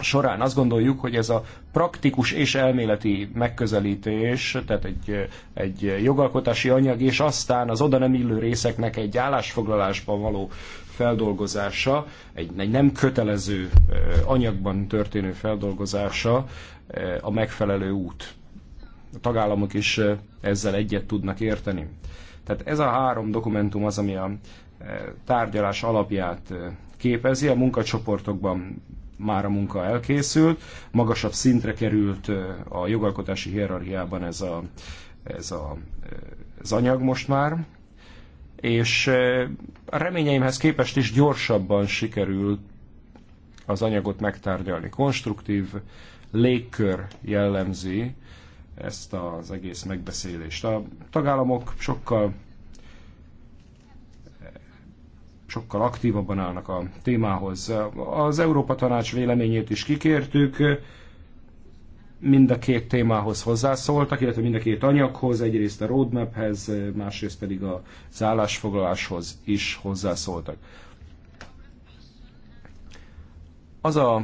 során azt gondoljuk, hogy ez a praktikus és elméleti megközelítés, tehát egy, egy jogalkotási anyag, és aztán az oda nem illő részeknek egy állásfoglalásban való feldolgozása, egy, egy nem kötelező anyagban történő feldolgozása a megfelelő út. A tagállamok is ezzel egyet tudnak érteni. Tehát ez a három dokumentum az, ami a eh, tárgyalás alapját eh, képezi. A munkacsoportokban már a munka elkészült, magasabb szintre került eh, a jogalkotási hierarchiában ez, a, ez a, az anyag most már, és a reményeimhez képest is gyorsabban sikerült az anyagot megtárgyalni. Konstruktív légkör jellemzi ezt az egész megbeszélést. A tagállamok sokkal sokkal aktívabban állnak a témához. Az Európa Tanács véleményét is kikértük, mind a két témához hozzászóltak, illetve mind a két anyaghoz, egyrészt a roadmaphez, másrészt pedig az állásfoglaláshoz is hozzászóltak. Az a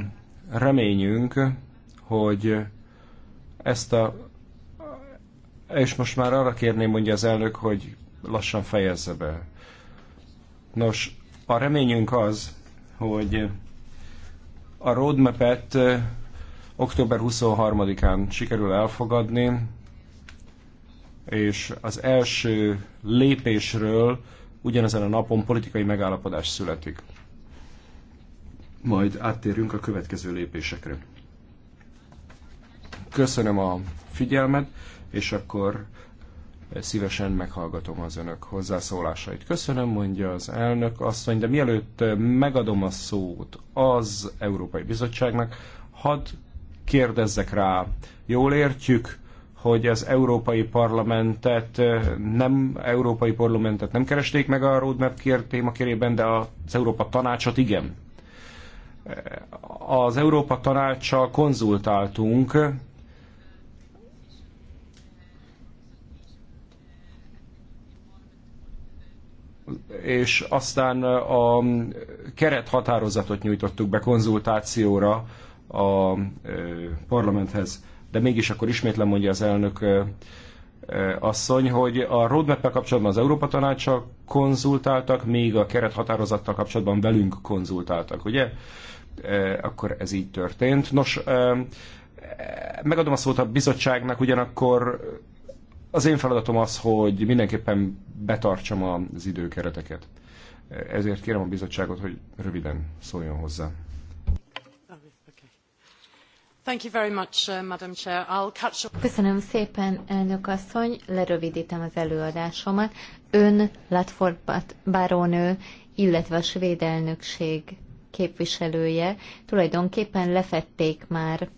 reményünk, hogy ezt a és most már arra kérném, mondja az elnök, hogy lassan fejezze be. Nos, a reményünk az, hogy a roadmap-et október 23-án sikerül elfogadni, és az első lépésről ugyanezen a napon politikai megállapodás születik. Majd áttérünk a következő lépésekre. Köszönöm a figyelmet és akkor eh, szívesen meghallgatom az önök hozzászólásait. Köszönöm, mondja az elnök asszony, de mielőtt eh, megadom a szót az Európai Bizottságnak, hadd kérdezzek rá, jól értjük, hogy az Európai Parlamentet eh, nem, Európai Parlamentet nem keresték meg a roadmap témakérében, de az Európa Tanácsot igen. Az Európa Tanácssal konzultáltunk, és aztán a kerethatározatot nyújtottuk be konzultációra a parlamenthez. De mégis akkor ismétlem mondja az elnök asszony, hogy a roadmap kapcsolatban az Európa Tanácsa konzultáltak, még a kerethatározattal kapcsolatban velünk konzultáltak, ugye? Akkor ez így történt. Nos, megadom a szót a bizottságnak, ugyanakkor az én feladatom az, hogy mindenképpen betartsam az időkereteket. Ezért kérem a bizottságot, hogy röviden szóljon hozzá. Uh, Köszönöm szépen, elnök asszony, lerövidítem az előadásomat. Ön, Latford barónő, illetve a svéd elnökség képviselője tulajdonképpen lefették már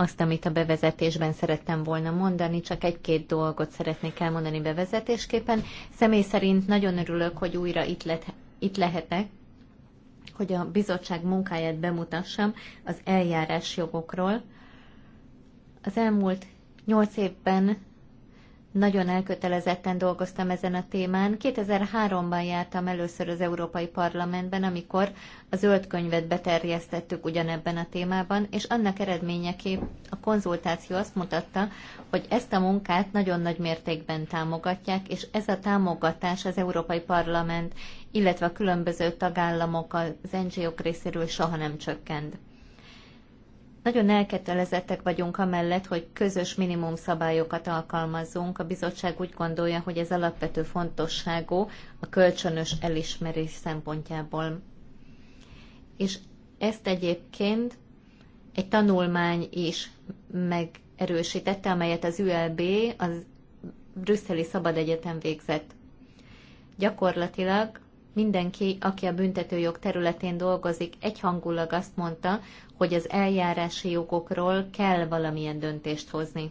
azt, amit a bevezetésben szerettem volna mondani, csak egy-két dolgot szeretnék elmondani bevezetésképpen. Személy szerint nagyon örülök, hogy újra itt, le- itt lehetek, hogy a bizottság munkáját bemutassam az eljárás jogokról. Az elmúlt nyolc évben nagyon elkötelezetten dolgoztam ezen a témán. 2003-ban jártam először az Európai Parlamentben, amikor a zöld könyvet beterjesztettük ugyanebben a témában, és annak eredményeképp a konzultáció azt mutatta, hogy ezt a munkát nagyon nagy mértékben támogatják, és ez a támogatás az Európai Parlament, illetve a különböző tagállamok az NGO-k részéről soha nem csökkent. Nagyon elkötelezettek vagyunk amellett, hogy közös minimum szabályokat alkalmazzunk. A bizottság úgy gondolja, hogy ez alapvető fontosságú a kölcsönös elismerés szempontjából. És ezt egyébként egy tanulmány is megerősítette, amelyet az ULB, az Brüsszeli Szabad Egyetem végzett. Gyakorlatilag mindenki, aki a büntetőjog területén dolgozik, egyhangulag azt mondta, hogy az eljárási jogokról kell valamilyen döntést hozni.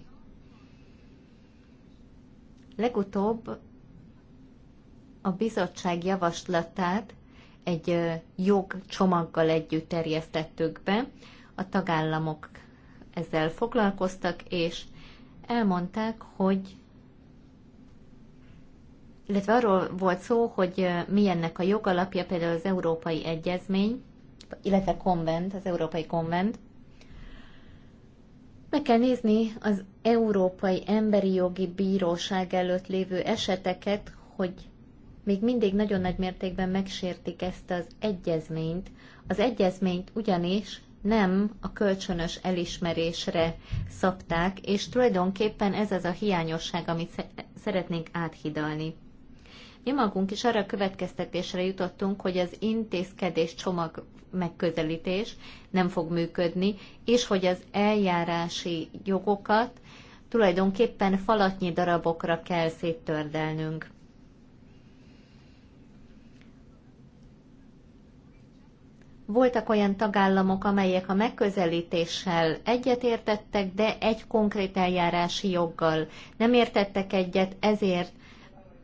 Legutóbb a bizottság javaslatát egy jogcsomaggal együtt terjesztettük be, a tagállamok ezzel foglalkoztak, és elmondták, hogy illetve arról volt szó, hogy milyennek a jogalapja, például az Európai Egyezmény, illetve konvent, az Európai Konvent. Meg kell nézni az Európai Emberi Jogi Bíróság előtt lévő eseteket, hogy még mindig nagyon nagy mértékben megsértik ezt az egyezményt. Az egyezményt ugyanis nem a kölcsönös elismerésre szabták, és tulajdonképpen ez az a hiányosság, amit szeretnénk áthidalni. Mi magunk is arra következtetésre jutottunk, hogy az intézkedés csomag megközelítés nem fog működni, és hogy az eljárási jogokat tulajdonképpen falatnyi darabokra kell széttördelnünk. Voltak olyan tagállamok, amelyek a megközelítéssel egyetértettek, de egy konkrét eljárási joggal nem értettek egyet, ezért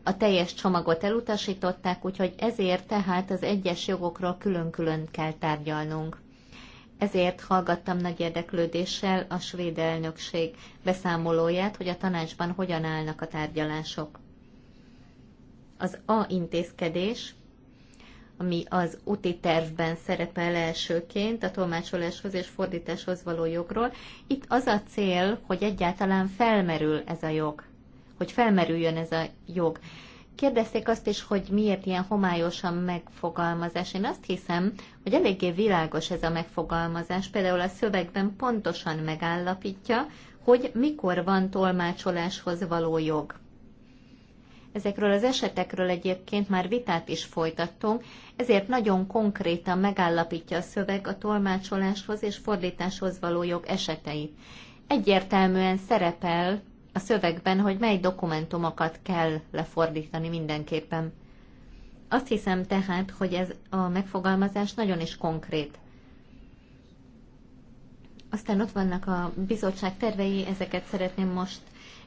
a teljes csomagot elutasították, úgyhogy ezért tehát az egyes jogokról külön-külön kell tárgyalnunk. Ezért hallgattam nagy érdeklődéssel a svéd elnökség beszámolóját, hogy a tanácsban hogyan állnak a tárgyalások. Az A intézkedés, ami az úti tervben szerepel elsőként a tolmácsoláshoz és fordításhoz való jogról, itt az a cél, hogy egyáltalán felmerül ez a jog hogy felmerüljön ez a jog. Kérdezték azt is, hogy miért ilyen homályosan megfogalmazás. Én azt hiszem, hogy eléggé világos ez a megfogalmazás. Például a szövegben pontosan megállapítja, hogy mikor van tolmácsoláshoz való jog. Ezekről az esetekről egyébként már vitát is folytattunk, ezért nagyon konkrétan megállapítja a szöveg a tolmácsoláshoz és fordításhoz való jog eseteit. Egyértelműen szerepel a szövegben, hogy mely dokumentumokat kell lefordítani mindenképpen. Azt hiszem tehát, hogy ez a megfogalmazás nagyon is konkrét. Aztán ott vannak a bizottság tervei, ezeket szeretném most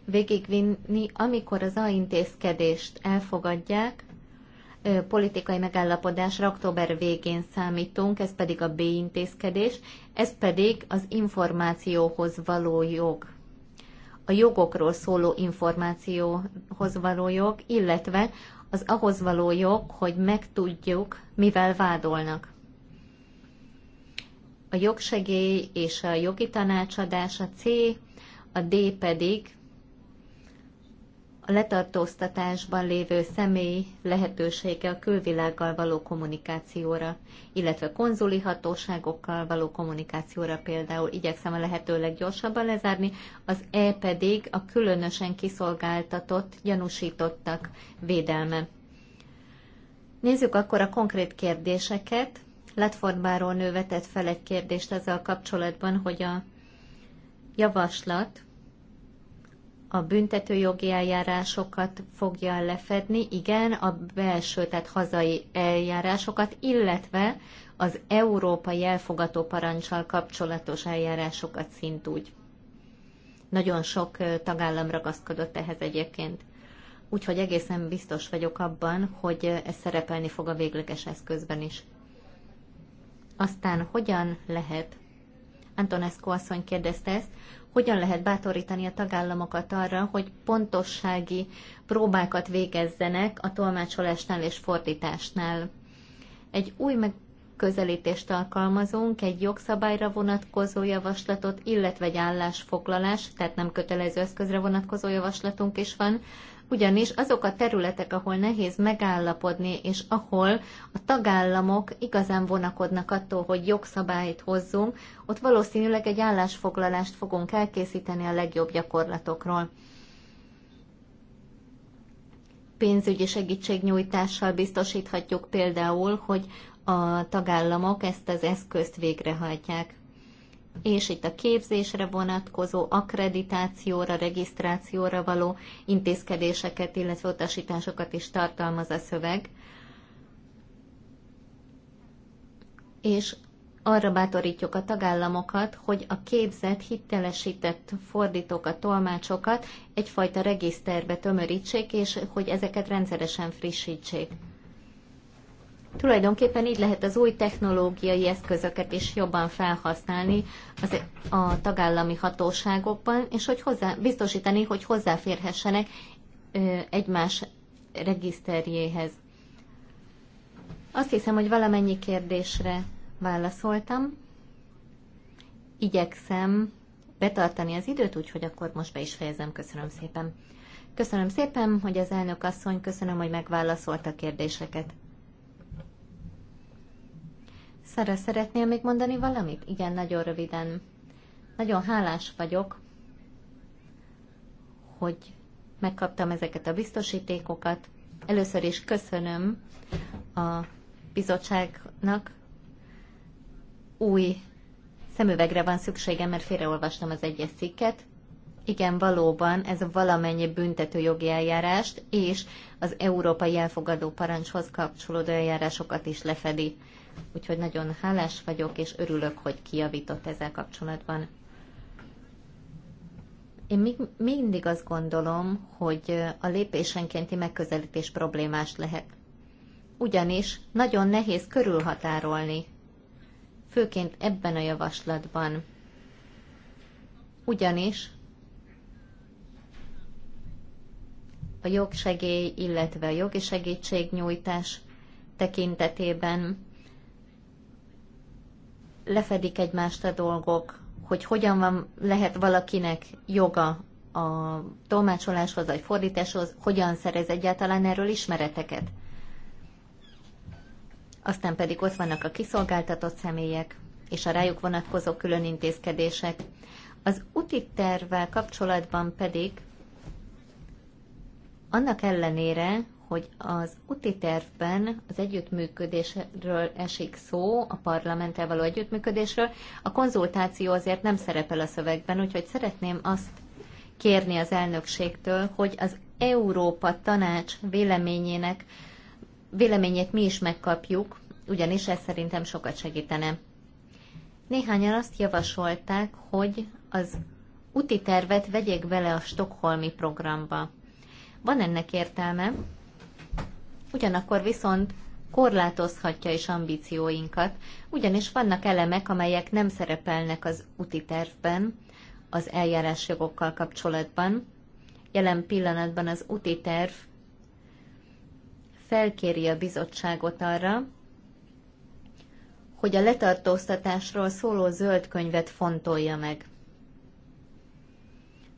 végigvinni, amikor az A intézkedést elfogadják, politikai megállapodásra október végén számítunk, ez pedig a B intézkedés, ez pedig az információhoz való jog a jogokról szóló információhoz való jog, illetve az ahhoz való jog, hogy megtudjuk, mivel vádolnak. A jogsegély és a jogi tanácsadás a C, a D pedig a letartóztatásban lévő személy lehetősége a külvilággal való kommunikációra, illetve konzuli hatóságokkal való kommunikációra például igyekszem a lehető leggyorsabban lezárni, az E pedig a különösen kiszolgáltatott, gyanúsítottak védelme. Nézzük akkor a konkrét kérdéseket. Ledford Báról nő fel egy kérdést ezzel kapcsolatban, hogy a javaslat a büntetőjogi eljárásokat fogja lefedni, igen, a belső, tehát hazai eljárásokat, illetve az európai elfogató parancsal kapcsolatos eljárásokat szintúgy. Nagyon sok tagállam ragaszkodott ehhez egyébként. Úgyhogy egészen biztos vagyok abban, hogy ez szerepelni fog a végleges eszközben is. Aztán hogyan lehet Antonescu asszony kérdezte ezt, hogyan lehet bátorítani a tagállamokat arra, hogy pontossági próbákat végezzenek a tolmácsolásnál és fordításnál. Egy új megközelítést alkalmazunk, egy jogszabályra vonatkozó javaslatot, illetve egy állásfoglalás, tehát nem kötelező eszközre vonatkozó javaslatunk is van, ugyanis azok a területek, ahol nehéz megállapodni, és ahol a tagállamok igazán vonakodnak attól, hogy jogszabályt hozzunk, ott valószínűleg egy állásfoglalást fogunk elkészíteni a legjobb gyakorlatokról pénzügyi segítségnyújtással biztosíthatjuk például, hogy a tagállamok ezt az eszközt végrehajtják és itt a képzésre vonatkozó, akkreditációra, regisztrációra való intézkedéseket, illetve utasításokat is tartalmaz a szöveg. És arra bátorítjuk a tagállamokat, hogy a képzett, hitelesített fordítókat, tolmácsokat egyfajta regiszterbe tömörítsék, és hogy ezeket rendszeresen frissítsék. Tulajdonképpen így lehet az új technológiai eszközöket is jobban felhasználni az, e- a tagállami hatóságokban, és hogy hozzá, biztosítani, hogy hozzáférhessenek ö, egymás regiszterjéhez. Azt hiszem, hogy valamennyi kérdésre válaszoltam. Igyekszem betartani az időt, úgyhogy akkor most be is fejezem. Köszönöm szépen. Köszönöm szépen, hogy az elnök asszony, köszönöm, hogy megválaszolta a kérdéseket. Szara, szeretnél még mondani valamit? Igen, nagyon röviden. Nagyon hálás vagyok, hogy megkaptam ezeket a biztosítékokat. Először is köszönöm a bizottságnak. Új szemüvegre van szükségem, mert félreolvastam az egyes cikket. Igen, valóban ez valamennyi büntető jogi eljárást és az európai elfogadó parancshoz kapcsolódó eljárásokat is lefedi. Úgyhogy nagyon hálás vagyok, és örülök, hogy kiavított ezzel kapcsolatban. Én még, mindig azt gondolom, hogy a lépésenkénti megközelítés problémás lehet. Ugyanis nagyon nehéz körülhatárolni, főként ebben a javaslatban. Ugyanis a jogsegély, illetve a jogi segítségnyújtás tekintetében lefedik egymást a dolgok, hogy hogyan van, lehet valakinek joga a tolmácsoláshoz vagy fordításhoz, hogyan szerez egyáltalán erről ismereteket. Aztán pedig ott vannak a kiszolgáltatott személyek és a rájuk vonatkozó külön intézkedések. Az úti tervvel kapcsolatban pedig annak ellenére, hogy az úti tervben az együttműködésről esik szó, a parlamenttel való együttműködésről, a konzultáció azért nem szerepel a szövegben, úgyhogy szeretném azt kérni az elnökségtől, hogy az Európa Tanács véleményének, véleményét mi is megkapjuk, ugyanis ez szerintem sokat segítene. Néhányan azt javasolták, hogy az úti tervet vegyék bele a Stockholmi programba. Van ennek értelme, ugyanakkor viszont korlátozhatja is ambícióinkat, ugyanis vannak elemek, amelyek nem szerepelnek az úti tervben, az eljárásjogokkal kapcsolatban. Jelen pillanatban az úti terv felkéri a bizottságot arra, hogy a letartóztatásról szóló zöld könyvet fontolja meg.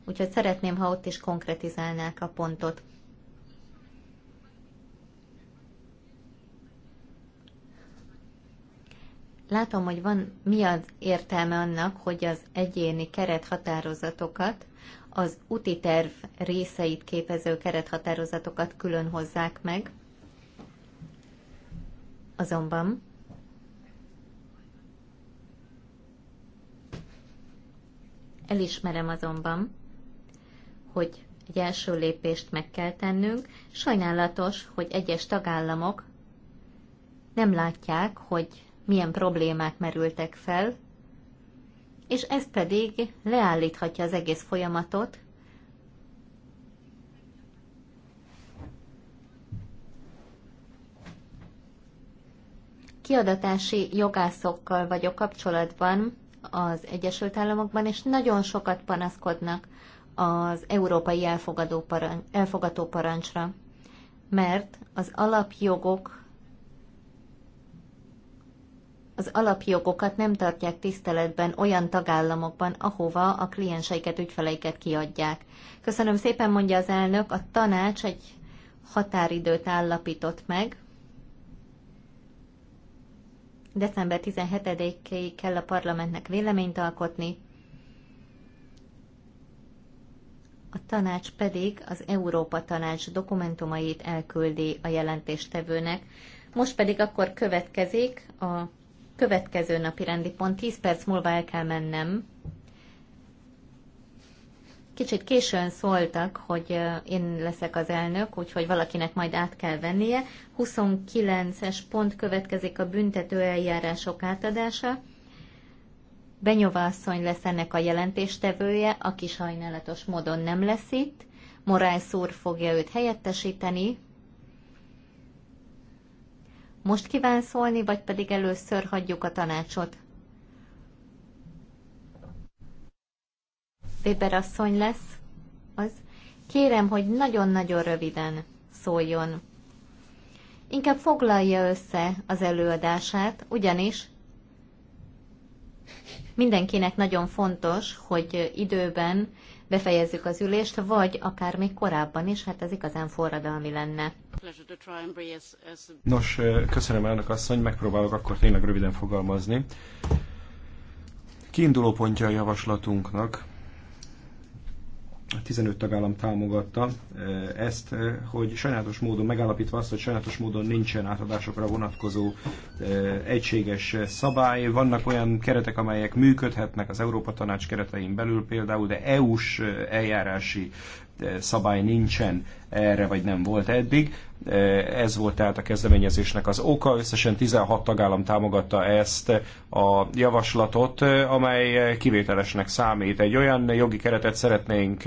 Úgyhogy szeretném, ha ott is konkretizálnák a pontot. látom, hogy van mi az értelme annak, hogy az egyéni kerethatározatokat, az úti terv részeit képező kerethatározatokat külön hozzák meg. Azonban elismerem azonban, hogy egy első lépést meg kell tennünk. Sajnálatos, hogy egyes tagállamok nem látják, hogy milyen problémák merültek fel, és ez pedig leállíthatja az egész folyamatot, kiadatási jogászokkal vagyok kapcsolatban az Egyesült Államokban, és nagyon sokat panaszkodnak az európai elfogadó parancsra, mert az alapjogok az alapjogokat nem tartják tiszteletben olyan tagállamokban, ahova a klienseiket, ügyfeleiket kiadják. Köszönöm szépen, mondja az elnök, a tanács egy határidőt állapított meg. December 17-ig kell a parlamentnek véleményt alkotni, a tanács pedig az Európa Tanács dokumentumait elküldi a jelentéstevőnek. Most pedig akkor következik a Következő napi rendi pont, 10 perc múlva el kell mennem. Kicsit későn szóltak, hogy én leszek az elnök, úgyhogy valakinek majd át kell vennie. 29-es pont következik a büntető eljárások átadása. Benyova asszony lesz ennek a jelentéstevője, aki sajnálatos módon nem lesz itt. Morales úr fogja őt helyettesíteni, most kíván szólni, vagy pedig először hagyjuk a tanácsot? Weber asszony lesz az. Kérem, hogy nagyon-nagyon röviden szóljon. Inkább foglalja össze az előadását, ugyanis mindenkinek nagyon fontos, hogy időben befejezzük az ülést, vagy akár még korábban is, hát ez igazán forradalmi lenne. Nos, eh, köszönöm elnök asszony, megpróbálok akkor tényleg röviden fogalmazni. Kiinduló pontja a javaslatunknak 15 tagállam támogatta e, ezt, e, hogy sajnálatos módon megállapítva azt, hogy sajnálatos módon nincsen átadásokra vonatkozó e, egységes szabály. Vannak olyan keretek, amelyek működhetnek az Európa Tanács keretein belül például, de EU-s eljárási szabály nincsen erre, vagy nem volt eddig. Ez volt tehát a kezdeményezésnek az oka. Összesen 16 tagállam támogatta ezt a javaslatot, amely kivételesnek számít. Egy olyan jogi keretet szeretnénk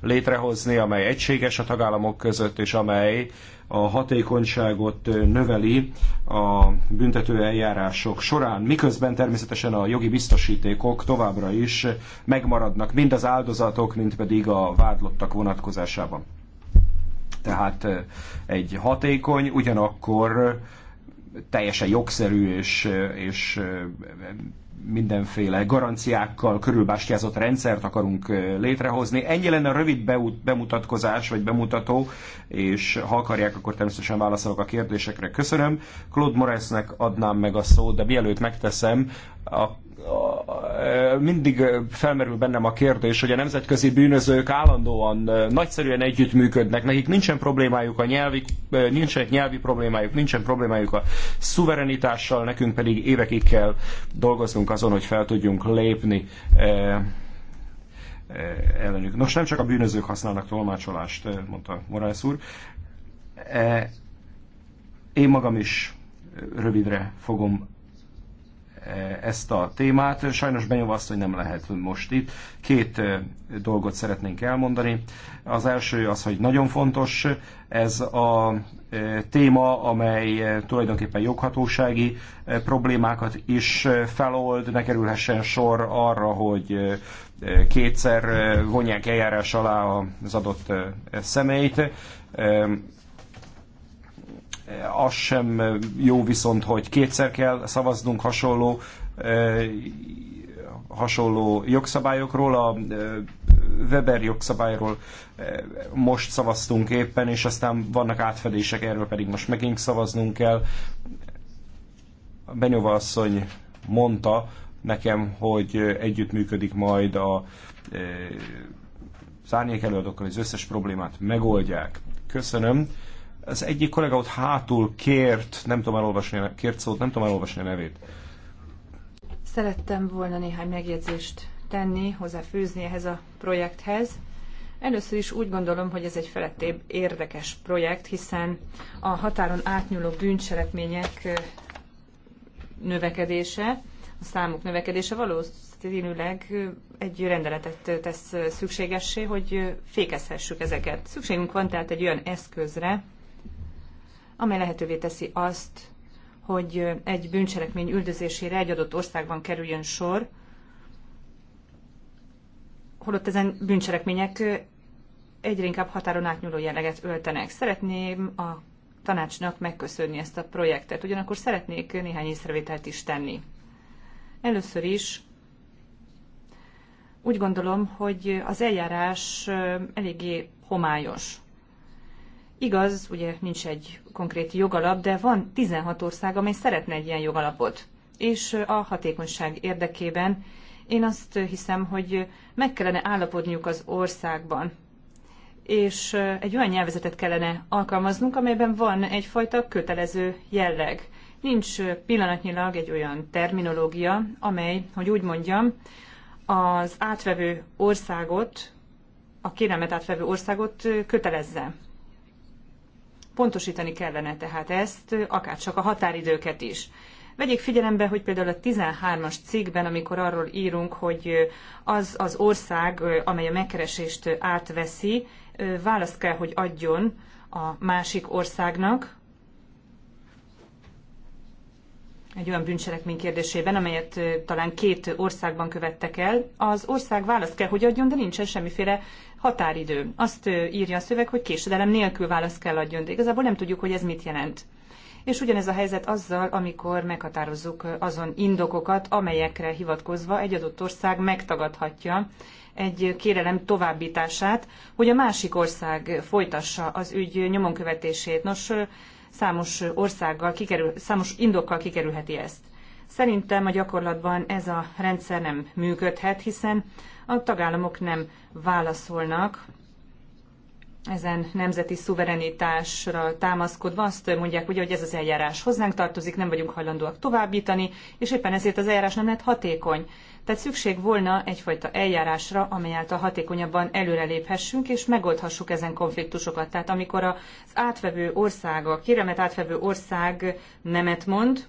létrehozni, amely egységes a tagállamok között, és amely a hatékonyságot növeli a büntető eljárások során, miközben természetesen a jogi biztosítékok továbbra is megmaradnak, mind az áldozatok, mind pedig a vádlottak vonatkozásában. Tehát egy hatékony, ugyanakkor teljesen jogszerű és, és mindenféle garanciákkal körülbástyázott rendszert akarunk létrehozni. Ennyi lenne a rövid bemutatkozás vagy bemutató, és ha akarják, akkor természetesen válaszolok a kérdésekre. Köszönöm. Claude Moresznek adnám meg a szót, de mielőtt megteszem, a mindig felmerül bennem a kérdés, hogy a nemzetközi bűnözők állandóan nagyszerűen együttműködnek, nekik nincsen problémájuk a nyelvi, nincsenek nyelvi problémájuk, nincsen problémájuk a szuverenitással, nekünk pedig évekig kell dolgoznunk azon, hogy fel tudjunk lépni ellenük. Nos, nem csak a bűnözők használnak tolmácsolást, mondta Morales úr. Én magam is rövidre fogom Eh, ezt a témát. Sajnos azt, hogy nem lehet most itt. Két eh, dolgot szeretnénk elmondani. Az első az, hogy nagyon fontos ez a eh, téma, amely tulajdonképpen joghatósági problémákat is felold, ne kerülhessen sor arra, hogy kétszer vonják eljárás alá az adott személyt Eh, az sem jó viszont, hogy kétszer kell szavaznunk hasonló eh, hasonló jogszabályokról, a eh, Weber jogszabályról most szavaztunk éppen, és aztán vannak átfedések, erről pedig most megint szavaznunk kell. Benyova asszony mondta nekem, hogy együttműködik majd a szárnyék előadókkal, az összes problémát megoldják. Köszönöm. Az egyik kollega ott hátul kért, nem tudom elolvasni, kért szót, nem tudom elolvasni a nevét. Szerettem volna néhány megjegyzést tenni, hozzáfűzni ehhez a projekthez. Először is úgy gondolom, hogy ez egy felettébb érdekes projekt, hiszen a határon átnyúló bűncselekmények növekedése, a számuk növekedése valószínűleg egy rendeletet tesz szükségessé, hogy fékezhessük ezeket. Szükségünk van tehát egy olyan eszközre, amely lehetővé teszi azt, hogy egy bűncselekmény üldözésére egy adott országban kerüljön sor, holott ezen bűncselekmények egyre inkább határon átnyúló jelleget öltenek. Szeretném a tanácsnak megköszönni ezt a projektet, ugyanakkor szeretnék néhány észrevételt is tenni. Először is úgy gondolom, hogy az eljárás eléggé homályos. Igaz, ugye nincs egy konkrét jogalap, de van 16 ország, amely szeretne egy ilyen jogalapot. És a hatékonyság érdekében én azt hiszem, hogy meg kellene állapodniuk az országban, és egy olyan nyelvezetet kellene alkalmaznunk, amelyben van egyfajta kötelező jelleg. Nincs pillanatnyilag egy olyan terminológia, amely, hogy úgy mondjam, az átvevő országot, a kérelmet átvevő országot kötelezze Pontosítani kellene tehát ezt, akár csak a határidőket is. Vegyék figyelembe, hogy például a 13-as cikkben, amikor arról írunk, hogy az az ország, amely a megkeresést átveszi, választ kell, hogy adjon a másik országnak, egy olyan bűncselekmény kérdésében, amelyet eh, talán két országban követtek el, az ország választ kell, hogy adjon, de nincsen semmiféle határidő. Azt írja a szöveg, hogy késedelem nélkül választ kell adjon, de igazából nem tudjuk, hogy ez mit jelent. És ugyanez a helyzet azzal, amikor meghatározzuk azon indokokat, amelyekre hivatkozva egy adott ország megtagadhatja egy kérelem továbbítását, hogy a másik ország folytassa az ügy nyomonkövetését. követését. Nos, számos országgal kikerül, számos indokkal kikerülheti ezt. Szerintem a gyakorlatban ez a rendszer nem működhet, hiszen a tagállamok nem válaszolnak ezen nemzeti szuverenitásra támaszkodva azt mondják, ugye, hogy ez az eljárás hozzánk tartozik, nem vagyunk hajlandóak továbbítani, és éppen ezért az eljárás nem lett hatékony. Tehát szükség volna egyfajta eljárásra, amely által hatékonyabban előreléphessünk, és megoldhassuk ezen konfliktusokat. Tehát amikor az átvevő ország, a kéremet átvevő ország nemet mond,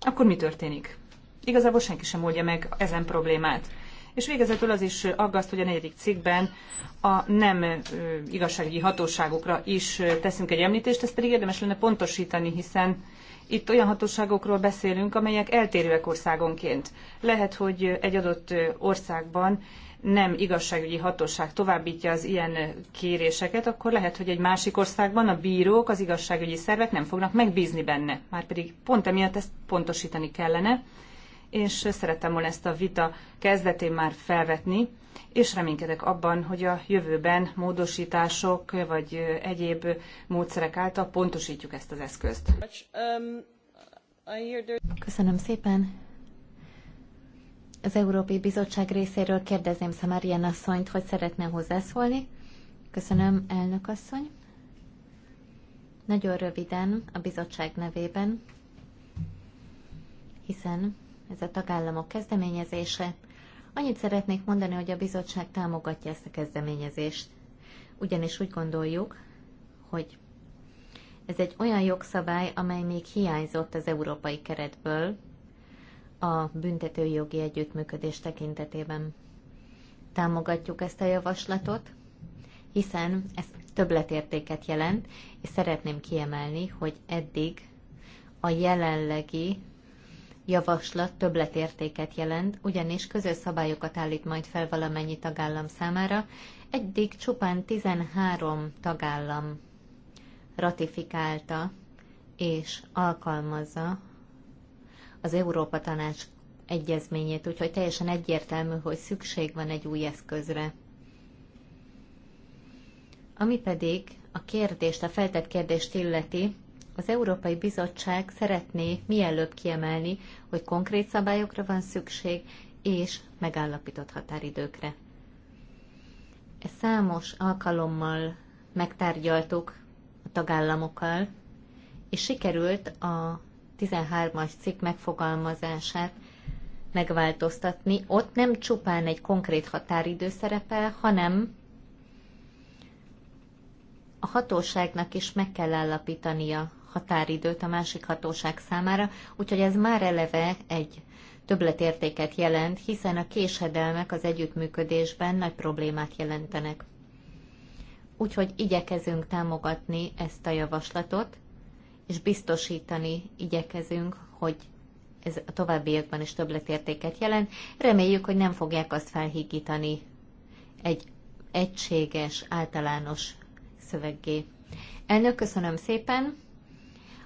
akkor mi történik? Igazából senki sem oldja meg ezen problémát. És végezetül az is aggaszt, hogy a negyedik cikkben a nem igazságügyi hatóságokra is teszünk egy említést, ezt pedig érdemes lenne pontosítani, hiszen itt olyan hatóságokról beszélünk, amelyek eltérőek országonként. Lehet, hogy egy adott országban nem igazságügyi hatóság továbbítja az ilyen kéréseket, akkor lehet, hogy egy másik országban a bírók, az igazságügyi szervek nem fognak megbízni benne. Márpedig pont emiatt ezt pontosítani kellene, és szerettem volna ezt a vita kezdetén már felvetni, és reménykedek abban, hogy a jövőben módosítások vagy egyéb módszerek által pontosítjuk ezt az eszközt. Um, Köszönöm szépen! Az Európai Bizottság részéről kérdezném Szamarien asszonyt, hogy szeretne hozzászólni. Köszönöm, elnök asszony. Nagyon röviden a bizottság nevében, hiszen ez a tagállamok kezdeményezése. Annyit szeretnék mondani, hogy a bizottság támogatja ezt a kezdeményezést. Ugyanis úgy gondoljuk, hogy ez egy olyan jogszabály, amely még hiányzott az európai keretből, a büntetőjogi együttműködés tekintetében. Támogatjuk ezt a javaslatot, hiszen ez többletértéket jelent, és szeretném kiemelni, hogy eddig a jelenlegi javaslat többletértéket jelent, ugyanis közös szabályokat állít majd fel valamennyi tagállam számára. Eddig csupán 13 tagállam ratifikálta és alkalmazza az Európa Tanács egyezményét, úgyhogy teljesen egyértelmű, hogy szükség van egy új eszközre. Ami pedig a kérdést, a feltett kérdést illeti, az Európai Bizottság szeretné mielőbb kiemelni, hogy konkrét szabályokra van szükség, és megállapított határidőkre. Ezt számos alkalommal megtárgyaltuk a tagállamokkal, és sikerült a 13-as cikk megfogalmazását megváltoztatni. Ott nem csupán egy konkrét határidő szerepel, hanem a hatóságnak is meg kell állapítania határidőt a másik hatóság számára, úgyhogy ez már eleve egy többletértéket jelent, hiszen a késedelmek az együttműködésben nagy problémát jelentenek. Úgyhogy igyekezünk támogatni ezt a javaslatot, és biztosítani igyekezünk, hogy ez a továbbiakban is többletértéket jelent. Reméljük, hogy nem fogják azt felhígítani egy egységes, általános szöveggé. Elnök, köszönöm szépen!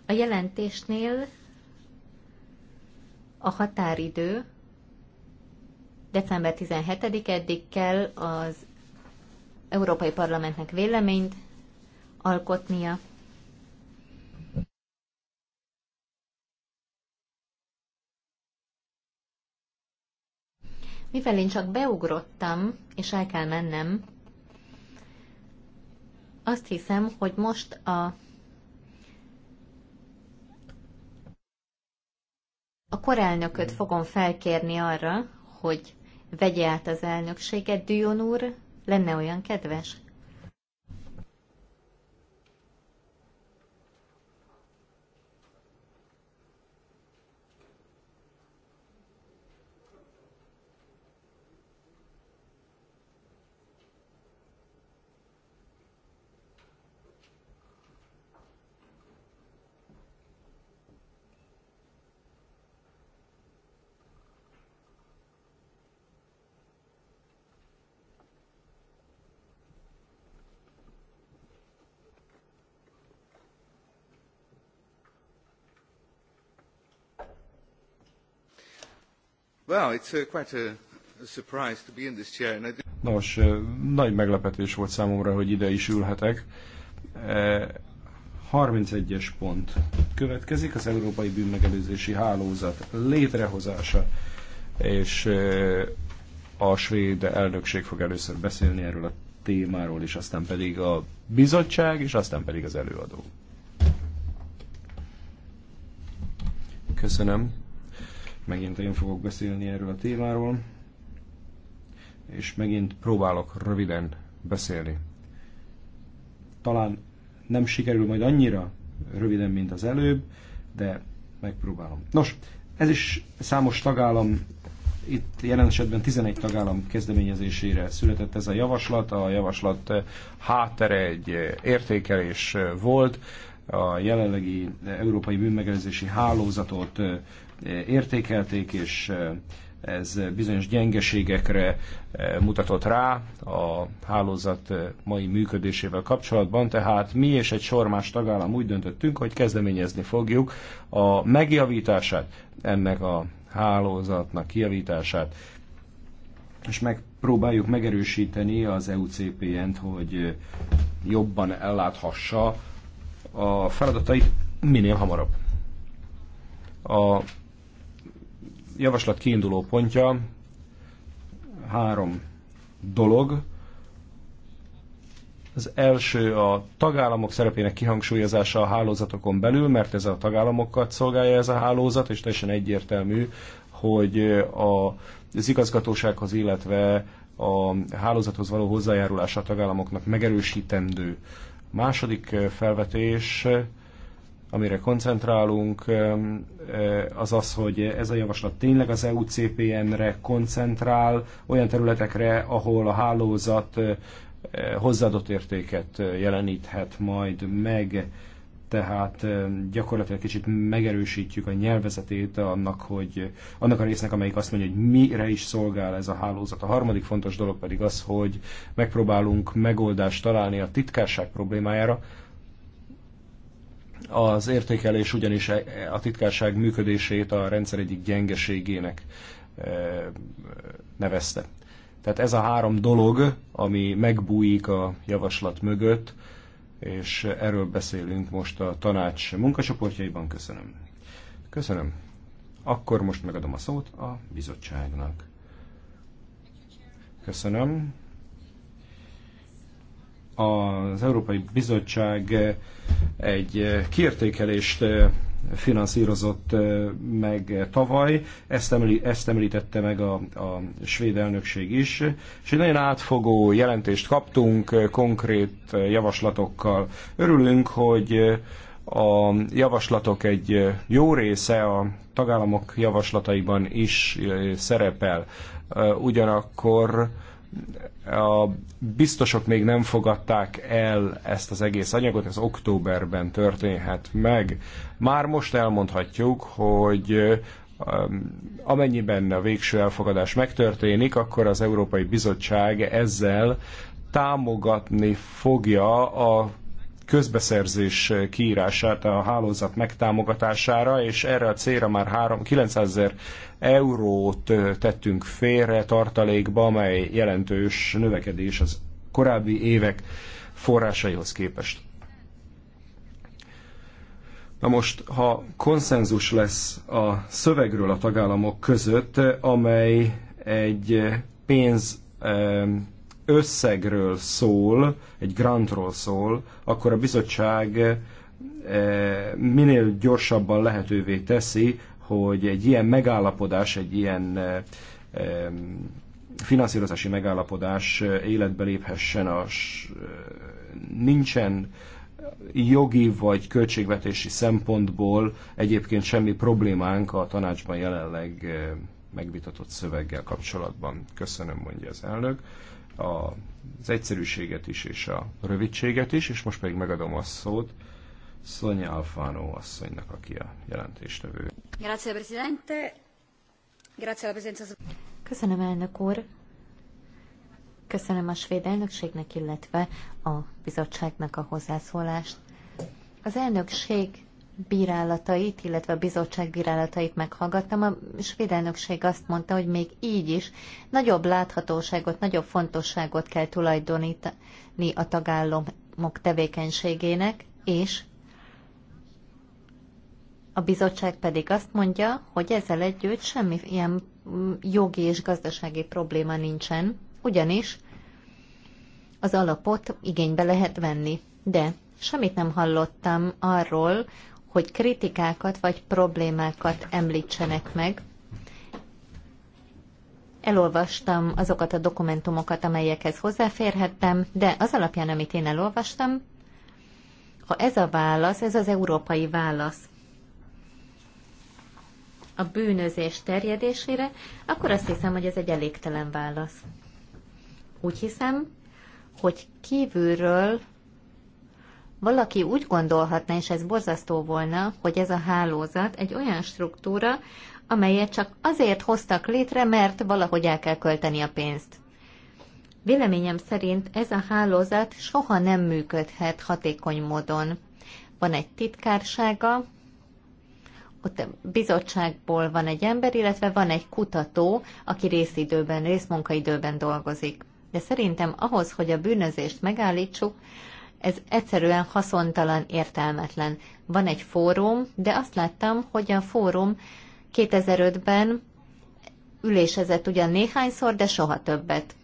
A jelentésnél a határidő december 17-eddig kell az Európai Parlamentnek véleményt alkotnia, Mivel én csak beugrottam, és el kell mennem, azt hiszem, hogy most a a korelnököt fogom felkérni arra, hogy vegye át az elnökséget, Dion úr, lenne olyan kedves? Nos, uh, nagy meglepetés volt számomra, hogy ide is ülhetek. 31-es uh, pont következik, az Európai Bűnmegelőzési Hálózat létrehozása, és uh, a svéd elnökség fog először beszélni erről a témáról, és aztán pedig a bizottság, és aztán pedig az előadó. Köszönöm. Megint én fogok beszélni erről a témáról, és megint próbálok röviden beszélni. Talán nem sikerül majd annyira röviden, mint az előbb, de megpróbálom. Nos, ez is számos tagállam, itt jelen esetben 11 tagállam kezdeményezésére született ez a javaslat. A javaslat háttere egy értékelés volt, a jelenlegi európai bűnmegelőzési hálózatot értékelték, és e, ez bizonyos gyengeségekre e, mutatott rá a hálózat e, mai működésével kapcsolatban, tehát mi és egy sor más tagállam úgy döntöttünk, hogy kezdeményezni fogjuk a megjavítását ennek a hálózatnak, kijavítását, és megpróbáljuk megerősíteni az EUCPN-t, hogy jobban elláthassa a feladatait minél hamarabb. A javaslat kiinduló pontja három dolog. Az első a tagállamok szerepének kihangsúlyozása a hálózatokon belül, mert ez a tagállamokat szolgálja ez a hálózat, és teljesen egyértelmű, hogy a, az igazgatósághoz, illetve a hálózathoz való hozzájárulása a tagállamoknak megerősítendő. Második felvetés amire koncentrálunk, az az, hogy ez a javaslat tényleg az EUCPN-re koncentrál, olyan területekre, ahol a hálózat hozzáadott értéket jeleníthet majd meg, tehát gyakorlatilag kicsit megerősítjük a nyelvezetét annak, hogy, annak a résznek, amelyik azt mondja, hogy mire is szolgál ez a hálózat. A harmadik fontos dolog pedig az, hogy megpróbálunk megoldást találni a titkárság problémájára, az értékelés ugyanis e- e- a titkárság működését a rendszer egyik gyengeségének e, nevezte. Tehát ez a három dolog, ami megbújik a javaslat mögött, és erről beszélünk most a tanács munkacsoportjaiban. Köszönöm. Köszönöm. Akkor most megadom a szót a bizottságnak. Köszönöm az Európai Bizottság eh, egy eh, kiértékelést eh, finanszírozott meg tavaly, ezt, emlí, ezt említette meg a, a svéd elnökség is, és egy nagyon átfogó jelentést kaptunk konkrét javaslatokkal. Örülünk, hogy a javaslatok egy jó része a tagállamok javaslataiban is szerepel. Ugyanakkor a biztosok még nem fogadták el ezt az egész anyagot, ez októberben történhet meg. Már most elmondhatjuk, hogy um, amennyiben a végső elfogadás megtörténik, akkor az Európai Bizottság ezzel támogatni fogja a közbeszerzés kiírását a hálózat megtámogatására, és erre a célra már 3, 900 ezer eurót tettünk félre tartalékba, amely jelentős növekedés az korábbi évek forrásaihoz képest. Na most, ha konszenzus lesz a szövegről a tagállamok között, amely egy pénz összegről szól, egy grantról szól, akkor a bizottság eh, minél gyorsabban lehetővé teszi, hogy egy ilyen megállapodás, egy ilyen eh, finanszírozási megállapodás eh, életbe léphessen. A, nincsen jogi vagy költségvetési szempontból egyébként semmi problémánk a tanácsban jelenleg megvitatott szöveggel kapcsolatban. Köszönöm, mondja az elnök az egyszerűséget is és a rövidséget is, és most pedig megadom a szót Szonya Alfano asszonynak, aki a jelentéstevő. Grazie, Presidente. Grazie alla presenza. Köszönöm, elnök úr. Köszönöm a svéd elnökségnek, illetve a bizottságnak a hozzászólást. Az elnökség bírálatait, illetve a bizottság bírálatait meghallgattam, a svéd elnökség azt mondta, hogy még így is nagyobb láthatóságot, nagyobb fontosságot kell tulajdonítani a tagállamok tevékenységének, és a bizottság pedig azt mondja, hogy ezzel együtt semmi ilyen jogi és gazdasági probléma nincsen, ugyanis az alapot igénybe lehet venni. De semmit nem hallottam arról, hogy kritikákat vagy problémákat említsenek meg. Elolvastam azokat a dokumentumokat, amelyekhez hozzáférhettem, de az alapján, amit én elolvastam, ha ez a válasz, ez az európai válasz a bűnözés terjedésére, akkor azt hiszem, hogy ez egy elégtelen válasz. Úgy hiszem, hogy kívülről valaki úgy gondolhatna, és ez borzasztó volna, hogy ez a hálózat egy olyan struktúra, amelyet csak azért hoztak létre, mert valahogy el kell költeni a pénzt. Véleményem szerint ez a hálózat soha nem működhet hatékony módon. Van egy titkársága, ott a bizottságból van egy ember, illetve van egy kutató, aki részidőben, részmunkaidőben dolgozik. De szerintem ahhoz, hogy a bűnözést megállítsuk, ez egyszerűen haszontalan, értelmetlen. Van egy fórum, de azt láttam, hogy a fórum 2005-ben ülésezett ugyan néhányszor, de soha többet.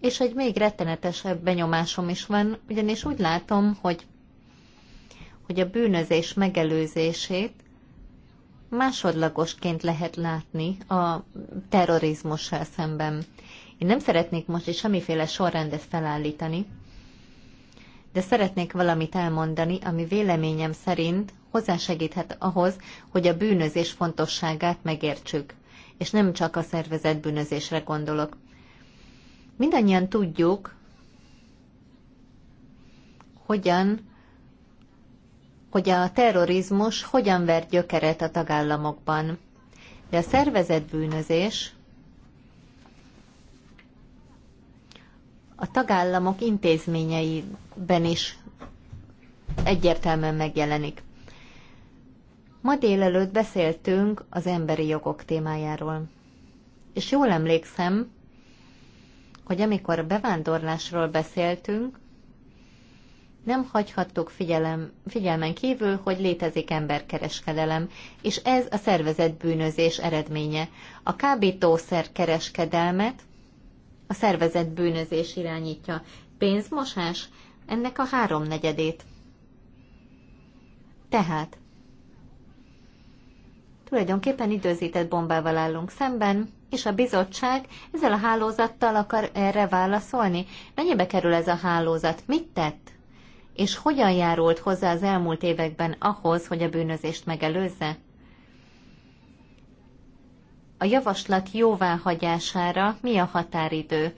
És egy még rettenetesebb benyomásom is van, ugyanis úgy látom, hogy, hogy a bűnözés megelőzését másodlagosként lehet látni a terrorizmussal szemben. Én nem szeretnék most is semmiféle sorrendet felállítani, de szeretnék valamit elmondani, ami véleményem szerint hozzásegíthet ahhoz, hogy a bűnözés fontosságát megértsük. És nem csak a szervezett bűnözésre gondolok. Mindannyian tudjuk, hogyan hogy a terrorizmus hogyan ver gyökeret a tagállamokban. De a szervezett bűnözés a tagállamok intézményeiben is egyértelműen megjelenik. Ma délelőtt beszéltünk az emberi jogok témájáról. És jól emlékszem, hogy amikor a bevándorlásról beszéltünk, nem hagyhattuk figyelem, figyelmen kívül, hogy létezik emberkereskedelem, és ez a szervezett bűnözés eredménye. A kábítószer kereskedelmet a szervezet bűnözés irányítja. Pénzmosás? Ennek a háromnegyedét. Tehát, tulajdonképpen időzített bombával állunk szemben, és a bizottság ezzel a hálózattal akar erre válaszolni. Mennyibe kerül ez a hálózat? Mit tett? És hogyan járult hozzá az elmúlt években ahhoz, hogy a bűnözést megelőzze? A javaslat jóváhagyására mi a határidő?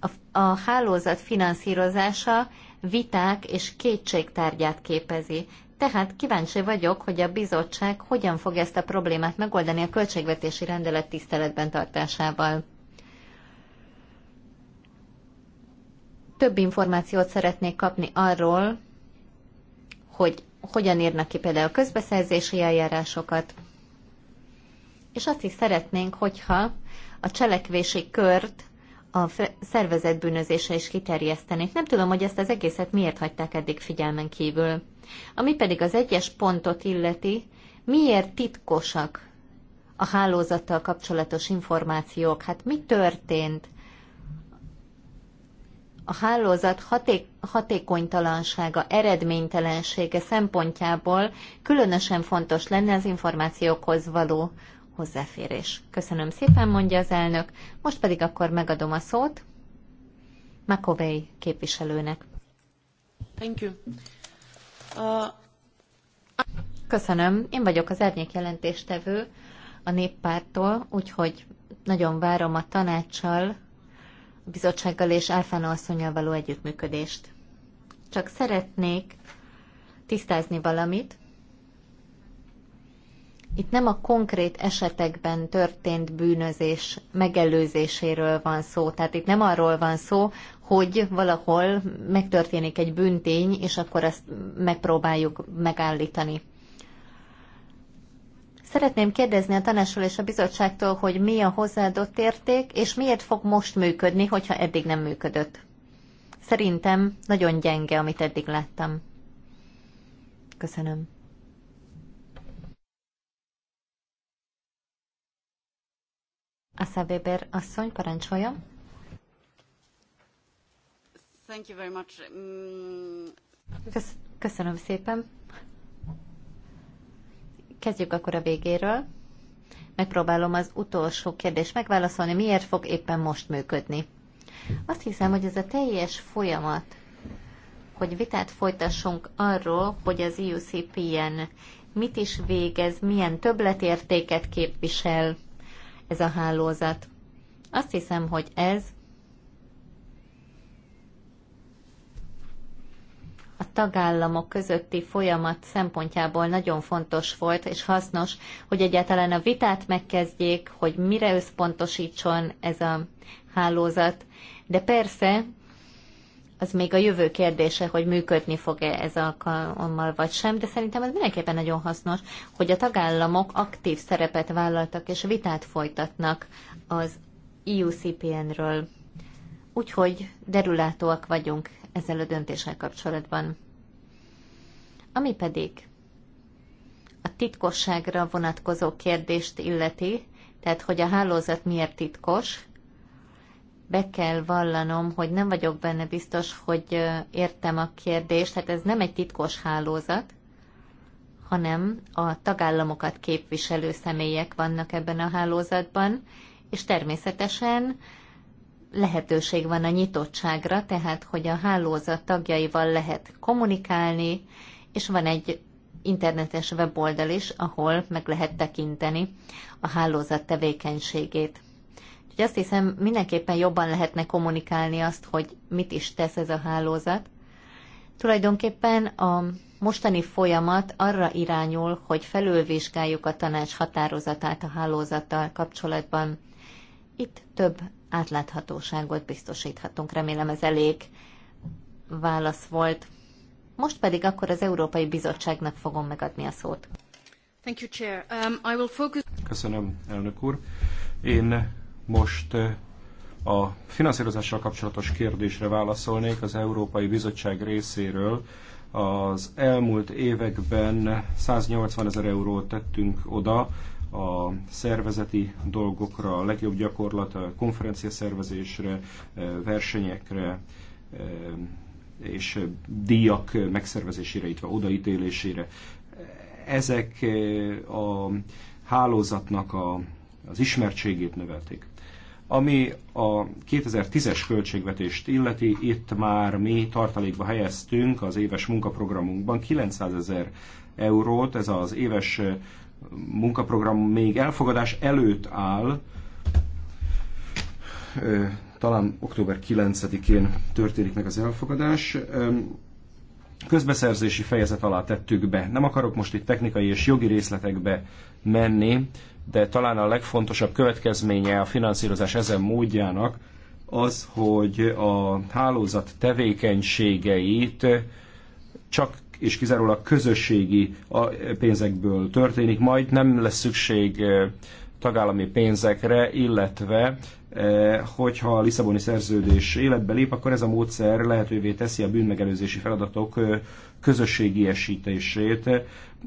A, a hálózat finanszírozása viták és kétségtárgyát képezi. Tehát kíváncsi vagyok, hogy a bizottság hogyan fog ezt a problémát megoldani a költségvetési rendelet tiszteletben tartásával. Több információt szeretnék kapni arról, hogy hogyan írnak ki például a közbeszerzési eljárásokat, és azt is szeretnénk, hogyha a cselekvési kört a szervezett bűnözése is kiterjesztenék. Nem tudom, hogy ezt az egészet miért hagyták eddig figyelmen kívül. Ami pedig az egyes pontot illeti, miért titkosak a hálózattal kapcsolatos információk? Hát mi történt? A hálózat haték, hatékonytalansága, eredménytelensége szempontjából különösen fontos lenne az információkhoz való hozzáférés. Köszönöm szépen, mondja az elnök. Most pedig akkor megadom a szót makovei képviselőnek. Thank you. Uh... Köszönöm. Én vagyok az árnyék jelentéstevő a néppártól, úgyhogy nagyon várom a tanácssal, a bizottsággal és Áfána asszonyjal való együttműködést. Csak szeretnék tisztázni valamit. Itt nem a konkrét esetekben történt bűnözés megelőzéséről van szó. Tehát itt nem arról van szó, hogy valahol megtörténik egy bűntény, és akkor ezt megpróbáljuk megállítani. Szeretném kérdezni a tanácsról és a bizottságtól, hogy mi a hozzáadott érték, és miért fog most működni, hogyha eddig nem működött. Szerintem nagyon gyenge, amit eddig láttam. Köszönöm. Assa Weber asszony, parancsolja. Thank you very much. Mm. köszönöm szépen. Kezdjük akkor a végéről. Megpróbálom az utolsó kérdést megválaszolni, miért fog éppen most működni. Azt hiszem, hogy ez a teljes folyamat, hogy vitát folytassunk arról, hogy az IUCPN mit is végez, milyen többletértéket képvisel, ez a hálózat. Azt hiszem, hogy ez a tagállamok közötti folyamat szempontjából nagyon fontos volt és hasznos, hogy egyáltalán a vitát megkezdjék, hogy mire összpontosítson ez a hálózat. De persze az még a jövő kérdése, hogy működni fog-e ez alkalommal vagy sem, de szerintem ez mindenképpen nagyon hasznos, hogy a tagállamok aktív szerepet vállaltak és vitát folytatnak az EUCPN-ről. Úgyhogy derülátóak vagyunk ezzel a döntéssel kapcsolatban. Ami pedig a titkosságra vonatkozó kérdést illeti, tehát hogy a hálózat miért titkos, be kell vallanom, hogy nem vagyok benne biztos, hogy értem a kérdést. Hát ez nem egy titkos hálózat, hanem a tagállamokat képviselő személyek vannak ebben a hálózatban, és természetesen lehetőség van a nyitottságra, tehát hogy a hálózat tagjaival lehet kommunikálni, és van egy internetes weboldal is, ahol meg lehet tekinteni a hálózat tevékenységét. Úgyhogy azt hiszem, mindenképpen jobban lehetne kommunikálni azt, hogy mit is tesz ez a hálózat. Tulajdonképpen a mostani folyamat arra irányul, hogy felülvizsgáljuk a tanács határozatát a hálózattal kapcsolatban. Itt több átláthatóságot biztosíthatunk. Remélem ez elég válasz volt. Most pedig akkor az Európai Bizottságnak fogom megadni a szót. Thank you, Chair. Um, I will focus... Köszönöm, elnök úr. Én most a finanszírozással kapcsolatos kérdésre válaszolnék az Európai Bizottság részéről. Az elmúlt években 180 ezer eurót tettünk oda a szervezeti dolgokra, a legjobb gyakorlat, a konferencia szervezésre, versenyekre, és díjak megszervezésére, itt odaítélésére. Ezek a hálózatnak a, az ismertségét növelték. Ami a 2010-es költségvetést illeti, itt már mi tartalékba helyeztünk az éves munkaprogramunkban 900 ezer eurót, ez az éves munkaprogram még elfogadás előtt áll, talán október 9-én történik meg az elfogadás közbeszerzési fejezet alá tettük be. Nem akarok most itt technikai és jogi részletekbe menni, de talán a legfontosabb következménye a finanszírozás ezen módjának az, hogy a hálózat tevékenységeit csak és kizárólag közösségi pénzekből történik, majd nem lesz szükség eh, tagállami pénzekre, illetve Eh, hogyha a Lisszaboni szerződés életbe lép, akkor ez a módszer lehetővé teszi a bűnmegelőzési feladatok eh, közösségi esítését.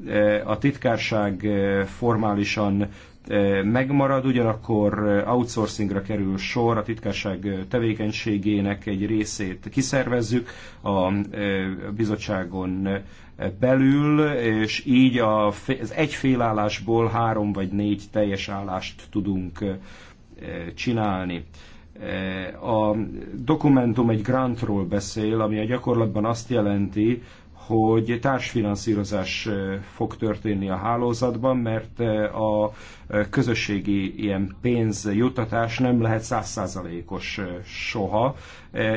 Eh, a titkárság formálisan megmarad, ugyanakkor outsourcingra kerül sor, a titkárság tevékenységének egy részét kiszervezzük a bizottságon belül, és így az egy félállásból három vagy négy teljes állást tudunk Eh, csinálni. Eh, a dokumentum egy grantról beszél, ami a gyakorlatban azt jelenti, hogy társfinanszírozás eh, fog történni a hálózatban, mert a közösségi ilyen pénzjutatás nem lehet százszázalékos soha,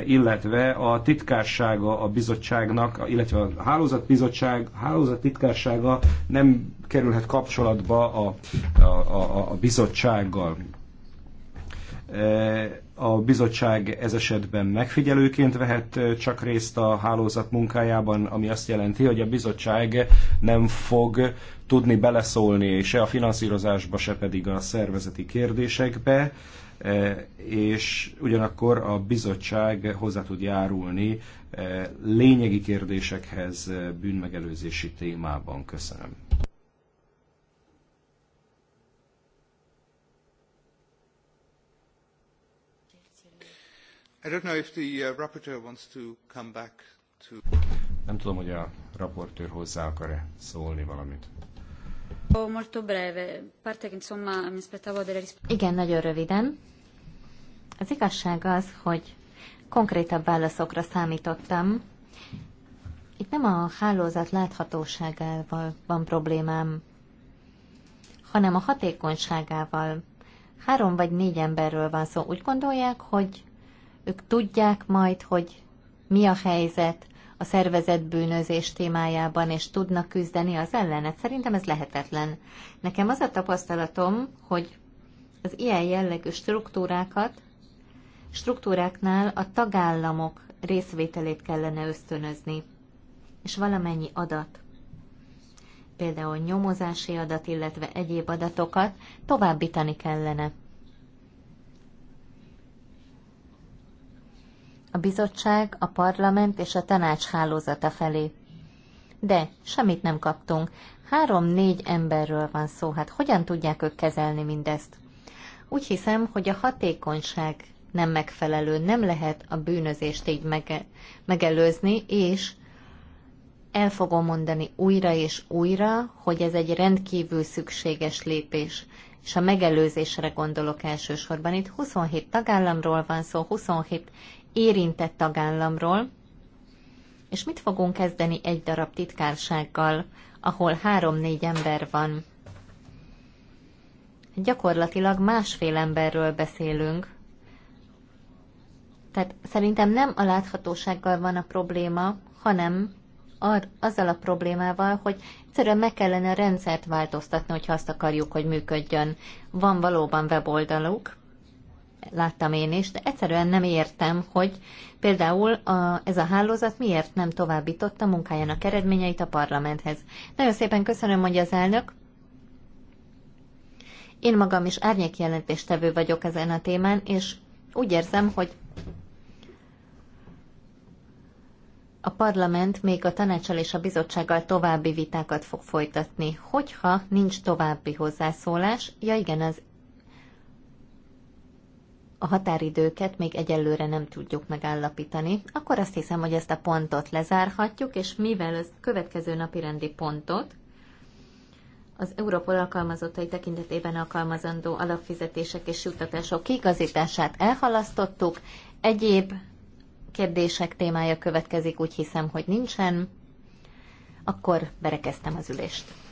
illetve a titkársága a bizottságnak, illetve a hálózatbizottság, hálózat titkársága nem kerülhet kapcsolatba a, a, a, a bizottsággal. A bizottság ez esetben megfigyelőként vehet csak részt a hálózat munkájában, ami azt jelenti, hogy a bizottság nem fog tudni beleszólni se a finanszírozásba, se pedig a szervezeti kérdésekbe, és ugyanakkor a bizottság hozzá tud járulni lényegi kérdésekhez bűnmegelőzési témában. Köszönöm. Nem tudom, hogy a raportőr hozzá akar-e szólni valamit. Igen, nagyon röviden. Az igazság az, hogy konkrétabb válaszokra számítottam. Itt nem a hálózat láthatóságával van problémám, hanem a hatékonyságával. Három vagy négy emberről van szó. Úgy gondolják, hogy ők tudják majd, hogy mi a helyzet a szervezet bűnözés témájában, és tudnak küzdeni az ellenet. Szerintem ez lehetetlen. Nekem az a tapasztalatom, hogy az ilyen jellegű struktúrákat, struktúráknál a tagállamok részvételét kellene ösztönözni, és valamennyi adat, például nyomozási adat, illetve egyéb adatokat továbbítani kellene. a bizottság, a parlament és a tanács hálózata felé. De semmit nem kaptunk. Három-négy emberről van szó, hát hogyan tudják ők kezelni mindezt? Úgy hiszem, hogy a hatékonyság nem megfelelő, nem lehet a bűnözést így mege- megelőzni, és el fogom mondani újra és újra, hogy ez egy rendkívül szükséges lépés és a megelőzésre gondolok elsősorban. Itt 27 tagállamról van szó, 27 érintett tagállamról, és mit fogunk kezdeni egy darab titkársággal, ahol három-négy ember van. Gyakorlatilag másfél emberről beszélünk. Tehát szerintem nem a láthatósággal van a probléma, hanem azzal a problémával, hogy egyszerűen meg kellene a rendszert változtatni, hogyha azt akarjuk, hogy működjön. Van valóban weboldaluk, láttam én is, de egyszerűen nem értem, hogy például a, ez a hálózat miért nem továbbította munkájának eredményeit a parlamenthez. Nagyon szépen köszönöm, mondja az elnök. Én magam is árnyékjelentéstevő vagyok ezen a témán, és úgy érzem, hogy a parlament még a tanácsal és a bizottsággal további vitákat fog folytatni, hogyha nincs további hozzászólás. Ja igen, az a határidőket még egyelőre nem tudjuk megállapítani, akkor azt hiszem, hogy ezt a pontot lezárhatjuk, és mivel az következő napi rendi pontot, az Európol alkalmazottai tekintetében alkalmazandó alapfizetések és juttatások kiigazítását elhalasztottuk. Egyéb kérdések témája következik, úgy hiszem, hogy nincsen. Akkor berekeztem az ülést.